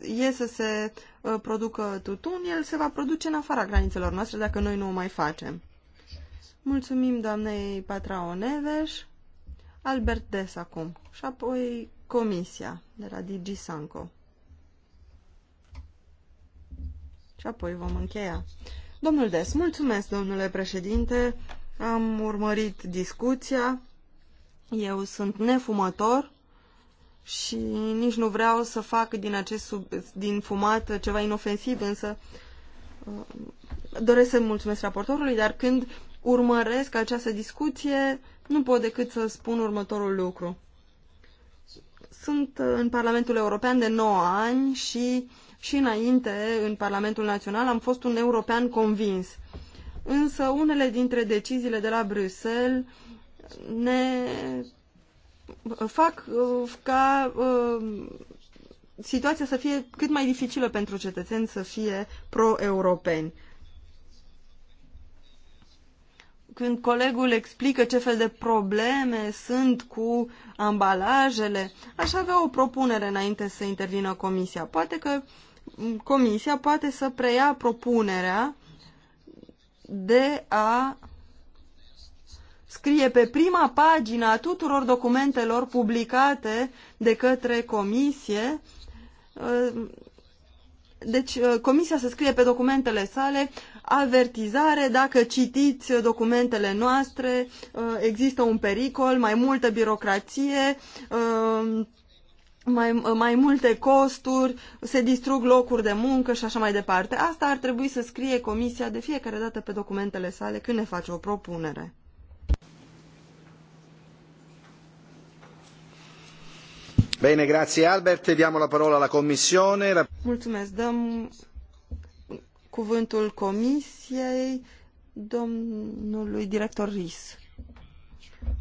Speaker 2: e să se uh, producă tutun, el se va produce în afara granițelor noastre dacă noi nu o mai facem. Mulțumim doamnei Patrao Neves, Albert Des acum și apoi Comisia de la DG Sanco. și apoi vom încheia. Domnul Des, mulțumesc, domnule președinte. Am urmărit discuția. Eu sunt nefumător și nici nu vreau să fac din, acest sub, din fumat ceva inofensiv, însă uh, doresc să mulțumesc raportorului, dar când urmăresc această discuție, nu pot decât să spun următorul lucru. Sunt uh, în Parlamentul European de 9 ani și uh, și înainte în Parlamentul Național am fost un european convins. Însă unele dintre deciziile de la Bruxelles ne fac uh, ca uh, situația să fie cât mai dificilă pentru cetățeni să fie pro-europeni. Când colegul explică ce fel de probleme sunt cu ambalajele, aș avea o propunere înainte să intervină comisia. Poate că uh, Comisia poate să preia propunerea de a scrie pe prima pagină a tuturor documentelor publicate de către Comisie uh, deci uh, comisia să scrie pe documentele sale avertizare, dacă citiți documentele noastre, uh, există un pericol, mai multă birocrație, mai, mai multe costuri, se distrug locuri de muncă și așa mai departe. Asta ar trebui să scrie comisia de fiecare dată pe documentele sale când ne face o propunere.
Speaker 1: Bine, grazie Albert. Diamo la parola alla Commissione.
Speaker 2: Mulțumesc. Dăm cuvântul Comisiei domnului director Ris.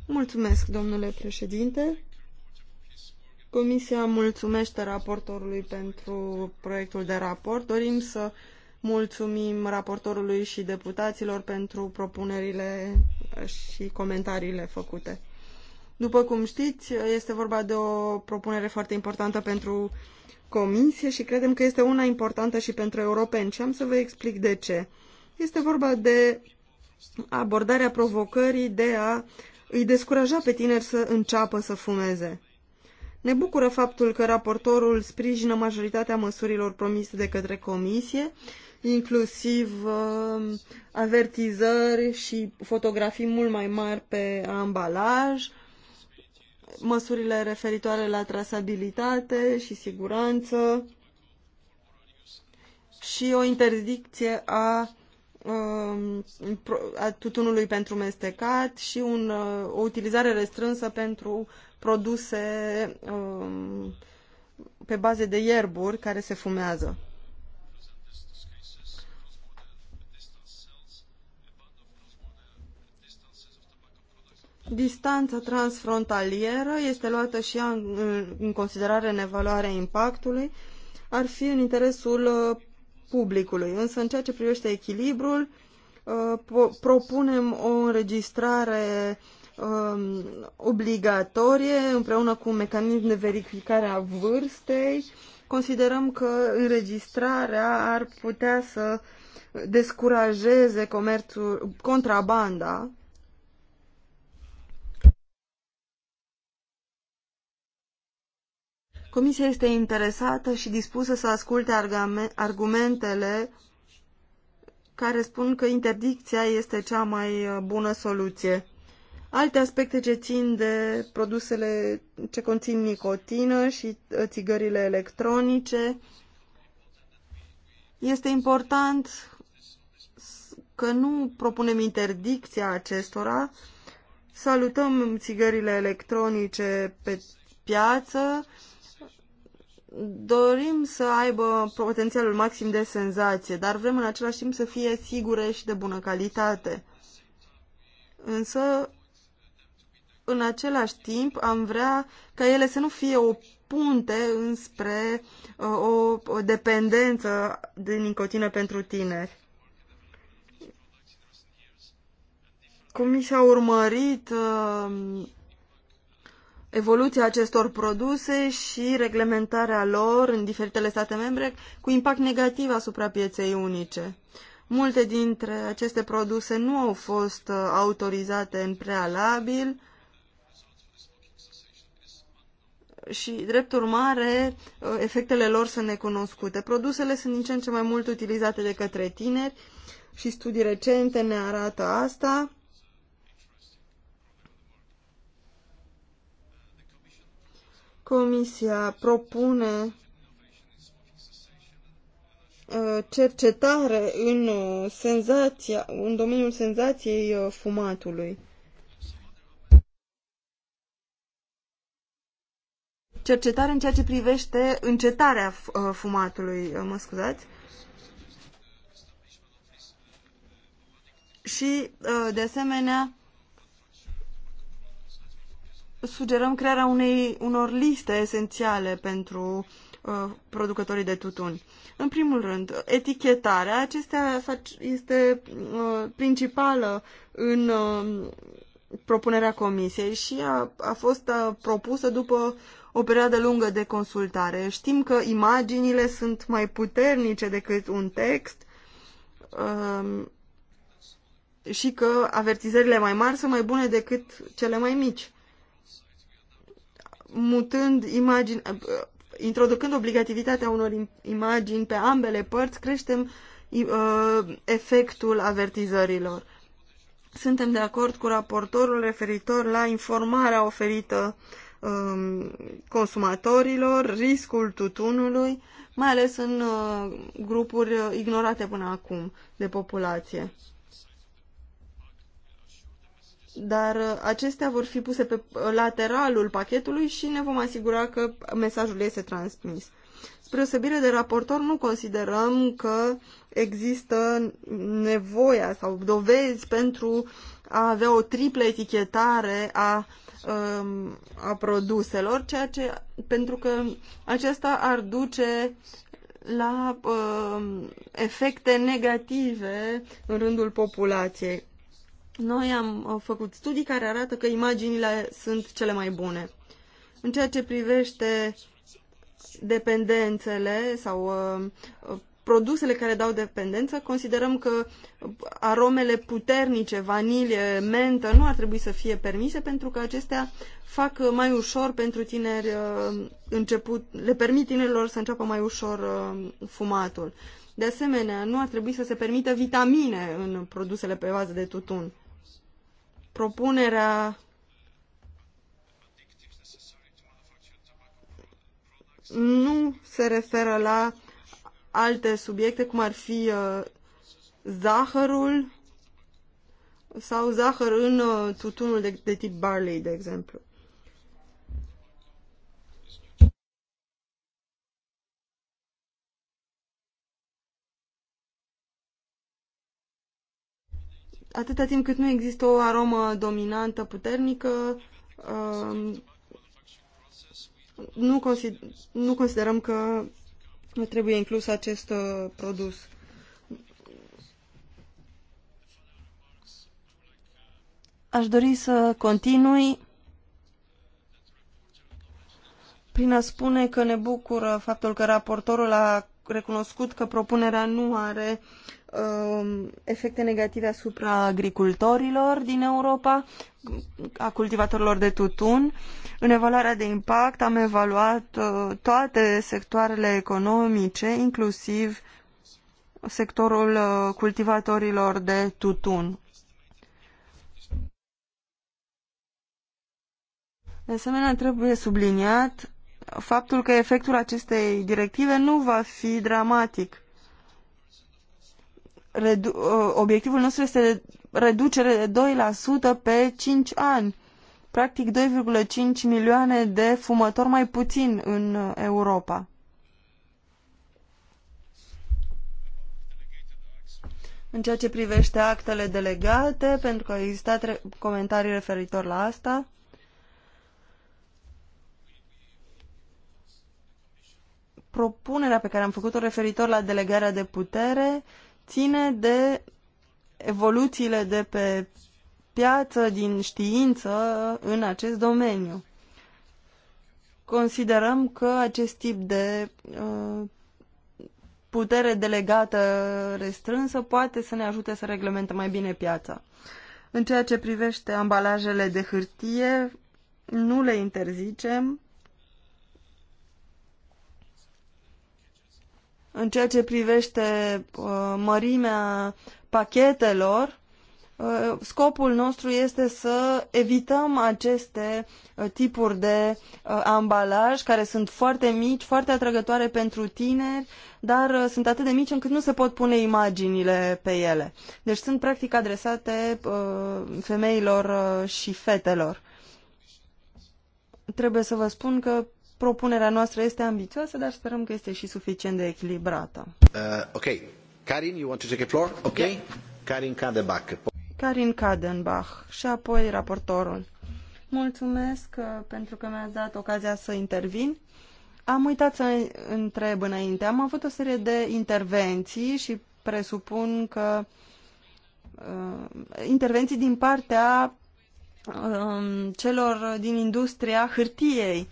Speaker 2: Mulțumesc, domnule președinte. Comisia mulțumește raportorului pentru proiectul de raport. Dorim să mulțumim raportorului și deputaților pentru propunerile și comentariile făcute. După cum știți, este vorba de o propunere foarte importantă pentru Comisie și credem că este una importantă și pentru europeni și am să vă explic de ce. Este vorba de abordarea provocării de a îi descuraja pe tineri să înceapă să fumeze. Ne bucură faptul că raportorul sprijină majoritatea măsurilor promise de către comisie, inclusiv uh, avertizări și fotografii mult mai mari pe ambalaj, măsurile referitoare la trasabilitate și siguranță și o interdicție a um, a tutunului pentru mestecat și un, uh, o utilizare restrânsă pentru produse um, pe baze de ierburi care se fumează. Distanța transfrontalieră este luată și ea în, în considerare în evaluarea impactului. Ar fi în interesul uh, publicului. Însă, în ceea ce privește echilibrul, uh, propunem o înregistrare um, obligatorie împreună cu un mecanism de verificare a vârstei. Considerăm că înregistrarea ar putea să descurajeze comerțul, contrabanda Comisia este interesată și dispusă să asculte argumentele care spun că interdicția este cea mai uh, bună soluție. Alte aspecte ce țin de produsele ce conțin nicotină și uh, țigările electronice. Este important că nu propunem interdicția acestora. Salutăm țigările electronice pe piață. Dorim să aibă potențialul maxim de senzație, dar vrem în același timp să fie sigure și de bună calitate. Însă în același timp am vrea ca ele să nu fie o punte înspre uh, o, o dependență de nicotină pentru tineri. Comisia a urmărit uh, evoluția acestor produse și reglementarea lor în diferitele state membre cu impact negativ asupra pieței unice. Multe dintre aceste produse nu au fost uh, autorizate în prealabil și, drept urmare, uh, efectele lor sunt necunoscute. Produsele sunt din ce în ce mai mult utilizate de către tineri și studii recente ne arată asta. Comisia propune uh, cercetare în, uh, senzația, în domeniul senzației fumatului. cercetare în ceea ce privește încetarea uh, fumatului, uh, mă scuzați. Și, uh, de asemenea, sugerăm crearea unei, unor liste esențiale pentru producătorii de tutun. În primul rând, etichetarea acestea este principală în propunerea comisiei și a, a fost propusă după o perioadă lungă de consultare. Știm că imaginile sunt mai puternice decât un text um, și că avertizările mai mari sunt mai bune decât cele mai mici. Mutând imagini, uh, introducând obligativitatea unor imagini pe ambele părți, creștem uh, efectul avertizărilor. Suntem de acord cu raportorul referitor la informarea oferită Um, consumatorilor, riscul tutunului, mai ales în uh, grupuri uh, ignorate până acum de populație. Dar uh, acestea vor fi puse pe lateralul pachetului și ne vom asigura că mesajul este transmis. Spre osebire de raportor, nu considerăm că există nevoia sau dovezi pentru a avea o triplă etichetare a, um, a produselor, ceea ce, pentru că aceasta ar duce la uh, efecte negative în rândul populației. Noi am făcut studii care arată că imaginile sunt cele mai bune. În ceea ce privește dependențele sau uh, produsele care dau dependență, considerăm că aromele puternice, vanilie, mentă, nu ar trebui să fie permise pentru că acestea fac mai ușor pentru tineri uh, început, le permit tinerilor să înceapă mai ușor uh, fumatul. De asemenea, nu ar trebui să se permită vitamine în produsele pe bază de tutun. Propunerea nu se referă la alte subiecte, cum ar fi uh, zahărul sau zahăr în uh, tutunul de, de tip barley, de exemplu. atâta timp cât nu există o aromă dominantă puternică, uh, nu, consider, nu considerăm că trebuie inclus acest uh, produs. Aș dori să continui prin a spune că ne bucură faptul că raportorul a recunoscut că propunerea nu are uh, efecte negative asupra agricultorilor din Europa, a cultivatorilor de tutun. În evaluarea de impact am evaluat uh, toate sectoarele economice, inclusiv sectorul uh, cultivatorilor de tutun. De asemenea, trebuie subliniat faptul că efectul acestei directive nu va fi dramatic. Redu uh, obiectivul nostru este reducere de 2% pe 5 ani. Practic 2,5 milioane de fumători mai puțin în uh, Europa. În ceea ce privește actele delegate, pentru că au existat comentarii referitor la asta, propunerea pe care am făcut-o referitor la delegarea de putere ține de evoluțiile de pe piață, din știință în acest domeniu. Considerăm că acest tip de uh, putere delegată restrânsă poate să ne ajute să reglementăm mai bine piața. În ceea ce privește ambalajele de hârtie, nu le interzicem, În ceea ce privește uh, mărimea pachetelor, uh, scopul nostru este să evităm aceste uh, tipuri de ambalaj care sunt foarte mici, foarte atrăgătoare pentru tineri, dar sunt atât de mici încât nu se pot pune imaginile pe ele. Deci sunt practic adresate femeilor și fetelor. Trebuie să vă spun că Propunerea noastră este ambițioasă, dar sperăm că este și suficient de echilibrată.
Speaker 1: Uh, ok. Karin, you want to take a floor? Ok. Yeah. Karin Kadenbach.
Speaker 2: Karin Kadenbach și apoi raportorul. Mulțumesc uh, pentru că mi-ați dat ocazia să intervin. Am uitat să întreb înainte. Am avut o serie de intervenții și presupun că uh, intervenții din partea um, celor din industria hârtiei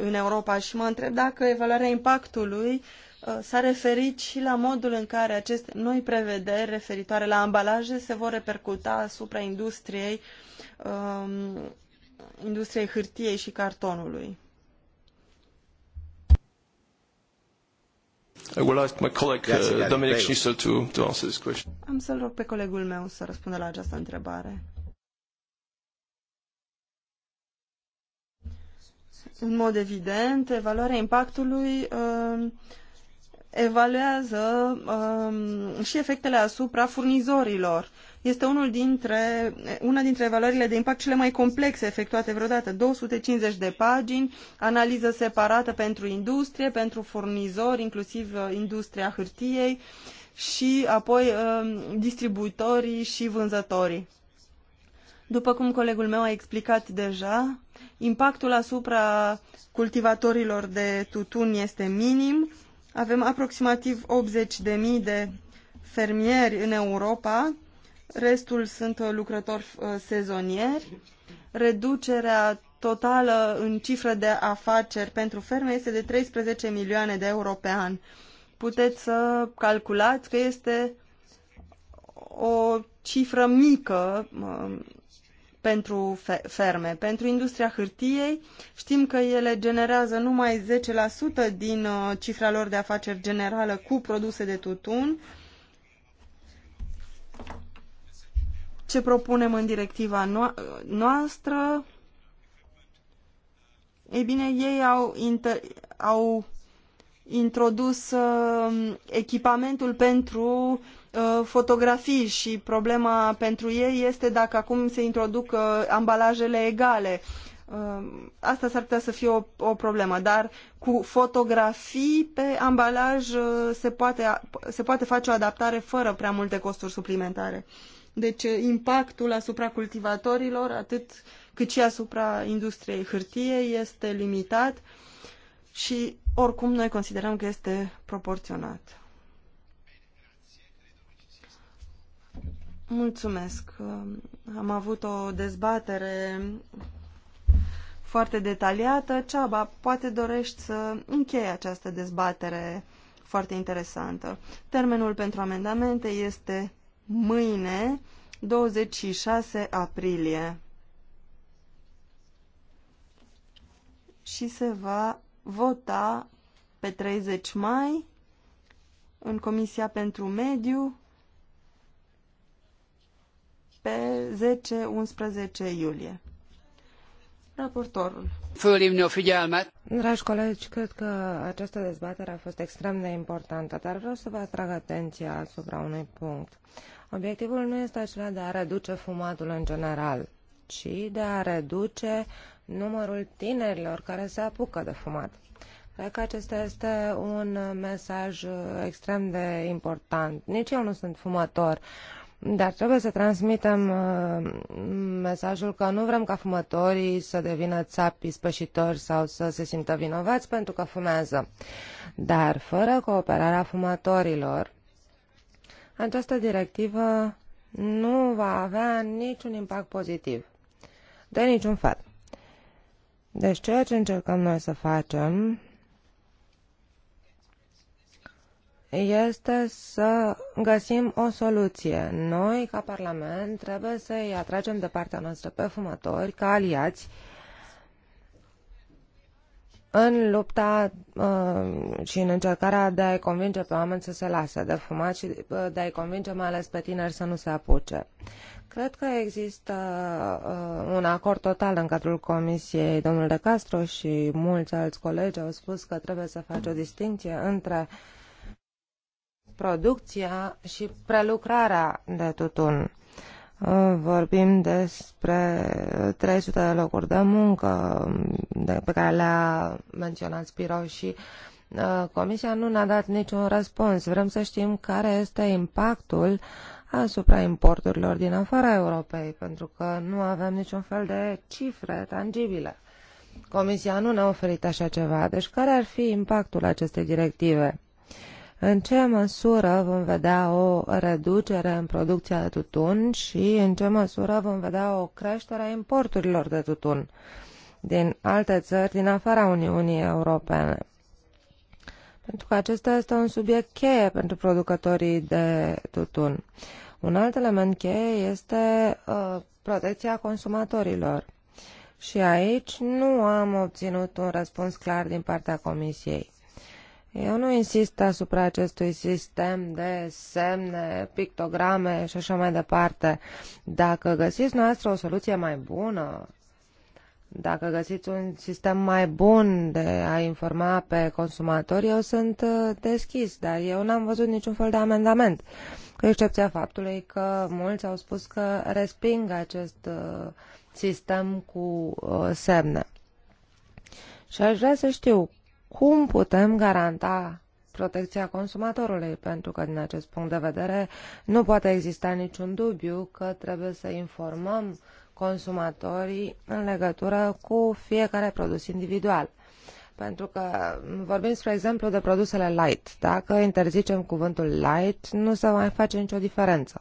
Speaker 2: în Europa și mă întreb dacă evaluarea impactului uh, s-a referit și la modul în care aceste noi prevederi referitoare la ambalaje se vor repercuta asupra industriei, um, industriei hârtiei și cartonului.
Speaker 3: I will ask my colleague uh, Dominic Schnitzel to, to answer this question.
Speaker 2: Am să-l rog pe colegul meu să răspundă la această întrebare. În mod evident, evaluarea impactului uh, evaluează uh, și efectele asupra furnizorilor. Este unul dintre, una dintre evaluările de impact cele mai complexe efectuate vreodată. 250 de pagini, analiză separată pentru industrie, pentru furnizori, inclusiv uh, industria hârtiei și apoi uh, distribuitorii și vânzătorii. După cum colegul meu a explicat deja, Impactul asupra cultivatorilor de tutun este minim. Avem aproximativ 80.000 de fermieri în Europa, restul sunt uh, lucrători uh, sezonieri. Reducerea totală în cifră de afaceri pentru ferme este de 13 milioane de euro pe an. Puteți să calculați că este o cifră mică um, pentru ferme. Pentru industria hârtiei știm că ele generează numai 10% din uh, cifra lor de afaceri generală cu produse de tutun. Ce propunem în directiva no noastră? Ei bine, ei au, au introdus uh, echipamentul pentru Uh, fotografii și problema pentru ei este dacă acum se introduc uh, ambalajele egale. Uh, asta s-ar putea să fie o, o problemă, dar cu fotografii pe ambalaj se poate, se poate face o adaptare fără prea multe costuri suplimentare. Deci impactul asupra cultivatorilor, atât cât și asupra industriei hârtiei, este limitat și oricum noi considerăm că este proporționat. Mulțumesc. Am avut o dezbatere foarte detaliată. Ceaba, poate dorești să închei această dezbatere foarte interesantă. Termenul pentru amendamente este mâine, 26 aprilie. Și se va vota pe 30 mai în Comisia pentru Mediu pe 10-11 iulie.
Speaker 3: Raportorul. Fölhívni a figyelmet. Dragi colegi, cred că această dezbatere a fost extrem de importantă, dar vreau să vă atrag atenția asupra unui punct. Obiectivul nu este acela de a reduce fumatul în general, ci de a reduce numărul tinerilor care se apucă de fumat. Cred că acesta este un mesaj extrem de important. Nici eu nu sunt fumător, dar trebuie să transmitem uh, mesajul că nu vrem ca fumătorii să devină țapi spășitori sau să se simtă vinovați pentru că fumează. Dar fără cooperarea fumătorilor, această directivă nu va avea niciun impact pozitiv. De niciun fel. Deci ceea ce încercăm noi să facem este să găsim o soluție. Noi, ca Parlament, trebuie să-i atragem de partea noastră pe fumători, ca aliați, în lupta uh, și în încercarea de a-i convinge pe oameni să se lase de fumat și uh, de a-i convinge mai ales pe tineri să nu se apuce. Cred că există uh, un acord total în cadrul Comisiei. Domnul De Castro și mulți alți colegi au spus că trebuie să faci o distinție între uh, producția și prelucrarea de tutun. Uh, vorbim despre 300 de locuri de muncă um, de, pe care le-a menționat Spiro și uh, Comisia nu ne-a dat niciun răspuns. Vrem să știm care este impactul asupra importurilor din afara Europei, pentru că nu avem niciun fel de cifre tangibile. Comisia nu ne-a oferit așa ceva, deci care ar fi impactul acestei directive? în ce măsură vom vedea o reducere în producția de tutun și în ce măsură vom vedea o creștere a importurilor de tutun din alte țări din afara Uniunii Europene. Pentru că acesta este un subiect cheie pentru producătorii de tutun. Un alt element cheie este uh, protecția consumatorilor. Și aici nu am obținut un răspuns clar din partea Comisiei. Eu nu insist asupra acestui sistem de semne, pictograme și așa mai departe. Dacă găsiți noastră o soluție mai bună, dacă găsiți un sistem mai bun de a informa pe consumatori, eu sunt uh, deschis, dar eu n-am văzut niciun fel de amendament, cu excepția faptului că mulți au spus că resping acest uh, sistem cu uh, semne. Și aș vrea să știu cum putem garanta protecția consumatorului, pentru că din acest punct de vedere nu poate exista niciun dubiu că trebuie să informăm consumatorii în legătură cu fiecare produs individual. Pentru că vorbim, spre exemplu, de produsele light. Dacă interzicem cuvântul light, nu se mai face nicio diferență.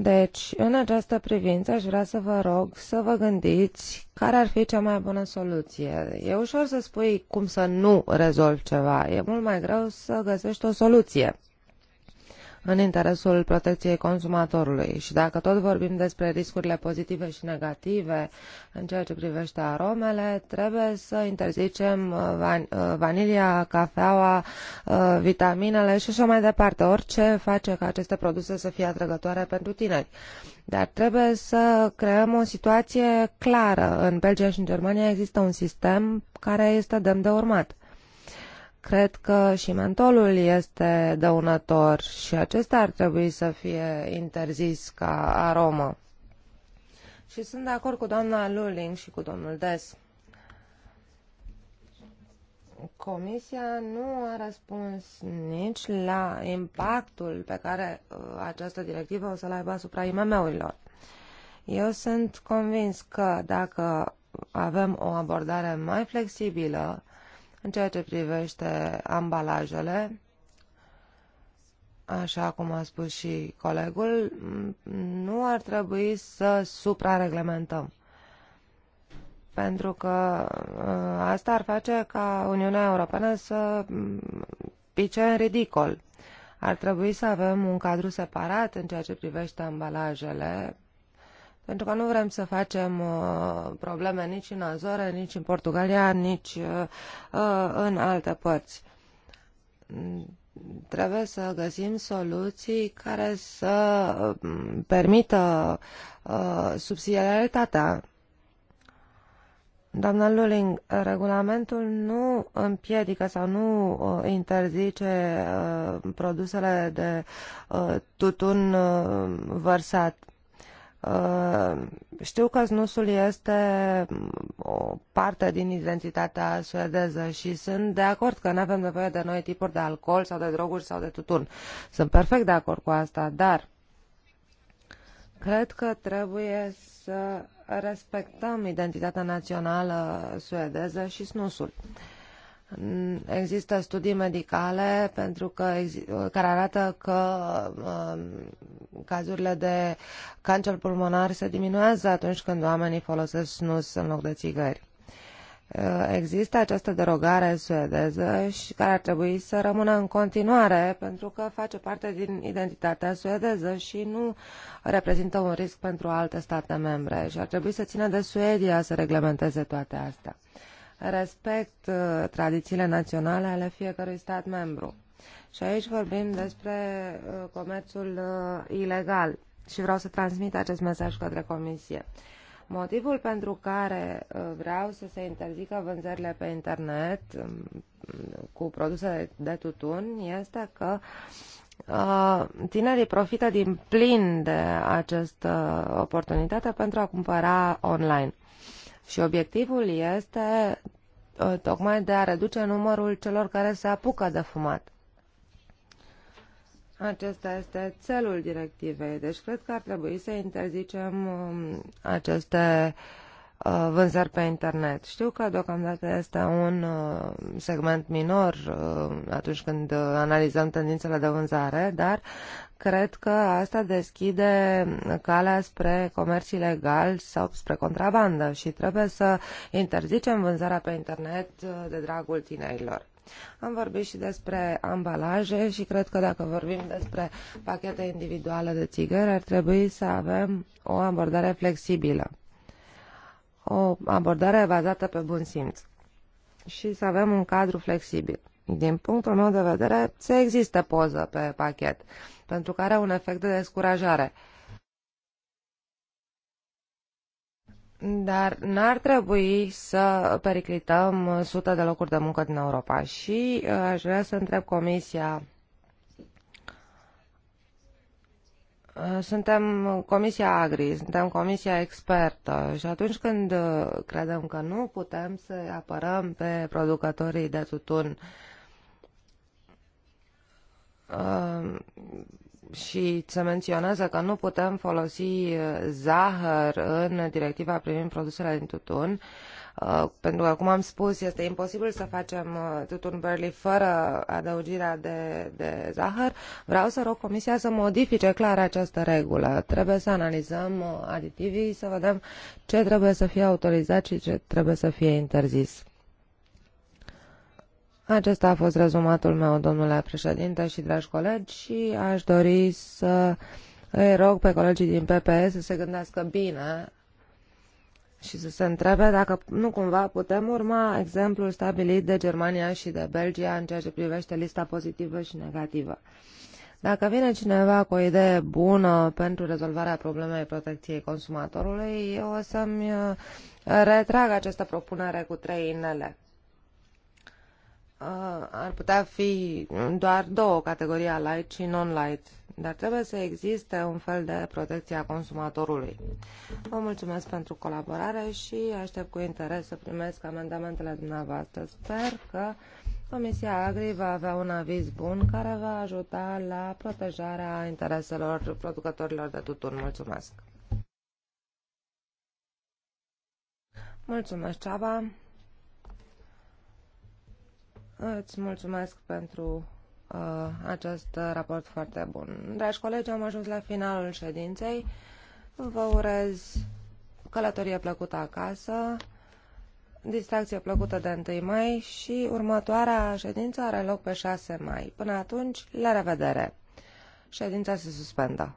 Speaker 3: Deci, în această privință, aș vrea să vă rog să vă gândiți care ar fi cea mai bună soluție. E ușor să spui cum să nu rezolvi ceva, e mult mai greu să găsești o soluție în interesul protecției consumatorului. Și dacă tot vorbim despre riscurile pozitive și negative în ceea ce privește aromele, trebuie să interzicem uh, van uh, vanilia, cafeaua, uh, vitaminele și așa mai departe, orice face ca aceste produse să fie atrăgătoare pentru tineri. Dar trebuie să creăm o situație clară. În Belgia și în Germania există un sistem care este demn de urmat. Cred că și mentolul este dăunător și acesta ar trebui să fie interzis ca aromă. Și sunt de acord cu doamna Luling și cu domnul Des. Comisia nu a răspuns nici la impactul pe care uh, această directivă o să-l aibă asupra IMM-urilor. Eu sunt convins că dacă avem o abordare mai flexibilă în ceea ce privește ambalajele, așa cum a spus și colegul, nu ar trebui să suprareglementăm. Pentru că uh, asta ar face ca Uniunea Europeană să mm, pice în ridicol. Ar trebui să avem un cadru separat în ceea ce privește ambalajele pentru că nu vrem să facem uh, probleme nici în Azore, nici în Portugalia, nici uh, uh, în alte părți. Trebuie să găsim soluții care să permită subsidiaritatea Doamna Luling, regulamentul nu împiedică sau nu interzice produsele de tutun vărsat Uh, știu că snusul este mm, o parte din identitatea suedeză și sunt de acord că nu avem nevoie de noi tipuri de alcool sau de droguri sau de tutun. Sunt perfect de acord cu asta, dar cred că trebuie să respectăm identitatea națională suedeză și snusul. Uh, Există studii medicale pentru că, care arată că um, cazurile de cancer pulmonar se diminuează atunci când oamenii folosesc snus în loc de țigări. Uh, există această derogare suedeză și care ar trebui să rămână în continuare pentru că face parte din identitatea suedeză și nu reprezintă un risc pentru alte state membre și ar trebui să țină de Suedia să reglementeze toate astea respect uh, tradițiile naționale ale fiecărui stat membru. Și aici vorbim despre uh, comerțul uh, ilegal și vreau să transmit acest mesaj către Comisie. Motivul pentru care vreau să se interzică vânzările pe internet um, cu produse de tutun este că tinerii profită din plin de această oportunitate pentru a cumpăra online. Și obiectivul este ă, tocmai de a reduce numărul celor care se apucă de fumat. Acesta este țelul directivei, deci cred că ar trebui să interzicem ă, aceste uh, Uh, vânzări pe internet. Știu că deocamdată este un uh, segment minor uh, atunci când analizăm tendințele de vânzare, dar cred că asta deschide calea spre comerț ilegal sau spre contrabandă și trebuie să interzicem vânzarea pe internet de dragul tinerilor. Am vorbit și despre ambalaje și cred că dacă vorbim despre pachete individuale de țigări, ar trebui să avem o abordare flexibilă o abordare bazată pe bun simț și să avem un cadru flexibil. Din punctul meu de vedere, se există poză pe pachet, pentru că are un efect de descurajare. Dar n-ar trebui să periclităm sute de locuri de muncă din Europa și uh, aș vrea să întreb Comisia Suntem Comisia Agri, suntem Comisia Expertă și atunci când uh, credem că nu putem să apărăm pe producătorii de tutun uh, și se menționează că nu putem folosi uh, zahăr în directiva privind produsele din tutun, Uh, pentru că, cum am spus, este imposibil să facem uh, tutun burley fără adăugirea de, de zahăr, vreau să rog Comisia să modifice clar această regulă. Trebuie să analizăm uh, aditivii, să vedem ce trebuie să fie autorizat și ce trebuie să fie interzis. Acesta a fost rezumatul meu, domnule președinte și dragi colegi, și aș dori să îi rog pe colegii din PPS să se gândească bine și să se întrebe dacă nu cumva putem urma exemplul stabilit de Germania și de Belgia în ceea ce privește lista pozitivă și negativă. Dacă vine cineva cu o idee bună pentru rezolvarea problemei protecției consumatorului, eu o să-mi uh, retrag această propunere cu trei inele. Uh, ar putea fi doar două categorii, light și non-light dar trebuie să existe un fel de protecție a consumatorului. Vă mulțumesc pentru colaborare și aștept cu interes să primesc amendamentele dumneavoastră. Sper că Comisia Agri va avea un aviz bun care va ajuta la protejarea intereselor producătorilor de tutun. Mulțumesc! Mulțumesc, Ceaba! Îți mulțumesc pentru Uh, acest raport foarte bun. Dragi colegi, am ajuns la finalul ședinței. Vă urez călătorie plăcută acasă, distracție plăcută de 1 mai și următoarea ședință are loc pe 6 mai. Până atunci, la revedere! Ședința se suspendă.